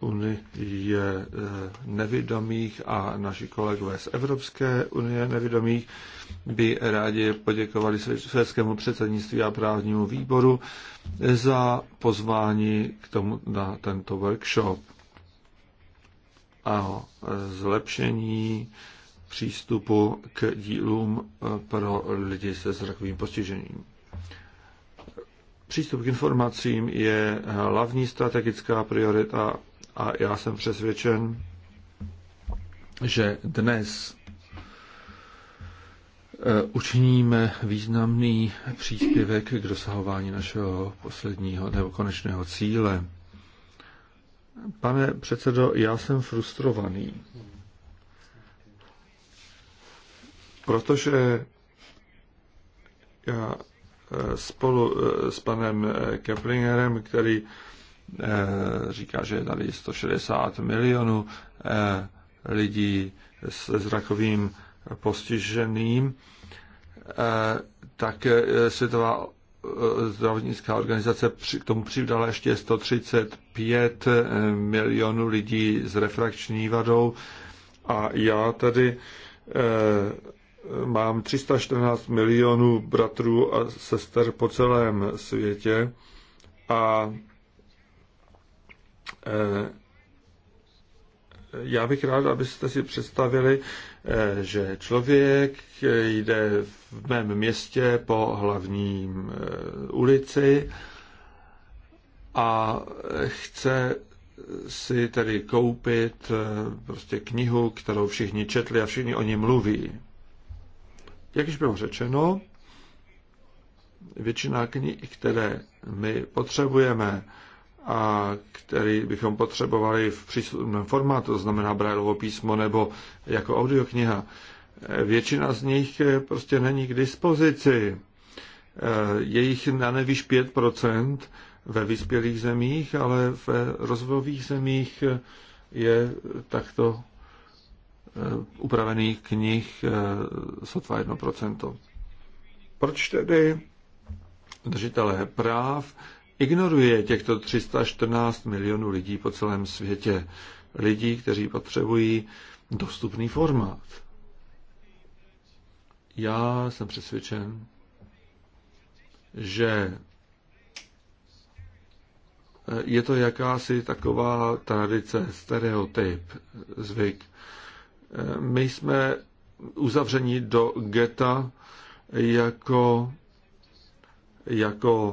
Speaker 3: unie nevidomých a naši kolegové z Evropské unie nevidomých by rádi poděkovali švédskému předsednictví a právnímu výboru za pozvání k tomu na tento workshop a zlepšení přístupu k dílům pro lidi se zrakovým postižením. Přístup k informacím je hlavní strategická priorita a já jsem přesvědčen, že dnes eh, učiníme významný příspěvek k dosahování našeho posledního nebo konečného cíle. Pane předsedo, já jsem frustrovaný, protože já spolu eh, s panem eh, Keplingerem, který eh, říká, že je tady 160 milionů lidí se zrakovým postiženým, tak Světová zdravotnická organizace k tomu přidala ještě 135 milionů lidí s refrakční vadou. A já tady mám 314 milionů bratrů a sester po celém světě a eh, já bych rád, abyste si představili, eh, že člověk jde v mém městě po hlavní eh, ulici a chce si tedy koupit prostě knihu, kterou všichni četli a všichni o ní mluví. Jak již bylo řečeno, většina knih, které my potřebujeme a které bychom potřebovali v přístupném formátu, to znamená Braillovo písmo nebo jako audiokniha, většina z nich prostě není k dispozici. Je jich na nevíš 5% ve vyspělých zemích, ale v rozvojových zemích je takto Eh, upravených knih eh, sotva 1%. Proč tedy držitelé práv ignoruje těchto 314 milionů lidí po celém světě? Lidí, kteří potřebují dostupný formát. Já jsem přesvědčen, že eh, je to jakási taková tradice, stereotyp, zvyk. My jsme uzavřeni do geta jako, jako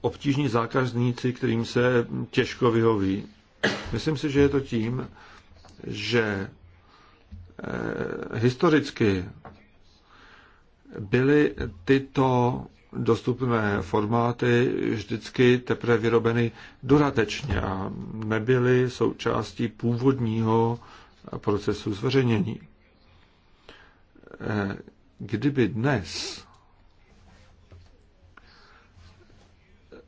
Speaker 3: obtížní zákazníci, kterým se těžko vyhoví. Myslím si, že je to tím, že eh, historicky byly tyto dostupné formáty vždycky teprve vyrobeny dodatečně a nebyly součástí původního procesu zveřejnění. Eh, kdyby dnes eh,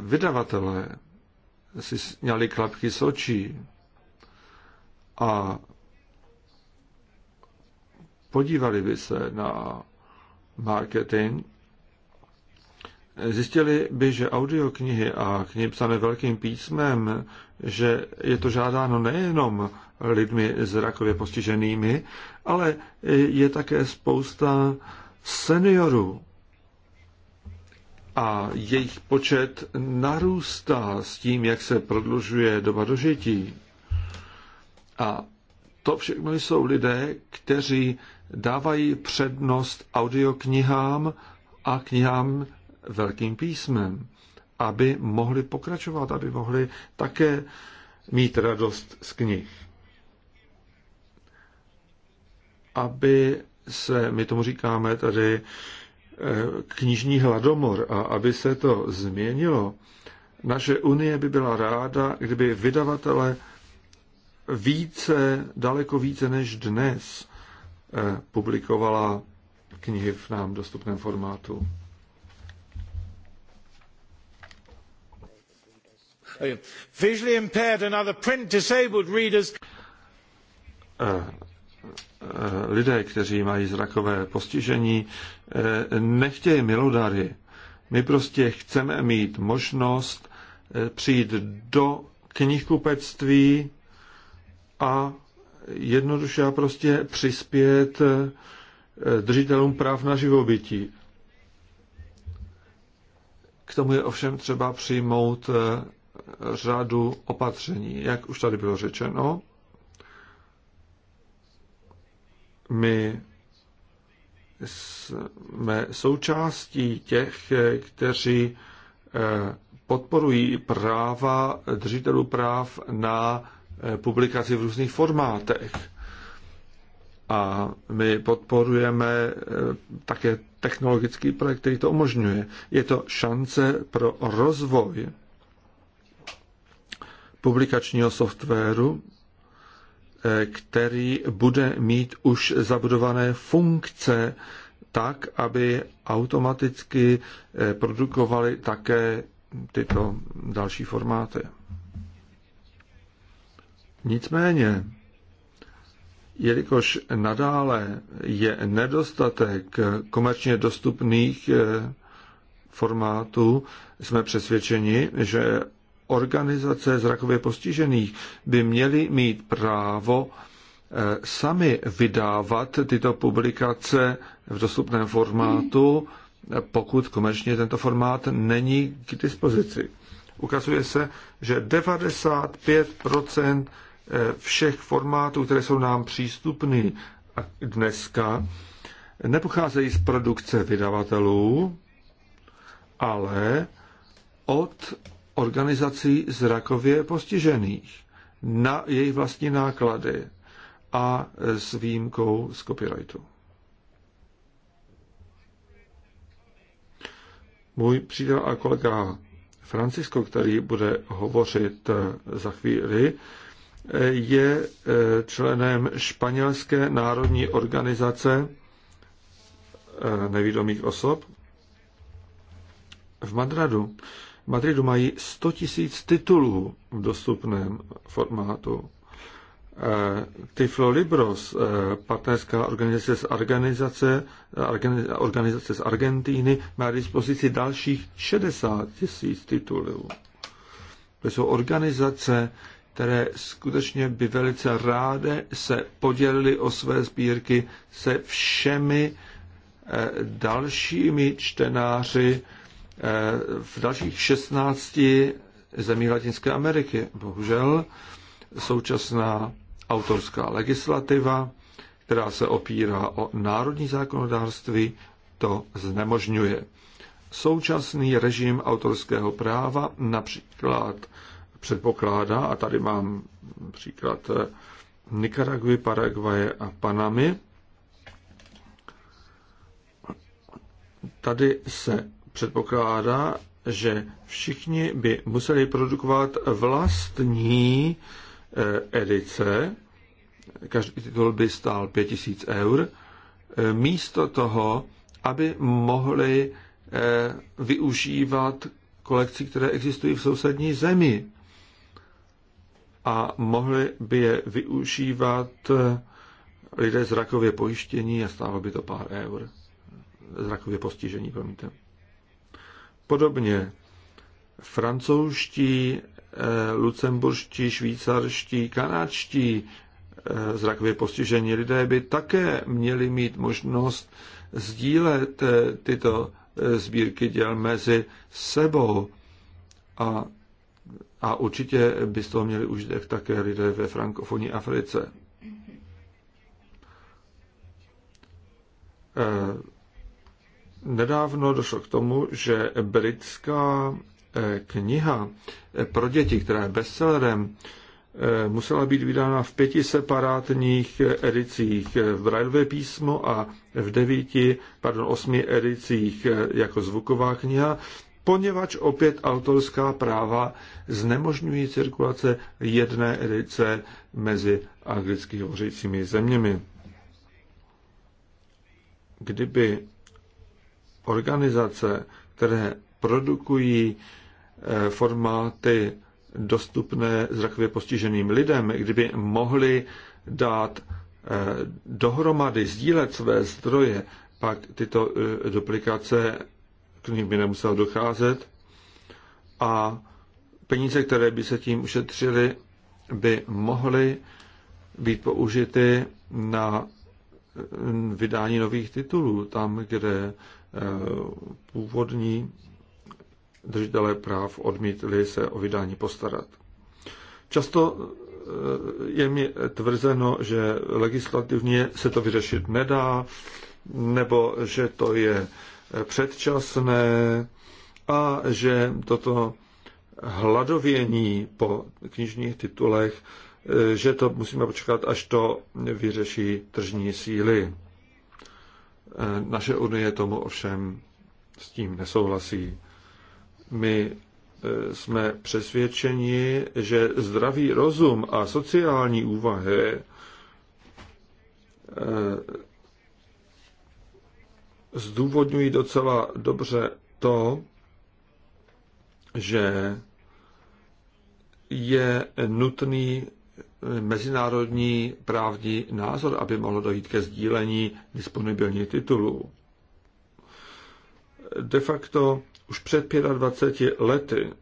Speaker 3: vydavatelé si měli klapky z očí a podívali by se na marketing, zjistili by, že audioknihy a knihy psané velkým písmem, že je to žádáno nejenom lidmi zrakově postiženými, ale je také spousta seniorů. A jejich počet narůstá s tím, jak se prodlužuje doba dožití. A to všechno jsou lidé, kteří dávají přednost audioknihám a knihám velkým písmem, aby mohli pokračovat, aby mohli také mít radost z knih. aby se, my tomu říkáme tady, eh, knižní hladomor a aby se to změnilo, naše unie by byla ráda, kdyby vydavatele více, daleko více než dnes eh, publikovala knihy v nám dostupném formátu. Visually impaired and other print disabled readers eh, lidé, kteří mají zrakové postižení, nechtějí milodary. My prostě chceme mít možnost eh, přijít do knihkupectví a jednoduše a prostě přispět eh, držitelům práv na živobytí. K tomu je ovšem třeba přijmout eh, řadu opatření, jak už tady bylo řečeno. My jsme součástí těch, kteří eh, podporují práva držitelů práv na eh, publikaci v různých formátech. A my podporujeme eh, také technologický projekt, který to umožňuje. Je to šance pro rozvoj publikačního softwaru který bude mít už zabudované funkce tak, aby automaticky eh, produkovali také tyto další formáty. Nicméně, jelikož nadále je nedostatek komerčně dostupných eh, formátů, jsme přesvědčeni, že organizace zrakově postižených by měly mít právo eh, sami vydávat tyto publikace v dostupném formátu, pokud komerčně tento formát není k dispozici. Ukazuje se, že 95 eh, všech formátů, které jsou nám přístupny dneska, nepocházejí z produkce vydavatelů, ale od organizací zrakově postižených na jejich vlastní náklady a s výjimkou z copyrightu. Můj přítel a kolega Francisco, který bude hovořit eh, za chvíli, eh, je eh, členem španělské národní organizace nevídomých osob v Madradu. Madridu mají 100 tisíc titulů v dostupném formátu. Eh, Tiflo Libros, eh, partnerská organizace z, organizace, organizace z Argentíny, má dispozici dalších 60 tisíc titulů. To jsou organizace, které skutečně by velice ráde se podělily o své sbírky se všemi eh, dalšími čtenáři Eh, v dalších 16 zemí Latinské Ameriky. Bohužel současná autorská legislativa, která se opírá o národní zákonodárství, to znemožňuje. Současný režim autorského práva například předpokládá, a tady mám příklad eh, Nikaraguy, Paraguaje a Panamy, tady se předpokládá, že všichni by museli produkovat vlastní eh, edice, každý titul by stál 5000 eur, eh, místo toho, aby mohli eh, využívat kolekci, které existují v sousední zemi a mohli by je využívat lidé zrakově pojištění a stálo by to pár eur. Zrakově postižení, promiňte. Podobně francouzští, eh, lucemburští, švýcarští, kanadští eh, zrakově postižení lidé by také měli mít možnost sdílet eh, tyto sbírky děl mezi sebou. A, a určitě by z toho měli užitek také lidé ve frankofonní Africe. E, nedávno došlo k tomu, že britská eh, kniha eh, pro děti, která je bestsellerem, eh, musela být vydána v pěti separátních edicích v Braillové písmo a v devíti, pardon, osmi edicích jako zvuková kniha, poněvadž opět autorská práva znemožňují cirkulace jedné edice mezi anglicky hovořícími zeměmi. Kdyby organizace, které produkují eh, formáty dostupné zrakově postiženým lidem, kdyby mohli dát eh, dohromady, sdílet své zdroje, pak tyto eh, duplikace k nim by nemuselo docházet a peníze, které by se tím ušetřily, by mohly být použity na vydání nových titulů, tam, kde původní držitelé práv odmítli se o vydání postarat. Často eh, je mi tvrzeno, že legislativně se to vyřešit nedá, nebo že to je předčasné a že toto hladovění po knižních titulech, eh, že to musíme počkat, až to vyřeší tržní síly. Eh, naše unie tomu ovšem s tím nesouhlasí. My eh, jsme přesvědčeni, že zdravý rozum a sociální úvahy eh, zdůvodňují docela dobře to, že je nutný mezinárodní právní názor, aby mohlo dojít ke sdílení disponibilních titulů. De facto už před 25 lety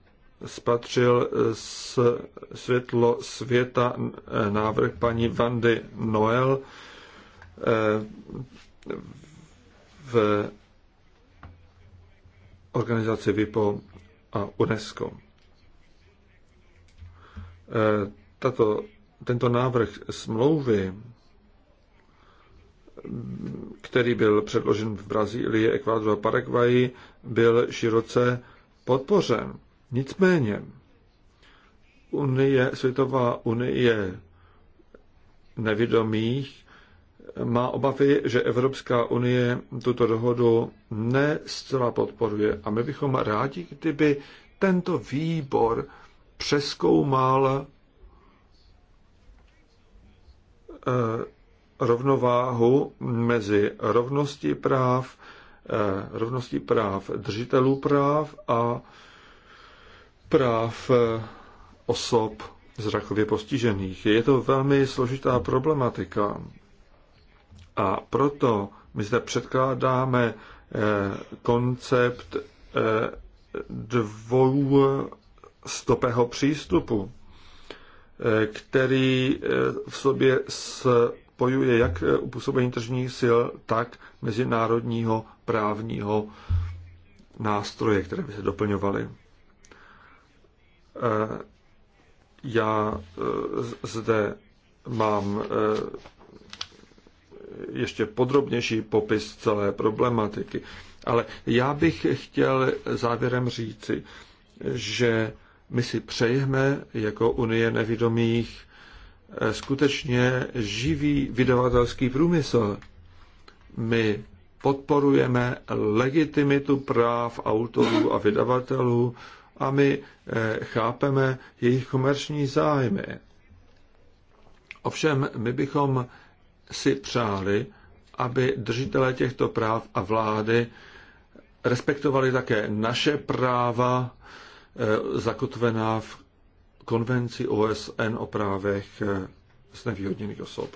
Speaker 3: spatřil z světlo světa návrh paní Vandy Noel eh, v organizaci VIPO a UNESCO. Eh, tato tento návrh smlouvy, který byl předložen v Brazílii, Ekvádoru a Paraguaji, byl široce podpořen. Nicméně, Unie, Světová unie nevědomých má obavy, že Evropská unie tuto dohodu ne zcela podporuje. A my bychom rádi, kdyby tento výbor přeskoumal Eh, rovnováhu mezi rovností práv, eh, rovností práv držitelů práv a práv eh, osob zrakově postižených. Je to velmi složitá problematika a proto my zde předkládáme koncept dvou stopého přístupu. Eh, který eh, v sobě spojuje jak eh, působení tržních sil, tak mezinárodního právního nástroje, které by se doplňovaly. Já zde mám ještě podrobnější popis celé problematiky. Ale já bych chtěl závěrem říci, že my si přejeme jako Unie nevědomých eh, skutečně živý vydavatelský průmysl. My podporujeme legitimitu práv autorů a vydavatelů a my eh, chápeme jejich komerční zájmy. Ovšem, my bychom si přáli, aby držitelé těchto práv a vlády respektovali také naše práva, Eh, zakotvená v konvenci OSN o právech eh, znevýhodněných osob.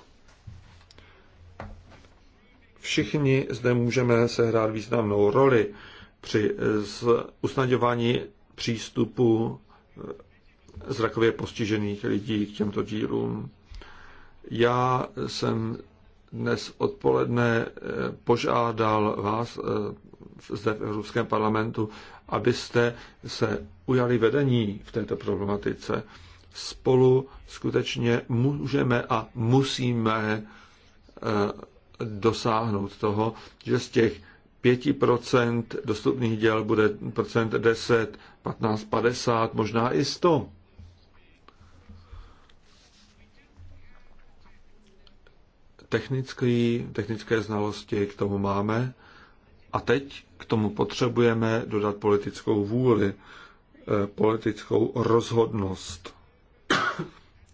Speaker 3: Všichni zde můžeme sehrát významnou roli při eh, usnadňování přístupu zrakově postižených lidí k těmto dílům. Já jsem dnes odpoledne požádal vás zde v Evropském parlamentu, abyste se ujali vedení v této problematice. Spolu skutečně můžeme a musíme eh, dosáhnout toho, že z těch 5% dostupných děl bude procent 10, 15, 50, možná i 100. Technický, technické znalosti k tomu máme a teď k tomu potřebujeme dodat politickou vůli, eh, politickou rozhodnost,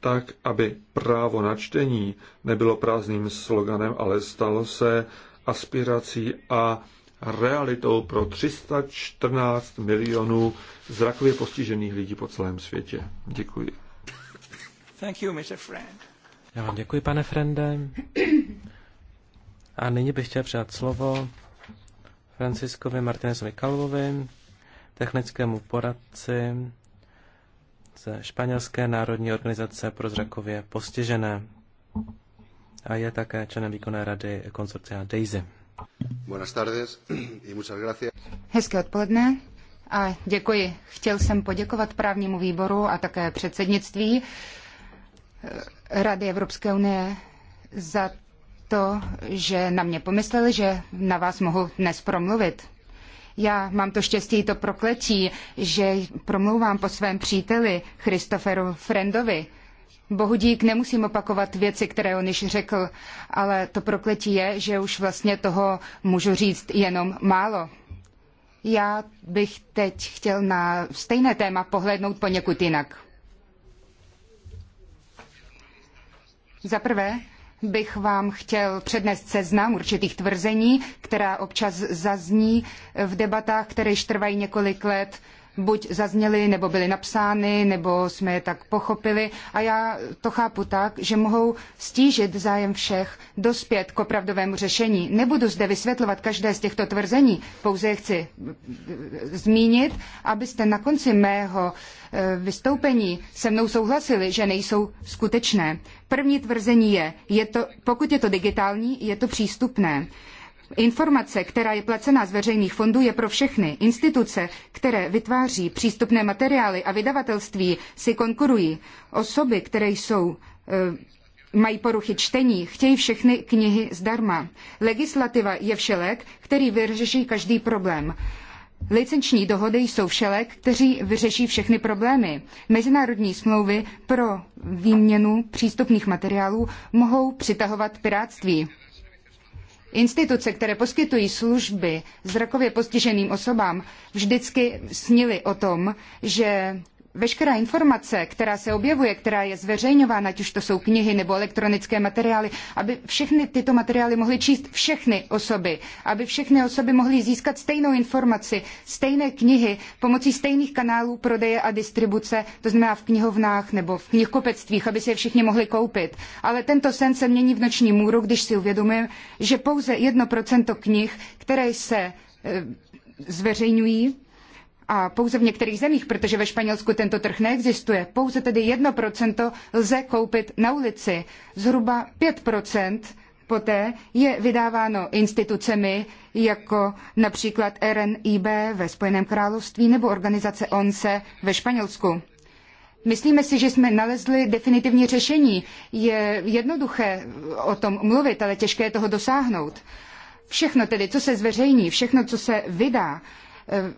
Speaker 3: tak, aby právo na čtení nebylo prázdným sloganem, ale stalo se aspirací a realitou pro 314 milionů zrakově postižených lidí po celém světě. Děkuji.
Speaker 1: Thank you, Mr. Friend.
Speaker 2: Já vám děkuji, pane Frende. A nyní bych chtěl přijat slovo Franciskovi Martinezovi Kalvovi, technickému poradci ze Španělské národní organizace pro zrakově postižené a je také členem výkonné rady konsorcia DAISY.
Speaker 4: Buenas tardes y muchas gracias. Hezké odpoledne a děkuji. Chtěl jsem poděkovat právnímu výboru a také předsednictví Rady Evropské unie za to, že na mě pomysleli, že na vás mohu dnes promluvit. Já mám to štěstí, to prokletí, že promlouvám po svém příteli Christopheru Friendovi. Bohu dík, nemusím opakovat věci, které on již řekl, ale to prokletí je, že už vlastně toho můžu říct jenom málo. Já bych teď chtěl na stejné téma pohlédnout poněkud jinak. Za prvé, bych vám chtěl přednést seznam určitých tvrzení, která občas zazní v debatách, které již trvají několik let buď zazněly, nebo byly napsány, nebo jsme je tak pochopili. A já to chápu tak, že mohou stížit zájem všech dospět k opravdovému řešení. Nebudu zde vysvětlovat každé z těchto tvrzení, pouze je chci eh, zmínit, abyste na konci mého eh, vystoupení se mnou souhlasili, že nejsou skutečné. První tvrzení je, je to, pokud je to digitální, je to přístupné. Informace, která je placena z veřejných fondů, je pro všechny. Instituce, které vytváří přístupné materiály a vydavatelství, si konkurují. Osoby, které jsou eh, mají poruchy čtení, chtějí všechny knihy zdarma. Legislativa je všelek, který vyřeší každý problém. Licenční dohody jsou všelek, kteří vyřeší všechny problémy. Mezinárodní smlouvy pro výměnu přístupných materiálů mohou přitahovat pirátství. Instituce, které poskytují služby zrakově postiženým osobám, vždycky snily o tom, že veškerá informace, která se objevuje, která je zveřejňována, ať už to jsou knihy nebo elektronické materiály, aby všechny tyto materiály mohly číst všechny osoby, aby všechny osoby mohly získat stejnou informaci, stejné knihy pomocí stejných kanálů prodeje a distribuce, to znamená v knihovnách nebo v knihkupectvích, aby si je všichni mohli koupit. Ale tento sen se mění v noční můru, když si uvědomujeme, že pouze jedno procento knih, které se eh, zveřejňují, a pouze v některých zemích, protože ve Španělsku tento trh neexistuje. Pouze tedy 1% lze koupit na ulici. Zhruba 5% poté je vydáváno institucemi jako například RNIB ve Spojeném království nebo organizace ONCE ve Španělsku. Myslíme si, že jsme nalezli definitivní řešení. Je jednoduché o tom mluvit, ale těžké je toho dosáhnout. Všechno tedy, co se zveřejní, všechno, co se vydá,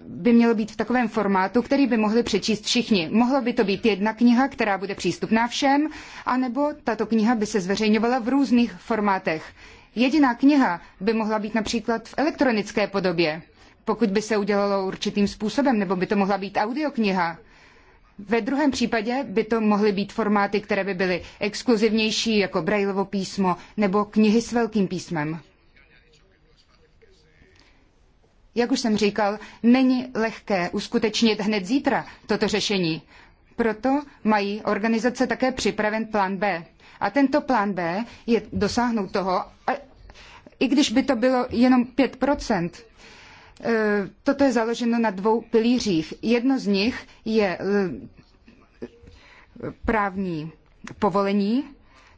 Speaker 4: by mělo být v takovém formátu, který by mohli přečíst všichni. Mohla by to být jedna kniha, která bude přístupná všem, anebo tato kniha by se zveřejňovala v různých formátech. Jediná kniha by mohla být například v elektronické podobě, pokud by se udělalo určitým způsobem, nebo by to mohla být audiokniha. Ve druhém případě by to mohly být formáty, které by byly exkluzivnější, jako Brailleovo písmo nebo knihy s velkým písmem jak už jsem říkal, není lehké uskutečnit hned zítra toto řešení. Proto mají organizace také připraven plán B. A tento plán B je dosáhnout toho, i když by to bylo jenom 5%, e, toto je založeno na dvou pilířích. Jedno z nich je e, právní povolení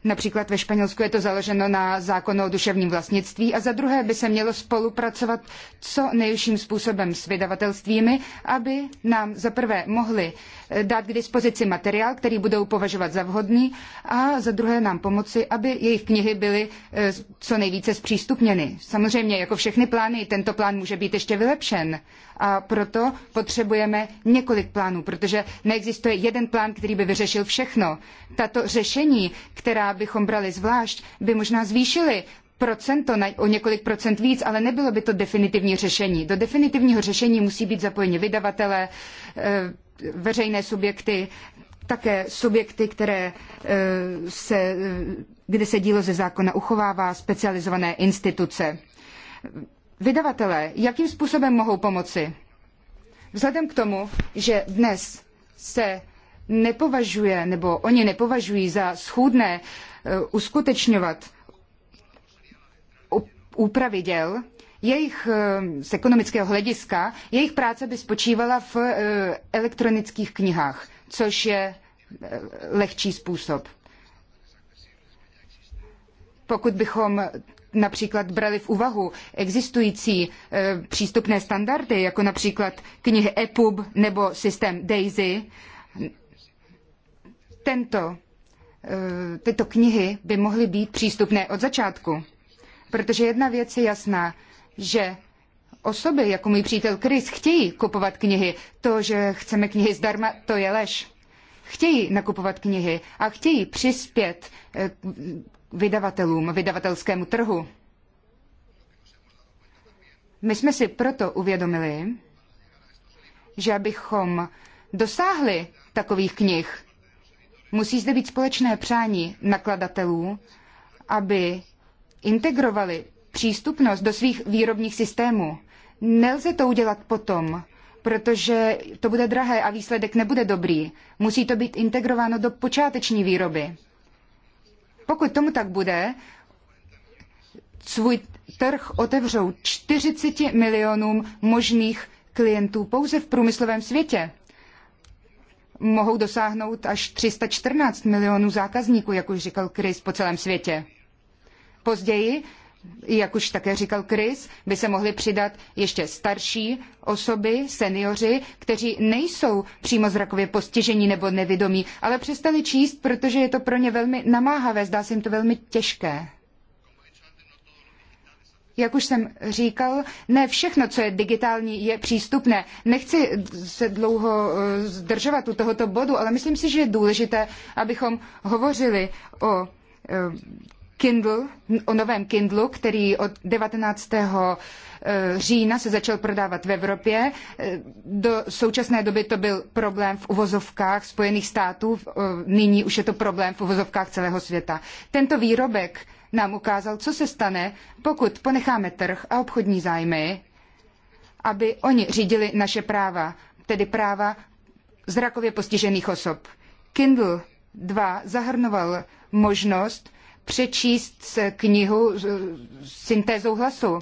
Speaker 4: Například ve Španělsku je to založeno na zákonu o duševním vlastnictví a za druhé by se mělo spolupracovat co nejvyšším způsobem s vydavatelstvími, aby nám za prvé mohli dát k dispozici materiál, který budou považovat za vhodný a za druhé nám pomoci, aby jejich knihy byly e, co nejvíce zpřístupněny. Samozřejmě, jako všechny plány, tento plán může být ještě vylepšen a proto potřebujeme několik plánů, protože neexistuje jeden plán, který by vyřešil všechno. Tato řešení, která bychom brali zvlášť, by možná zvýšily procento, na, o několik procent víc, ale nebylo by to definitivní řešení. Do definitivního řešení musí být zapojeni vydavatelé, e, veřejné subjekty, také subjekty, které e, se, kde se dílo ze zákona uchovává, specializované instituce. Vydavatelé, jakým způsobem mohou pomoci? Vzhledem k tomu, že dnes se nepovažuje, nebo oni nepovažují za schůdné e, uskutečňovat úpravy děl, jejich eh, z ekonomického hlediska, jejich práce by spočívala v eh, elektronických knihách, což je eh, lehčí způsob. Pokud bychom například brali v úvahu existující přístupné standardy, jako například knihy EPUB nebo systém DAISY, tento, tyto knihy by mohly být přístupné od začátku. Protože jedna věc je jasná, že osoby, jako můj přítel Chris, chtějí kupovat knihy. To, že chceme knihy zdarma, to je lež. Chtějí nakupovat knihy a chtějí přispět eh, vydavatelům, vydavatelskému trhu. My jsme si proto uvědomili, že abychom dosáhli takových knih, musí zde být společné přání nakladatelů, aby integrovali přístupnost do svých výrobních systémů. Nelze to udělat potom, protože to bude drahé a výsledek nebude dobrý. Musí to být integrováno do počáteční výroby. Pokud tomu tak bude, svůj trh otevřou 40 milionům možných klientů pouze v průmyslovém světě. Mohou dosáhnout až 314 milionů zákazníků, jak už říkal Chris, po celém světě. Později jak už také říkal Chris, by se mohly přidat ještě starší osoby, seniori, kteří nejsou přímo zrakově postižení nebo nevidomí, ale přestali číst, protože je to pro ně velmi namáhavé, zdá se jim to velmi těžké. Jak už jsem říkal, ne všechno, co je digitální, je přístupné. Nechci se dlouho eh, zdržovat u tohoto bodu, ale myslím si, že je důležité, abychom hovořili o eh, Kindle, o novém Kindlu, který od 19. Eh, října se začal prodávat v Evropě. Eh, do současné doby to byl problém v uvozovkách Spojených států, eh, nyní už je to problém v uvozovkách celého světa. Tento výrobek nám ukázal, co se stane, pokud ponecháme trh a obchodní zájmy, aby oni řídili naše práva, tedy práva zrakově postižených osob. Kindle 2 zahrnoval možnost přečíst knihu s syntézou hlasu.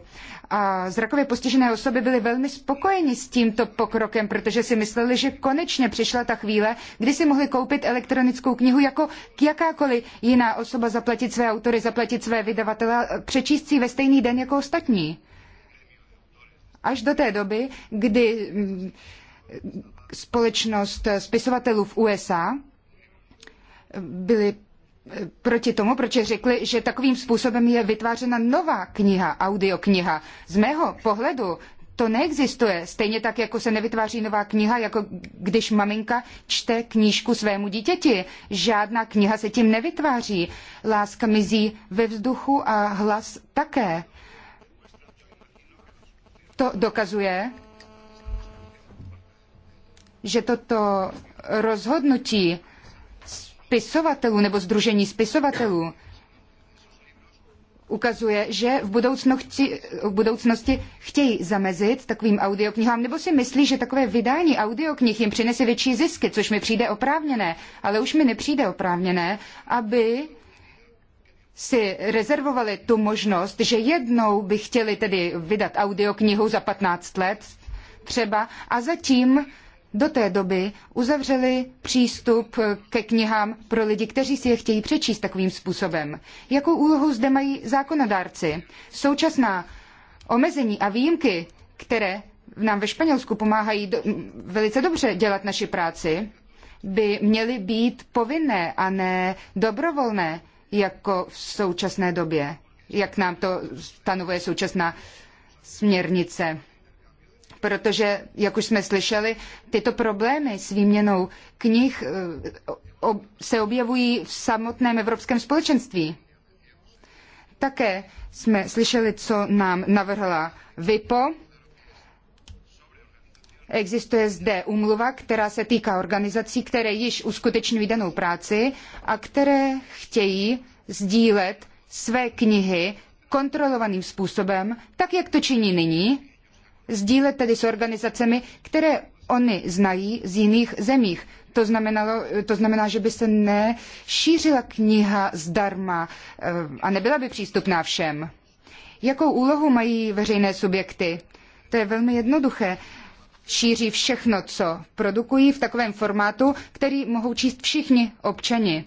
Speaker 4: A zrakově postižené osoby byly velmi spokojeni s tímto pokrokem, protože si mysleli, že konečně přišla ta chvíle, kdy si mohli koupit elektronickou knihu jako jakákoliv jiná osoba, zaplatit své autory, zaplatit své vydavatele, přečíst si ve stejný den jako ostatní. Až do té doby, kdy mm, společnost spisovatelů v USA byly proti tomu, protože řekli, že takovým způsobem je vytvářena nová kniha, audiokniha. Z mého pohledu to neexistuje. Stejně tak, jako se nevytváří nová kniha, jako když maminka čte knížku svému dítěti. Žádná kniha se tím nevytváří. Láska mizí ve vzduchu a hlas také. To dokazuje, že toto rozhodnutí spisovatelů nebo Združení spisovatelů ukazuje, že v budoucnosti, v budoucnosti chtějí zamezit takovým audioknihám, nebo si myslí, že takové vydání audioknih jim přinese větší zisky, což mi přijde oprávněné, ale už mi nepřijde oprávněné, aby si rezervovali tu možnost, že jednou by chtěli tedy vydat audioknihu za 15 let třeba a zatím do té doby uzavřeli přístup ke knihám pro lidi, kteří si je chtějí přečíst takovým způsobem. Jakou úlohu zde mají zákonodárci? Současná omezení a výjimky, které nám ve Španělsku pomáhají do, velice dobře dělat naši práci, by měly být povinné a ne dobrovolné, jako v současné době, jak nám to stanovuje současná směrnice protože, jak už jsme slyšeli, tyto problémy s výměnou knih eh, se objevují v samotném evropském společenství. Také jsme slyšeli, co nám navrhla VIPO. Existuje zde úmluva, která se týká organizací, které již uskutečňují danou práci a které chtějí sdílet své knihy kontrolovaným způsobem, tak jak to činí nyní, sdílet tedy s organizacemi, které oni znají z jiných zemích. To, znamenalo, to znamená, že by se nešířila kniha zdarma eh, a nebyla by přístupná všem. Jakou úlohu mají veřejné subjekty? To je velmi jednoduché. Šíří všechno, co produkují v takovém formátu, který mohou číst všichni občani.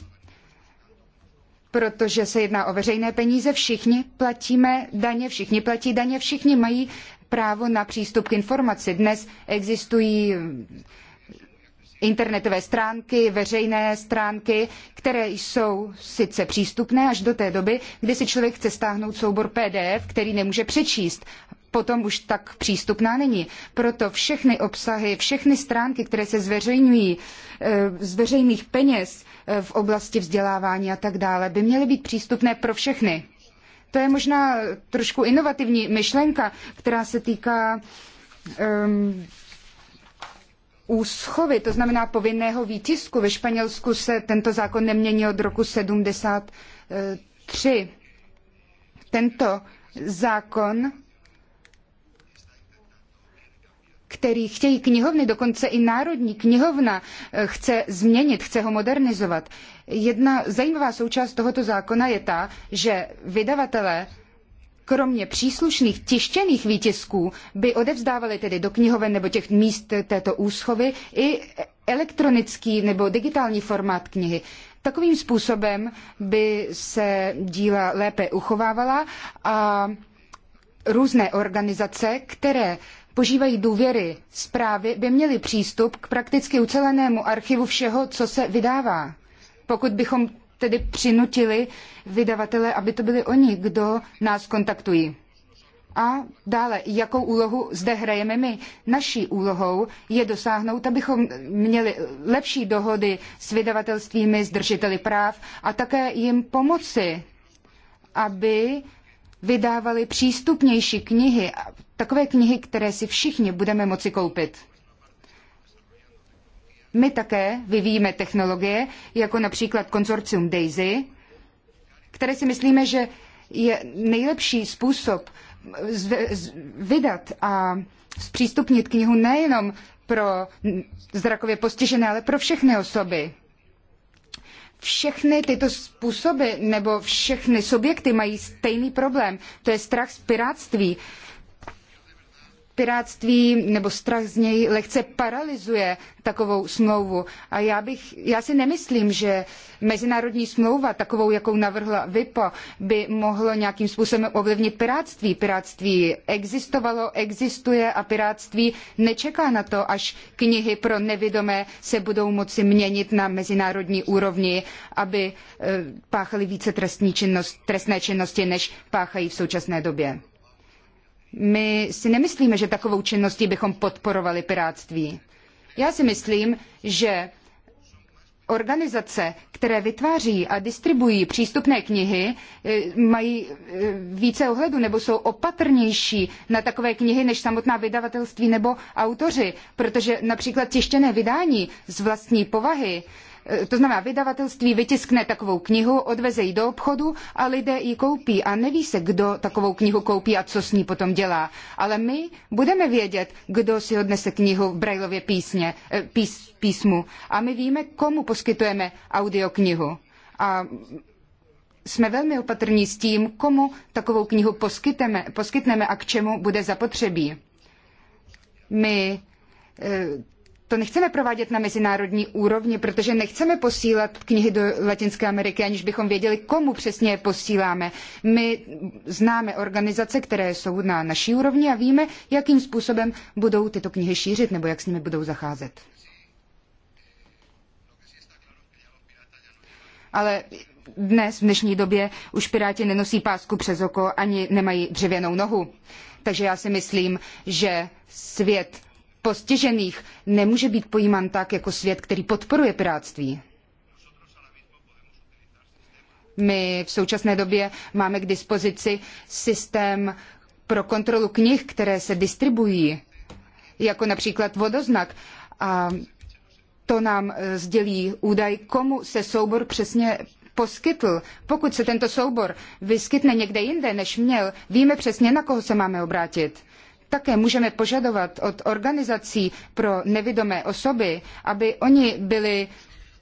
Speaker 4: Protože se jedná o veřejné peníze, všichni platíme daně, všichni platí daně, všichni mají právo na přístup k informaci. Dnes existují internetové stránky, veřejné stránky, které jsou sice přístupné až do té doby, kdy si člověk chce stáhnout soubor PDF, který nemůže přečíst. Potom už tak přístupná není. Proto všechny obsahy, všechny stránky, které se zveřejňují eh, z veřejných peněz eh, v oblasti vzdělávání a tak dále, by měly být přístupné pro všechny. To je možná trošku inovativní myšlenka, která se týká um, úschovy, to znamená povinného výtisku. Ve Španělsku se tento zákon nemění od roku 73. Tento zákon který chtějí knihovny, dokonce i Národní knihovna eh, chce změnit, chce ho modernizovat. Jedna zajímavá součást tohoto zákona je ta, že vydavatelé kromě příslušných tištěných výtisků by odevzdávali tedy do knihoven nebo těch míst této úschovy i elektronický nebo digitální formát knihy. Takovým způsobem by se díla lépe uchovávala a různé organizace, které požívají důvěry zprávy, by měli přístup k prakticky ucelenému archivu všeho, co se vydává. Pokud bychom tedy přinutili vydavatele, aby to byli oni, kdo nás kontaktují. A dále, jakou úlohu zde hrajeme my? Naší úlohou je dosáhnout, abychom měli lepší dohody s vydavatelstvími, s držiteli práv a také jim pomoci, aby vydávali přístupnější knihy, takové knihy, které si všichni budeme moci koupit. My také vyvíjíme technologie, jako například konzorcium DAISY, které si myslíme, že je nejlepší způsob vydat a zpřístupnit knihu nejenom pro zrakově postižené, ale pro všechny osoby. Všechny tyto způsoby nebo všechny subjekty mají stejný problém. To je strach z piráctví. Uh, piráctví nebo strach z něj lehce paralyzuje takovou smlouvu. A já, bych, já si nemyslím, že mezinárodní smlouva, takovou, jakou navrhla VIPO, by mohlo nějakým způsobem ovlivnit piráctví. Piráctví existovalo, existuje a piráctví nečeká na to, až knihy pro nevidomé se budou moci měnit na mezinárodní úrovni, aby eh, páchali více trestní činnost, trestné činnosti, než páchají v současné době. My si nemyslíme, že takovou činností bychom podporovali pirátství. Já si myslím, že organizace, které vytváří a distribuují přístupné knihy, eh, mají eh, více ohledu nebo jsou opatrnější na takové knihy než samotná vydavatelství nebo autoři, protože například tištěné vydání z vlastní povahy E, to znamená, vydavatelství vytiskne takovou knihu, odveze ji do obchodu a lidé ji koupí. A neví se, kdo takovou knihu koupí a co s ní potom dělá. Ale my budeme vědět, kdo si odnese knihu v Brailově písně, e, pís, písmu. A my víme, komu poskytujeme audioknihu. A jsme velmi opatrní s tím, komu takovou knihu poskytneme, poskytneme a k čemu bude zapotřebí. My e, to nechceme provádět na mezinárodní úrovni, protože nechceme posílat knihy do Latinské Ameriky, aniž bychom věděli, komu přesně je posíláme. My známe organizace, které jsou na naší úrovni a víme, jakým způsobem budou tyto knihy šířit nebo jak s nimi budou zacházet. Ale dnes, v dnešní době, už piráti nenosí pásku přes oko ani nemají dřevěnou nohu. Takže já si myslím, že svět postižených nemůže být pojímán tak jako svět, který podporuje pirátství. My v současné době máme k dispozici systém pro kontrolu knih, které se distribuují, jako například vodoznak. A to nám e, sdělí údaj, komu se soubor přesně poskytl. Pokud se tento soubor vyskytne někde jinde, než měl, víme přesně, na koho se máme obrátit. Také můžeme požadovat od organizací pro nevidomé osoby, aby oni byli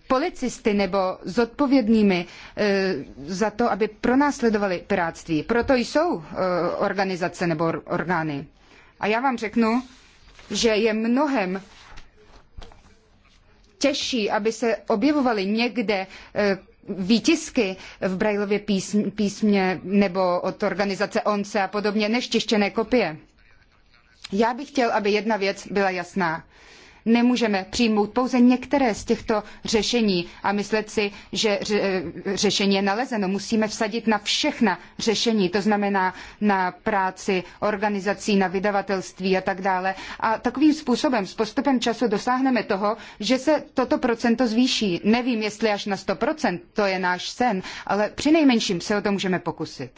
Speaker 4: policisty nebo zodpovědnými e, za to, aby pronásledovali pirátství. Proto jsou e, organizace nebo orgány. A já vám řeknu, že je mnohem těžší, aby se objevovaly někde e, výtisky v Brailově písmě, písmě nebo od organizace ONCE a podobně, než tištěné kopie. Já bych chtěl, aby jedna věc byla jasná. Nemůžeme přijmout pouze některé z těchto řešení a myslet si, že řešení je nalezeno. Musíme vsadit na všechna řešení, to znamená na práci organizací, na vydavatelství a tak dále. A takovým způsobem s postupem času dosáhneme toho, že se toto procento zvýší. Nevím, jestli až na 100%, to je náš sen, ale přinejmenším se o to můžeme pokusit.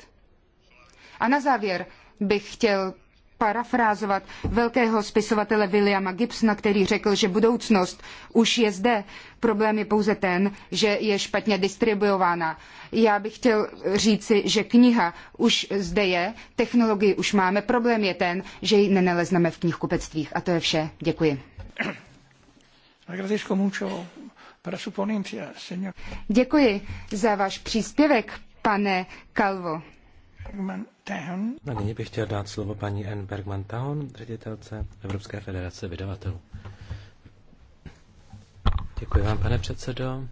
Speaker 4: A na závěr bych chtěl parafrázovat velkého spisovatele Williama Gibsona, který řekl, že budoucnost už je zde. Problém je pouze ten, že je špatně distribuována. Já bych chtěl říci, že kniha už zde je, technologii už máme, problém je ten, že ji nenalezneme v knihkupectvích. A to je vše. Děkuji. Děkuji za váš příspěvek, pane Calvo.
Speaker 2: A nyní bych chtěl dát slovo paní N. Bergman Tahon, ředitelce Evropské federace vydavatelů. Děkuji vám, pane předsedo.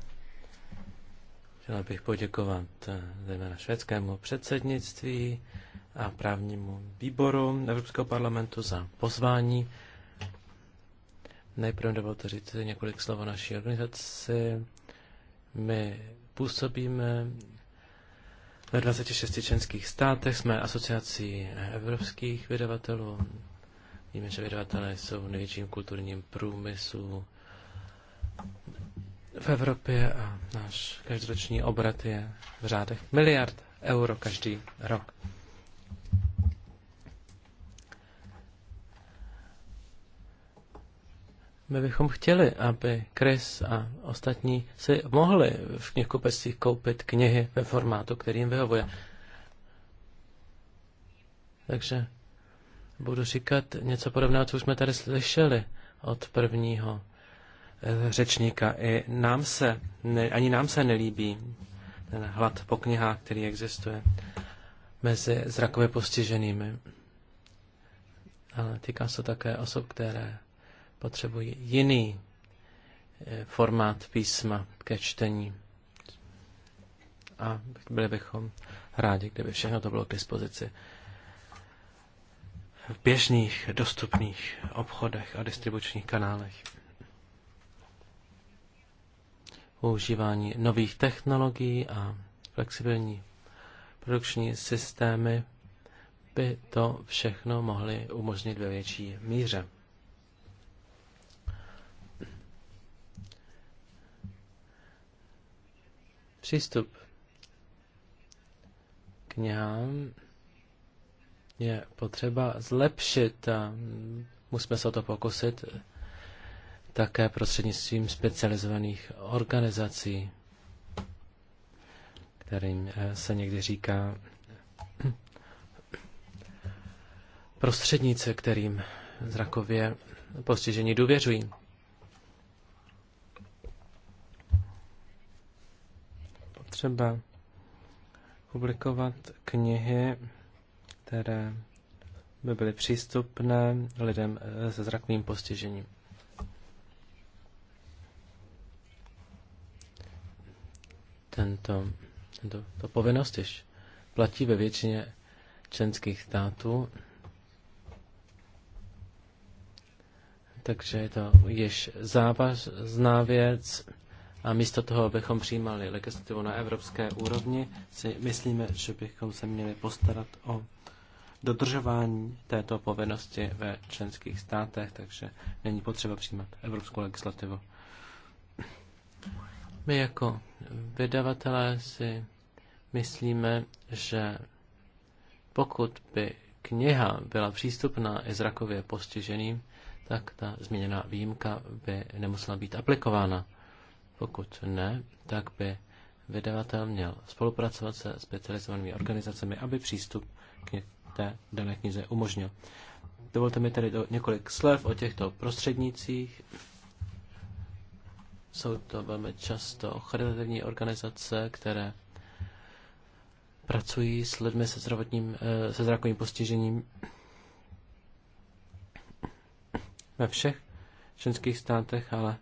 Speaker 2: Chtěla bych poděkovat eh, zejména švédskému předsednictví a právnímu výboru Evropského parlamentu za pozvání. Nejprve dovolte říct několik slov o naší organizaci. My působíme ve 26 členských státech jsme asociací evropských vydavatelů. Víme, že vydavatelé jsou největším kulturním průmyslu v Evropě a náš každoroční obrat je v řádech miliard euro každý rok. My bychom chtěli, aby Chris a ostatní si mohli v knihkupectvích koupit knihy ve formátu, který jim vyhovuje. Takže budu říkat něco podobného, co už jsme tady slyšeli od prvního eh, řečníka. I nám se, ne, ani nám se nelíbí ten hlad po knihách, který existuje mezi zrakově postiženými. Ale týká se také osob, které potřebují jiný eh, formát písma ke čtení. A byli bychom rádi, kdyby všechno to bylo k dispozici v běžných dostupných obchodech a distribučních kanálech. Používání nových technologií a flexibilní produkční systémy by to všechno mohly umožnit ve větší míře. Přístup k knihám je potřeba zlepšit a musíme se o to pokusit také prostřednictvím specializovaných organizací, kterým eh, se někdy říká prostředníci, kterým zrakově postižení důvěřují. třeba publikovat knihy, které by byly přístupné lidem se zrakovým postižením. Tento, tento, to povinnost již platí ve většině členských států, takže je to již závazná věc. A místo toho, abychom přijímali legislativu na evropské úrovni, si myslíme, že bychom se měli postarat o dodržování této povinnosti ve členských státech, takže není potřeba přijímat evropskou legislativu. My jako vydavatelé si myslíme, že pokud by kniha byla přístupná i zrakově postiženým, tak ta změněná výjimka by nemusela být aplikována. Pokud ne, tak by vydavatel měl spolupracovat se specializovanými organizacemi, aby přístup k té dané knize umožnil. Dovolte mi tedy do několik slev o těchto prostřednících. Jsou to velmi často charitativní organizace, které pracují s lidmi se, zdravotním, eh, se zrakovým postižením ve všech členských státech, ale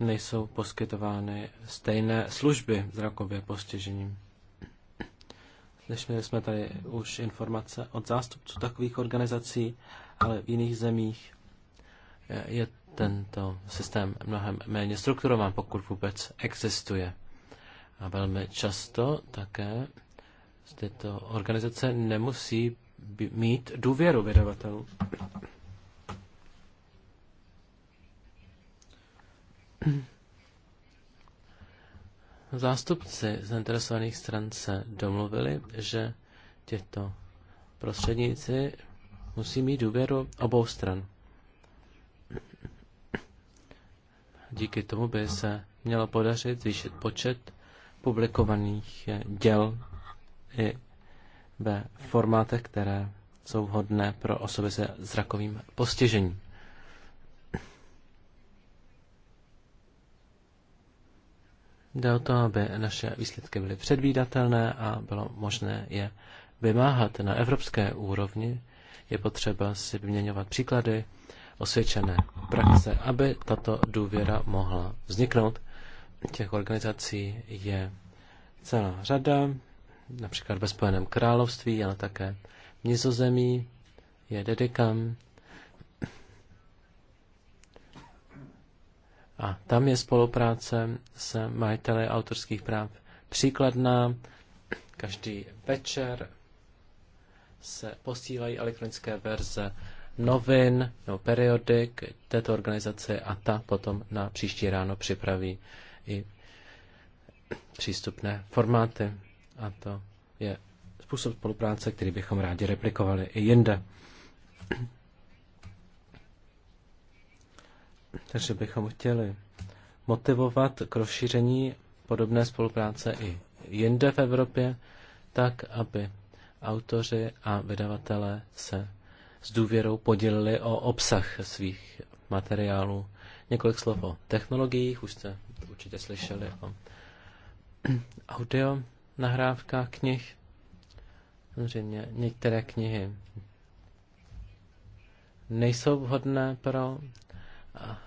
Speaker 2: nejsou poskytovány stejné služby zrakově postižením. Dnešně jsme tady už informace od zástupců takových organizací, ale v jiných zemích je tento systém mnohem méně strukturován, pokud vůbec existuje. A velmi často také tyto organizace nemusí mít důvěru vydavatelů. Zástupci zainteresovaných stran se domluvili, že těto prostředníci musí mít důvěru obou stran. Díky tomu by se mělo podařit zvýšit počet publikovaných děl i ve formátech, které jsou vhodné pro osoby se zrakovým postižením. Jde o to, aby naše výsledky byly předvídatelné a bylo možné je vymáhat na evropské úrovni. Je potřeba si vyměňovat příklady, osvědčené praxe, aby tato důvěra mohla vzniknout. Těch organizací je celá řada, například ve Spojeném království, ale také v Nizozemí je Dedekam, A tam je spolupráce s majiteli autorských práv příkladná. Každý večer se posílají elektronické verze novin nebo periodik této organizace a ta potom na příští ráno připraví i přístupné formáty. A to je způsob spolupráce, který bychom rádi replikovali i jinde. Takže bychom chtěli motivovat k rozšíření podobné spolupráce i jinde v Evropě, tak aby autoři a vydavatelé se s důvěrou podělili o obsah svých materiálů. Několik slov o technologiích, už jste určitě slyšeli o audio nahrávkách knih. Samozřejmě některé knihy nejsou vhodné pro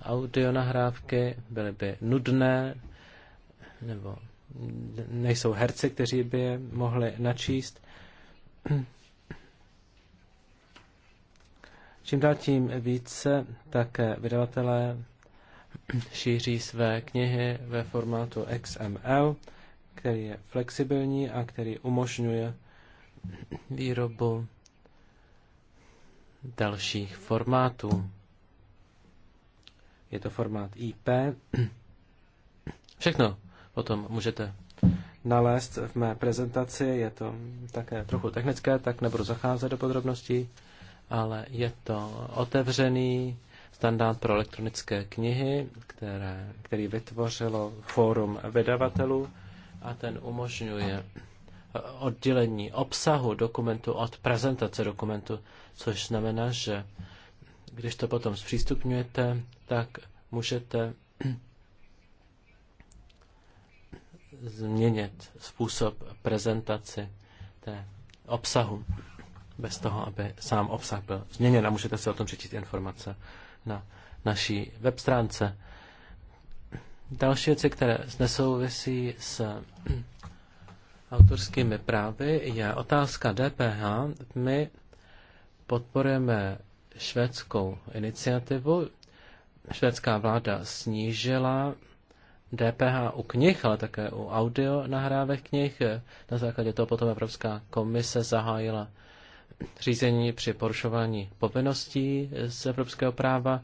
Speaker 2: Audio nahrávky byly by nudné, nebo nejsou herci, kteří by je mohli načíst. Čím dál tím více také vydavatelé šíří své knihy ve formátu XML, který je flexibilní a který umožňuje výrobu dalších formátů je to formát IP. Všechno potom můžete nalézt v mé prezentaci. Je to také trochu technické, tak nebudu zacházet do podrobností, ale je to otevřený standard pro elektronické knihy, které, který vytvořilo fórum vydavatelů a ten umožňuje oddělení obsahu dokumentu od prezentace dokumentu, což znamená, že když to potom zpřístupňujete, tak můžete změnit způsob prezentaci té obsahu bez toho, aby sám obsah byl změněn a můžete si o tom přečíst informace na naší web stránce. Další věci, které nesouvisí s autorskými právy, je otázka DPH. My podporujeme švédskou iniciativu. Švédská vláda snížila DPH u knih, ale také u audio nahrávek knih. Na základě toho potom Evropská komise zahájila řízení při porušování povinností z evropského práva,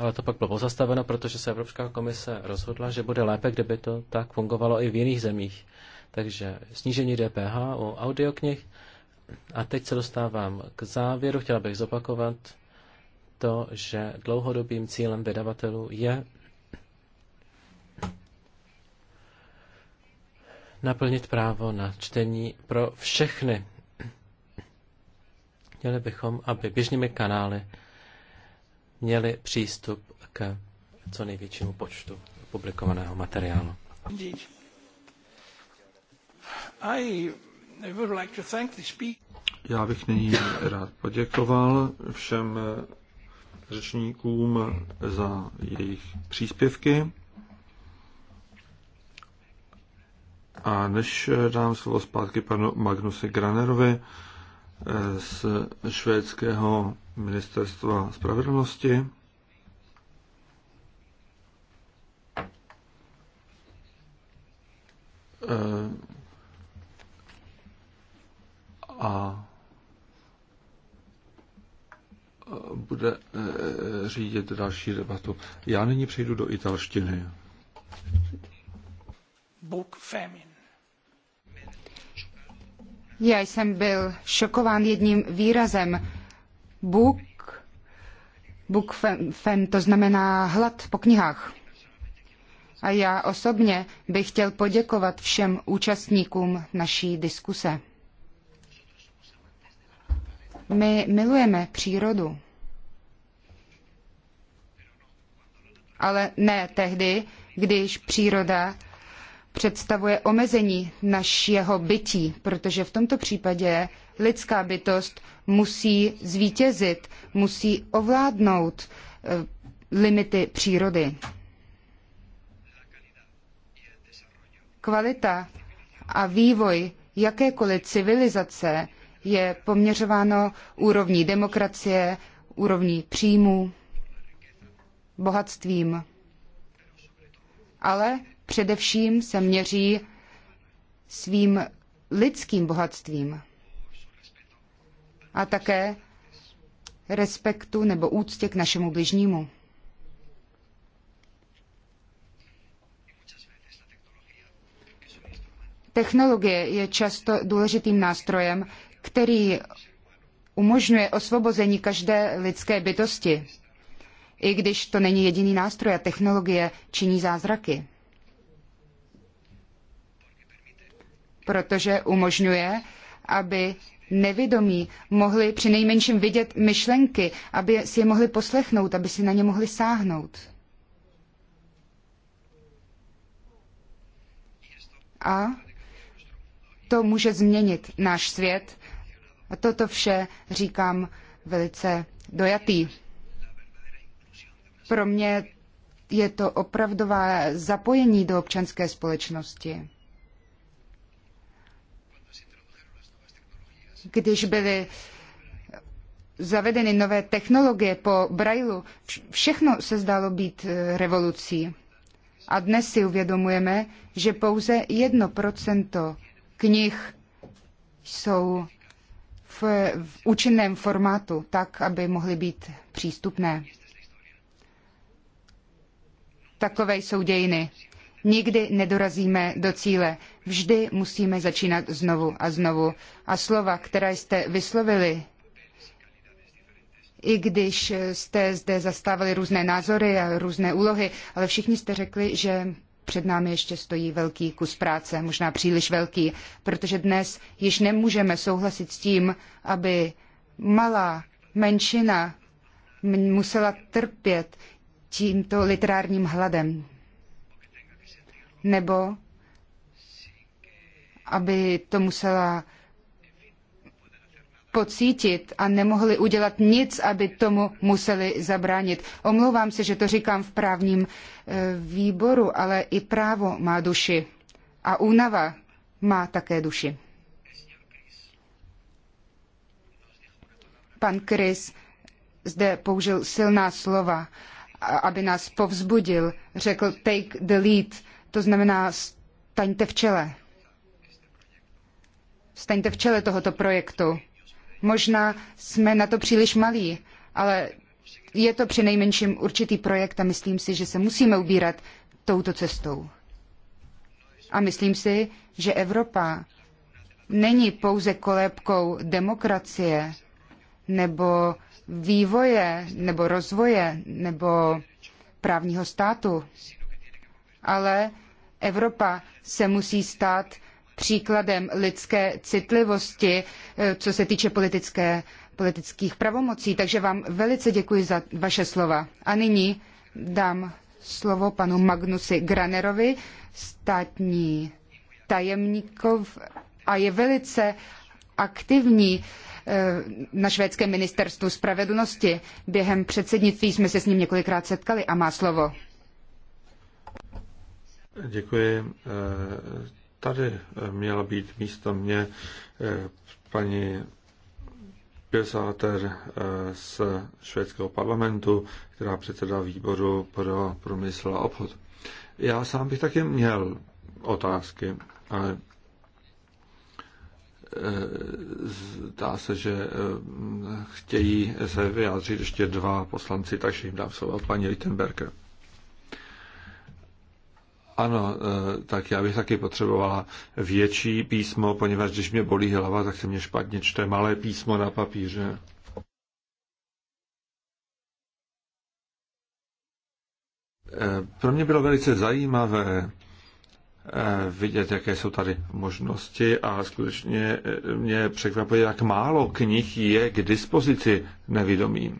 Speaker 2: ale to pak bylo pozastaveno, protože se Evropská komise rozhodla, že bude lépe, kdyby to tak fungovalo i v jiných zemích. Takže snížení DPH u audioknih a teď se dostávám k závěru. Chtěla bych zopakovat to, že dlouhodobým cílem vydavatelů je naplnit právo na čtení pro všechny. Chtěli bychom, aby běžnými kanály měli přístup k co největšímu počtu publikovaného materiálu.
Speaker 3: I já bych nyní rád poděkoval všem řečníkům za jejich příspěvky. A než dám slovo zpátky panu Magnuse Granerovi z švédského ministerstva spravedlnosti, eh, a bude e, řídit další debatu. Já nyní přejdu do italštiny. Book famine.
Speaker 4: Já jsem byl šokován jedním výrazem. Book, book fem, fem, to znamená hlad po knihách. A já osobně bych chtěl poděkovat všem účastníkům naší diskuse. My milujeme přírodu. Ale ne tehdy, když příroda představuje omezení našeho bytí, protože v tomto případě lidská bytost musí zvítězit, musí ovládnout eh, limity přírody. Kvalita a vývoj jakékoliv civilizace je poměřováno úrovní demokracie, úrovní příjmů, bohatstvím. Ale především se měří svým lidským bohatstvím a také respektu nebo úctě k našemu bližnímu. Technologie je často důležitým nástrojem, který umožňuje osvobození každé lidské bytosti, i když to není jediný nástroj a technologie činí zázraky. Protože umožňuje, aby nevědomí mohli při nejmenším vidět myšlenky, aby si je mohli poslechnout, aby si na ně mohli sáhnout. A to může změnit náš svět a toto vše říkám velice dojatý. Pro mě je to opravdové zapojení do občanské společnosti. Když byly zavedeny nové technologie po Braillu, všechno se zdálo být eh, revolucí. A dnes si uvědomujeme, že pouze jedno procento knih jsou v, v účinném formátu, tak, aby mohly být přístupné. Takové jsou dějiny. Nikdy nedorazíme do cíle. Vždy musíme začínat znovu a znovu. A slova, která jste vyslovili, i když jste zde zastávali různé názory a různé úlohy, ale všichni jste řekli, že před námi ještě stojí velký kus práce, možná příliš velký, protože dnes již nemůžeme souhlasit s tím, aby malá menšina musela trpět tímto literárním hladem. Nebo aby to musela pocítit a nemohli udělat nic, aby tomu museli zabránit. Omlouvám se, že to říkám v právním eh, výboru, ale i právo má duši a únava má také duši. Pan Chris zde použil silná slova, aby nás povzbudil. Řekl take the lead, to znamená staňte v čele. Staňte v čele tohoto projektu Možná jsme na to příliš malí, ale je to přinejmenším určitý projekt a myslím si, že se musíme ubírat touto cestou. A myslím si, že Evropa není pouze kolébkou demokracie nebo vývoje nebo rozvoje nebo právního státu, ale Evropa se musí stát příkladem lidské citlivosti, eh, co se týče politické, politických pravomocí. Takže vám velice děkuji za vaše slova. A nyní dám slovo panu Magnusi Granerovi, státní tajemníkov a je velice aktivní eh, na švédském ministerstvu spravedlnosti. Během předsednictví jsme se s ním několikrát setkali a má slovo.
Speaker 3: Děkuji. Eh, Tady eh, měla být místo mě eh, paní Pěsáter eh, z švédského parlamentu, která předsedá výboru pro průmysl a obchod. Já sám bych taky měl otázky, ale zdá se, že chtějí se vyjádřit ještě dva poslanci, takže jim dám slovo paní Littenberger. Ano, eh, tak já bych taky potřebovala větší písmo, poněvadž když mě bolí hlava, tak se mě špatně čte malé písmo na papíře. Eh, pro mě bylo velice zajímavé eh, vidět, jaké jsou tady možnosti a skutečně mě překvapuje, jak málo knih je k dispozici nevědomým.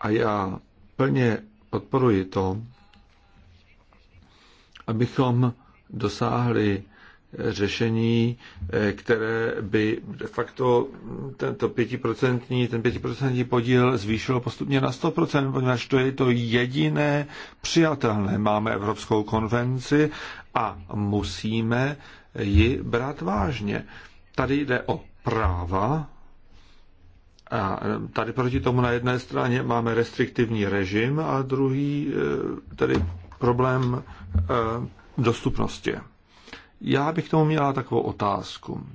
Speaker 3: A já plně podporuji to, abychom dosáhli řešení, eh, které by de facto tento pětiprocentní, ten pětiprocentní podíl zvýšilo postupně na 100%, poněvadž to je to jediné přijatelné. Máme Evropskou konvenci a musíme ji brát vážně. Tady jde o práva a eh, tady proti tomu na jedné straně máme restriktivní režim a druhý, eh, tady problém eh, dostupnosti. Já bych k tomu měla takovou otázku.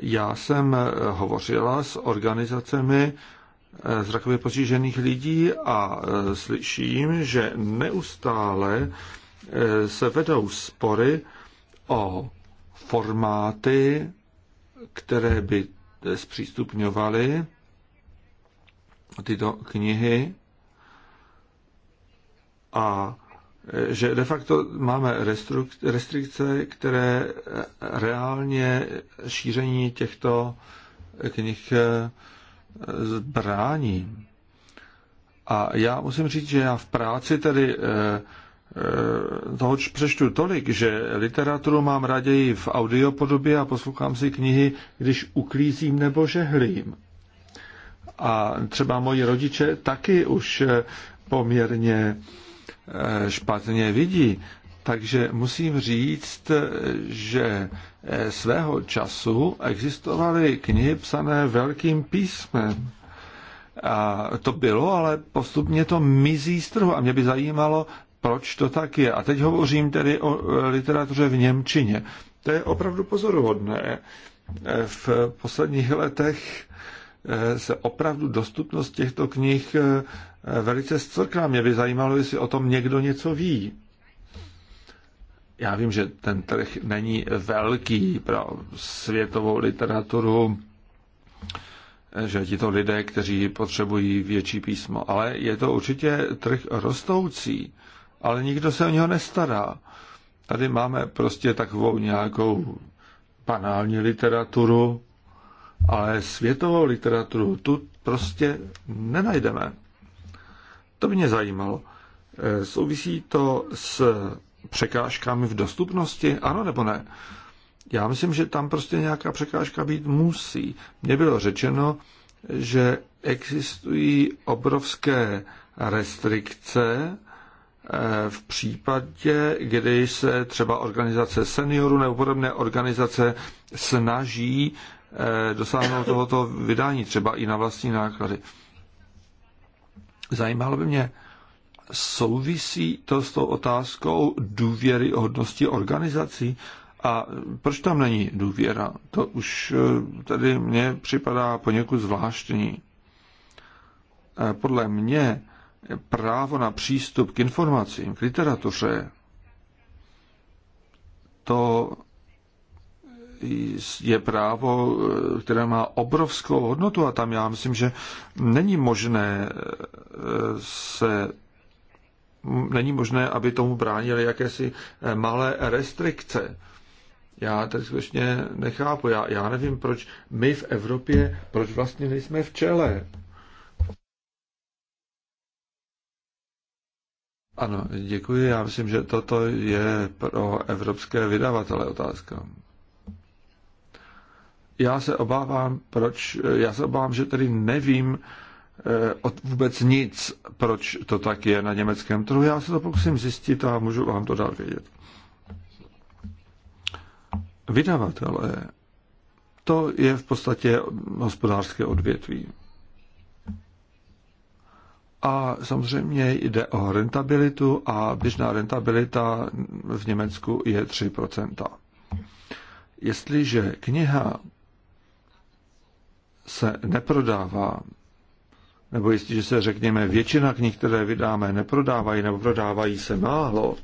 Speaker 3: Já jsem eh, hovořila s organizacemi zrakově eh, postižených lidí a slyším, že neustále se vedou spory o formáty, které by zpřístupňovaly tyto knihy a že de facto máme restrikce, které reálně šíření těchto knih eh, zbrání. A já musím říct, že já v práci tedy eh, eh, toho přeštu tolik, že literaturu mám raději v audiopodobě a poslouchám si knihy, když uklízím nebo žehlím. A třeba moji rodiče taky už poměrně Eh, špatně vidí. Takže musím říct, že eh, svého času existovaly knihy psané velkým písmem. A to bylo, ale postupně to mizí z trhu. A mě by zajímalo, proč to tak je. A teď hovořím tedy o eh, literatuře v Němčině. To je opravdu pozoruhodné. V posledních letech Eh, se opravdu dostupnost těchto knih eh, eh, velice zcvrkla. Mě by zajímalo, jestli o tom někdo něco ví. Já vím, že ten trh není velký pro světovou literaturu, že ti to lidé, kteří potřebují větší písmo, ale je to určitě trh rostoucí, ale nikdo se o něho nestará. Tady máme prostě takovou nějakou banální literaturu, ale světovou literaturu tu prostě nenajdeme. To by mě zajímalo. E, souvisí to s překážkami v dostupnosti? Ano nebo ne? Já myslím, že tam prostě nějaká překážka být musí. Mně bylo řečeno, že existují obrovské restrikce e, v případě, kdy se třeba organizace seniorů nebo podobné organizace snaží Eh, dosáhnout tohoto vydání, třeba i na vlastní náklady. Zajímalo by mě, souvisí to s tou otázkou důvěry o hodnosti organizací a proč tam není důvěra? To už eh, tady mně připadá poněkud zvláštní. Eh, podle mě právo na přístup k informacím, k literatuře, to je právo, eh, které má obrovskou hodnotu a tam já myslím, že není možné eh, se není možné, aby tomu bránili jakési eh, malé restrikce. Já tady skutečně nechápu. Já, já nevím, proč my v Evropě, proč vlastně nejsme v čele. Ano, děkuji. Já myslím, že toto je pro evropské vydavatele otázka já se obávám, proč, já se obávám, že tady nevím eh, vůbec nic, proč to tak je na německém trhu. Já se to pokusím zjistit a můžu vám to dát vědět. Vydavatelé, to je v podstatě hospodářské odvětví. A samozřejmě jde o rentabilitu a běžná rentabilita v Německu je 3%. Jestliže kniha se neprodává, nebo jestliže se řekněme většina knih, které vydáme, neprodávají nebo prodávají se málo,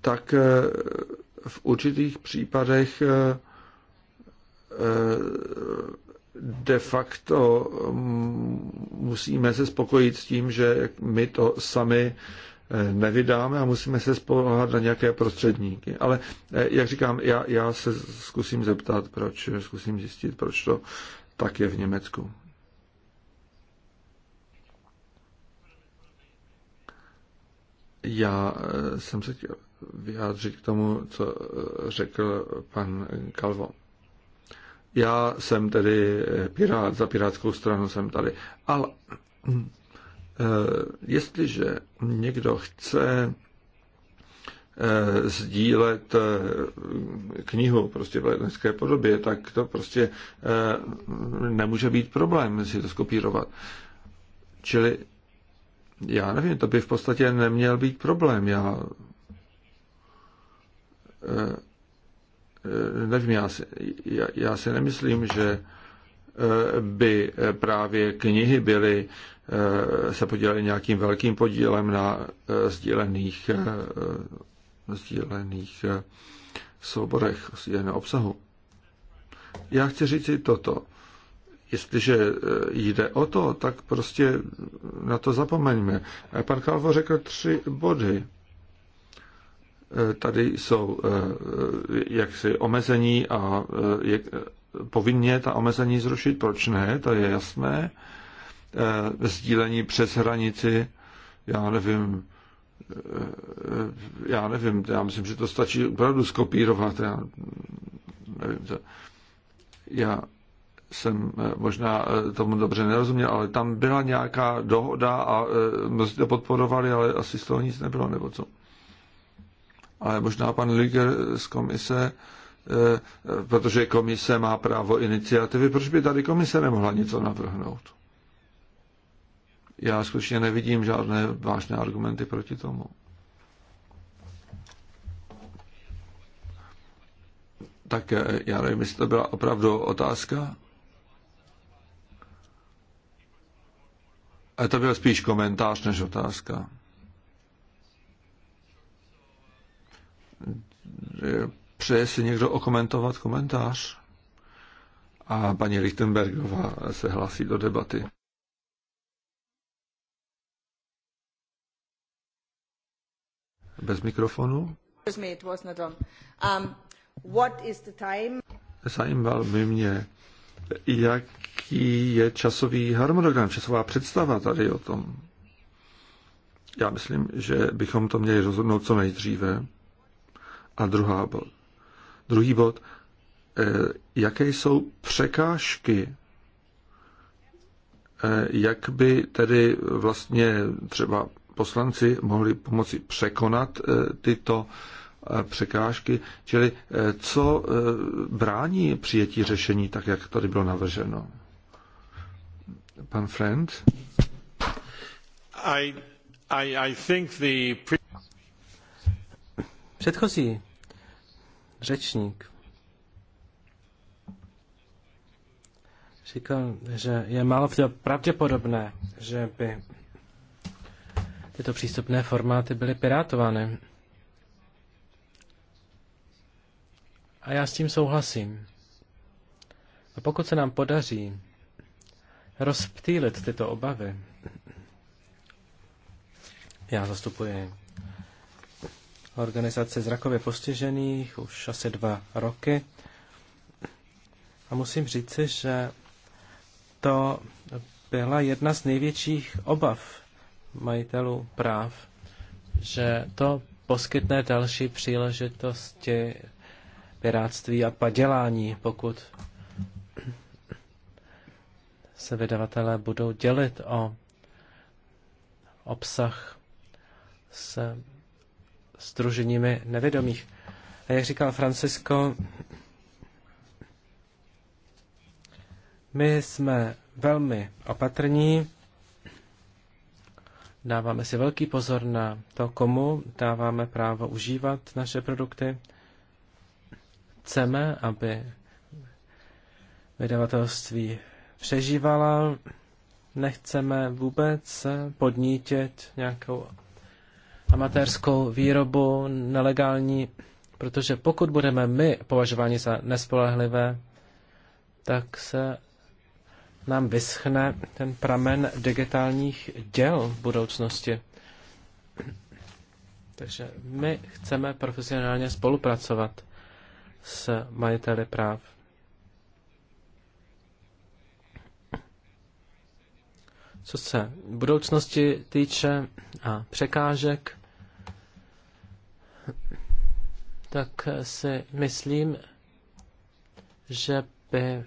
Speaker 3: tak eh, v určitých případech eh, eh, de facto mm, musíme se spokojit s tím, že my to sami Eh, nevydáme a musíme se spolehat na nějaké prostředníky. Ale eh, jak říkám, já, já se zkusím zeptat, proč, zkusím zjistit, proč to tak je v Německu. Já eh, jsem se chtěl vyjádřit k tomu, co řekl pan Kalvo. Já jsem tedy pirát, za pirátskou stranu jsem tady. Ale hm, Eh, jestliže někdo chce eh, sdílet eh, knihu prostě v elektronické podobě, tak to prostě nemůže být problém si to skopírovat. Čili já nevím, to by v podstatě neměl být problém. Já nevím, já si, já, já si nemyslím, že by právě knihy byly, eh, se podílely nějakým velkým podílem na eh, sdílených, eh, sdílených souborech, sdíleného obsahu. Já chci říct si toto. Jestliže jde o to, tak prostě na to zapomeňme. Pan Kalvo řekl tři body tady jsou jaksi omezení a povinně ta omezení zrušit, proč ne, to je jasné. Eh, sdílení přes hranici, já nevím, eh, já nevím, já myslím, že to stačí opravdu skopírovat, já nevím, to. já jsem eh, možná tomu dobře nerozuměl, ale tam byla nějaká dohoda a mnozí to podporovali, ale asi z toho nic nebylo, nebo co. Ale možná pan Liger z komise Eh, protože komise má právo iniciativy, proč by tady komise nemohla něco navrhnout? Já skutečně nevidím žádné vážné argumenty proti tomu. Tak eh, já nevím, jestli to byla opravdu otázka. A to byl spíš komentář než otázka. Přeje si někdo okomentovat komentář? A paní Lichtenbergová se hlásí do debaty. Bez mikrofonu?
Speaker 1: Um,
Speaker 3: Zajímal by mě, jaký je časový harmonogram, časová představa tady o tom. Já myslím, že bychom to měli rozhodnout co nejdříve. A druhá bod. Druhý bod. Eh, jaké jsou překážky? Eh, jak by tedy vlastně třeba poslanci mohli pomoci překonat eh, tyto překážky, čili co brání přijetí řešení, tak jak tady bylo navrženo? Pan Friend? I, I, I think the... Předchozí řečník
Speaker 2: říkal, že je málo pravděpodobné, že by tyto přístupné formáty byly pirátovány. A já s tím souhlasím. A pokud se nám podaří rozptýlit tyto obavy, já zastupuji Organizace zrakově postižených už asi dva roky. A musím říci, že to byla jedna z největších obav majitelů práv, že to poskytne další příležitosti piráctví a padělání, pokud se vydavatelé budou dělit o obsah se združeními nevědomých. A jak říkal Francisco, my jsme velmi opatrní, dáváme si velký pozor na to, komu dáváme právo užívat naše produkty. Chceme, aby vydavatelství přežívala, nechceme vůbec podnítit nějakou amatérskou výrobu nelegální, protože pokud budeme my považováni za nespolehlivé, tak se nám vyschne ten pramen digitálních děl v budoucnosti. Takže my chceme profesionálně spolupracovat s majiteli práv. Co se v budoucnosti týče, a překážek, tak si myslím, že by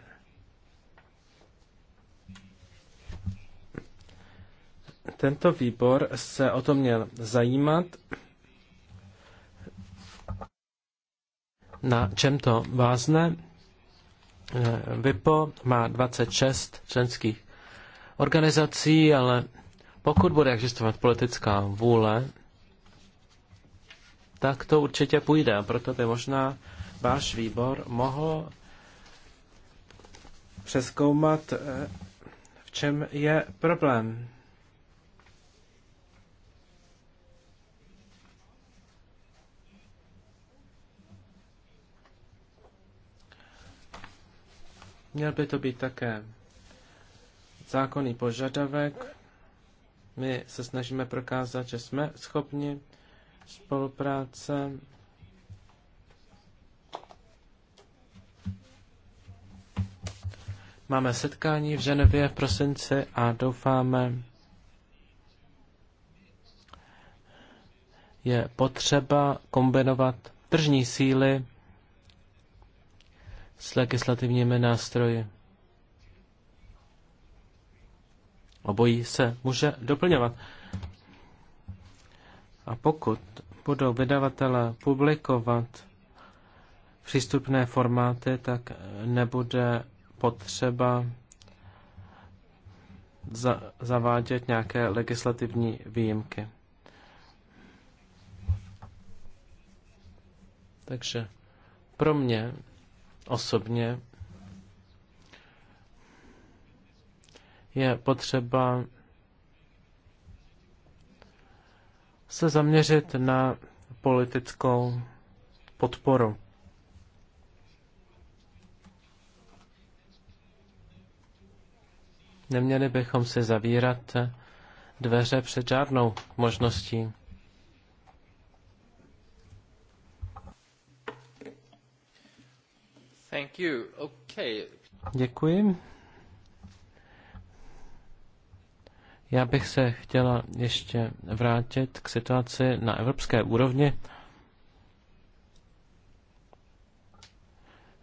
Speaker 2: tento výbor se o to měl zajímat. Na čem to vázne? Eh, VIPO má 26 členských organizací, ale pokud bude existovat politická vůle, tak to určitě půjde. proto by možná váš výbor mohl přeskoumat, eh, v čem je problém. Měl by to být také zákonný požadavek my se snažíme prokázat, že jsme schopni spolupráce. Máme setkání v Ženevě v prosinci a doufáme, je potřeba kombinovat tržní síly s legislativními nástroji. Obojí se může doplňovat. A pokud budou vydavatele publikovat přístupné formáty, tak nebude potřeba za, zavádět nějaké legislativní výjimky. Takže pro mě osobně je potřeba se zaměřit na politickou podporu. Neměli bychom si zavírat dveře před žádnou možností.
Speaker 1: Thank you. Okay.
Speaker 2: Děkuji. Já bych se chtěla ještě vrátit k situaci na evropské úrovni.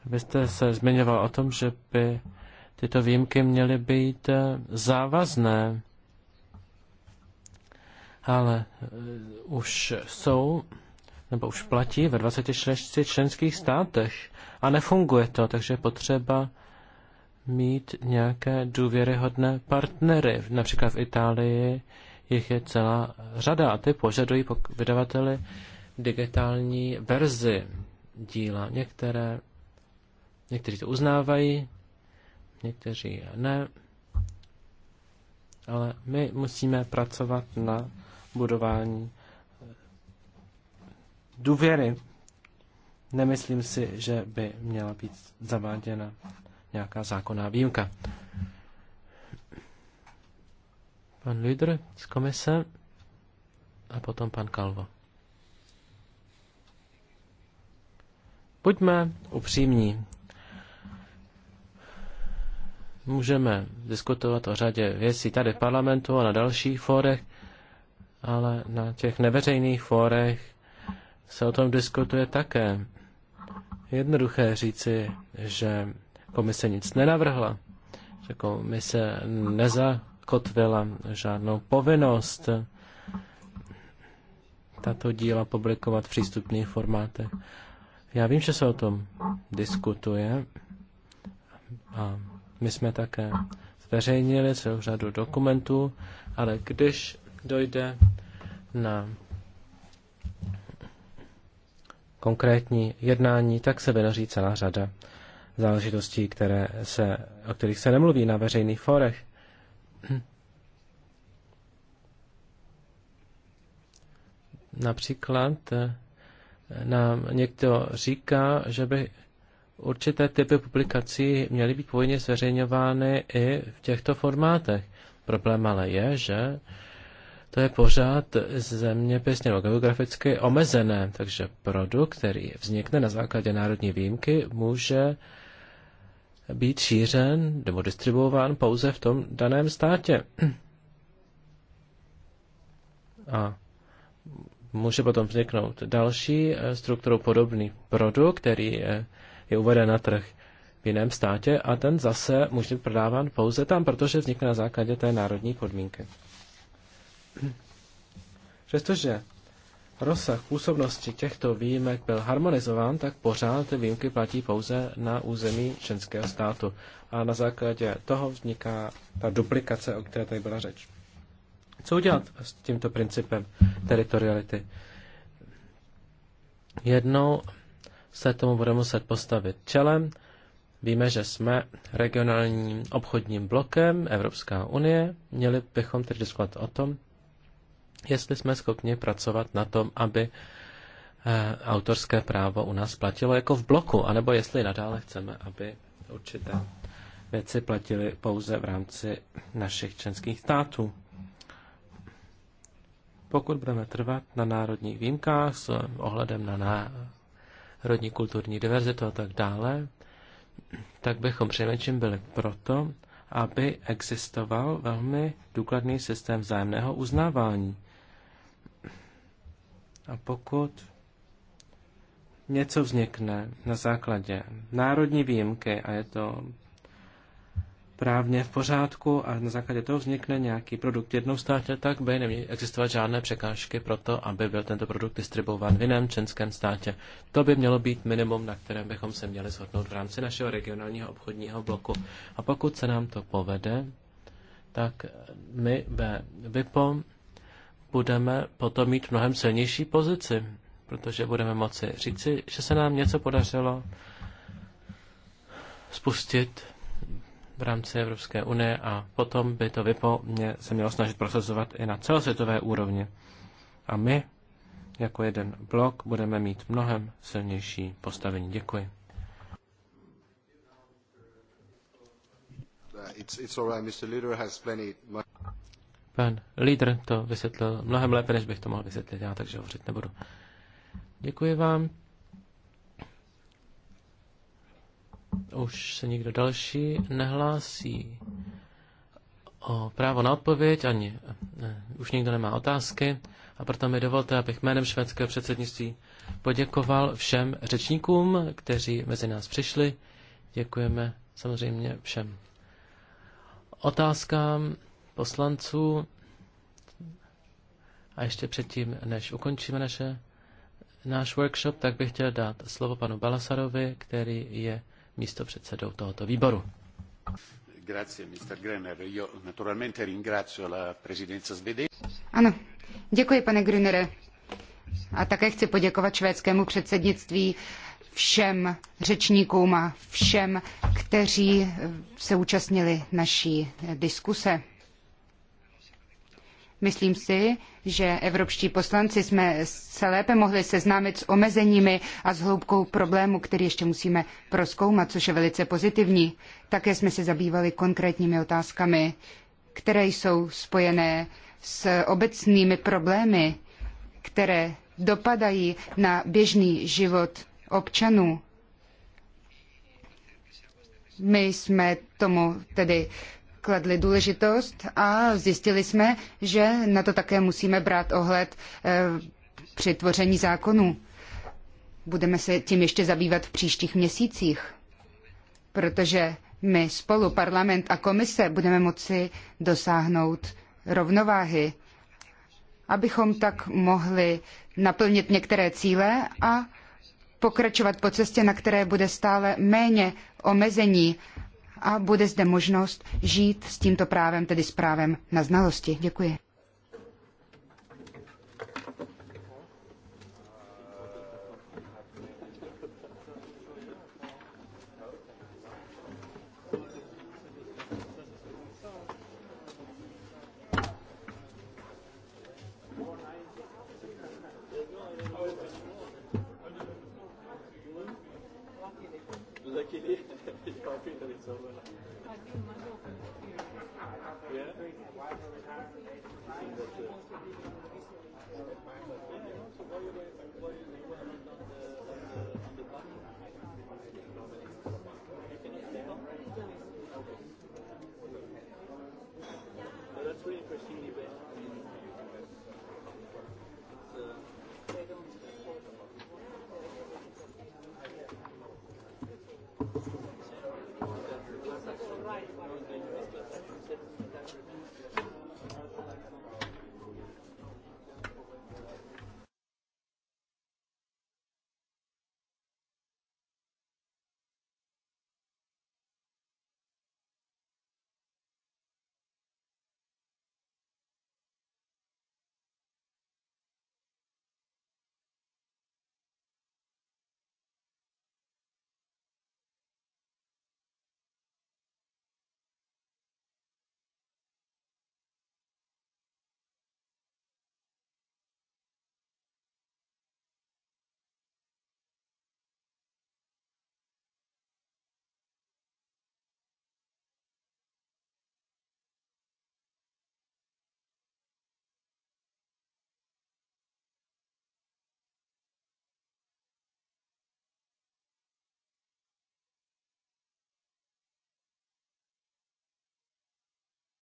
Speaker 2: Vy jste se zmiňoval o tom, že by tyto výjimky měly být závazné, ale e, už jsou, nebo už platí ve 26 členských státech a nefunguje to, takže je potřeba mít nějaké důvěryhodné partnery. Například v Itálii jich je celá řada a ty požadují po vydavateli digitální verzi díla. Některé, někteří to uznávají, někteří ne, ale my musíme pracovat na budování eh, důvěry. Nemyslím si, že by měla být zaváděna nějaká zákonná výjimka. Pan Lüder z komise a potom pan Kalvo. Buďme upřímní. Můžeme diskutovat o řadě věcí tady v parlamentu a na dalších fórech, ale na těch neveřejných fórech se o tom diskutuje také. Jednoduché říci, že komise nic nenavrhla, že komise nezakotvila žádnou povinnost tato díla publikovat v přístupných formátech. Já vím, že se o tom diskutuje a my jsme také zveřejnili celou řadu dokumentů, ale když dojde na konkrétní jednání, tak se vynoří celá řada záležitostí, které se, o kterých se nemluví na veřejných fórech. Například eh, nám někdo říká, že by určité typy publikací měly být povinně zveřejňovány i v těchto formátech. Problém ale je, že to je pořád zeměpisně nebo geograficky omezené, takže produkt, který vznikne na základě národní výjimky, může být šířen nebo distribuován pouze v tom daném státě. A může potom vzniknout další eh, strukturou podobný produkt, který eh, je uveden na trh v jiném státě a ten zase může být prodáván pouze tam, protože vznikne na základě té národní podmínky. Přestože rozsah působnosti těchto výjimek byl harmonizován, tak pořád ty výjimky platí pouze na území členského státu. A na základě toho vzniká ta duplikace, o které tady byla řeč. Co udělat s tímto principem teritoriality? Jednou se tomu bude muset postavit čelem. Víme, že jsme regionálním obchodním blokem Evropská unie. Měli bychom tedy diskutovat o tom, jestli jsme schopni pracovat na tom, aby eh, autorské právo u nás platilo jako v bloku, anebo jestli nadále chceme, aby určité věci platily pouze v rámci našich členských států. Pokud budeme trvat na národních výjimkách s ohledem na národní kulturní diverzitu a tak dále, tak bychom přinejmenším byli proto, aby existoval velmi důkladný systém vzájemného uznávání a pokud něco vznikne na základě národní výjimky a je to právně v pořádku a na základě toho vznikne nějaký produkt jednou státě, tak by neměly existovat žádné překážky pro to, aby byl tento produkt distribuován v jiném členském státě. To by mělo být minimum, na kterém bychom se měli shodnout v rámci našeho regionálního obchodního bloku. A pokud se nám to povede, tak my ve VIPO budeme potom mít mnohem silnější pozici, protože budeme moci říci, že se nám něco podařilo spustit v rámci Evropské unie a potom by to VIPO mě se mělo snažit procesovat i na celosvětové úrovni. A my, jako jeden blok, budeme mít mnohem silnější postavení. Děkuji. Uh, Pan lídr to vysvětlil mnohem lépe, než bych to mohl vysvětlit já, takže hovořit nebudu. Děkuji vám. Už se nikdo další nehlásí o právo na odpověď, ani ne, eh, už nikdo nemá otázky a proto mi dovolte, abych jménem švédského předsednictví poděkoval všem řečníkům, kteří mezi nás přišli. Děkujeme samozřejmě všem otázkám poslanců. A ještě předtím, než ukončíme naše, náš workshop, tak bych chtěl dát slovo panu Balasarovi, který je místo předsedou tohoto výboru.
Speaker 4: Ano, děkuji, pane Grünere. A také chci poděkovat švédskému předsednictví všem řečníkům a všem, kteří se účastnili naší diskuse. Myslím si, že evropští poslanci jsme se lépe mohli seznámit s omezeními a s hloubkou problému, který ještě musíme proskoumat, což je velice pozitivní. Také jsme se zabývali konkrétními otázkami, které jsou spojené s obecnými problémy, které dopadají na běžný život občanů. My jsme tomu tedy kladli důležitost a zjistili jsme, že na to také musíme brát ohled eh, při tvoření zákonů. Budeme se tím ještě zabývat v příštích měsících, protože my spolu, parlament a komise, budeme moci dosáhnout rovnováhy, abychom tak mohli naplnit některé cíle a pokračovat po cestě, na které bude stále méně omezení a bude zde možnost žít s tímto právem, tedy s právem na znalosti. Děkuji.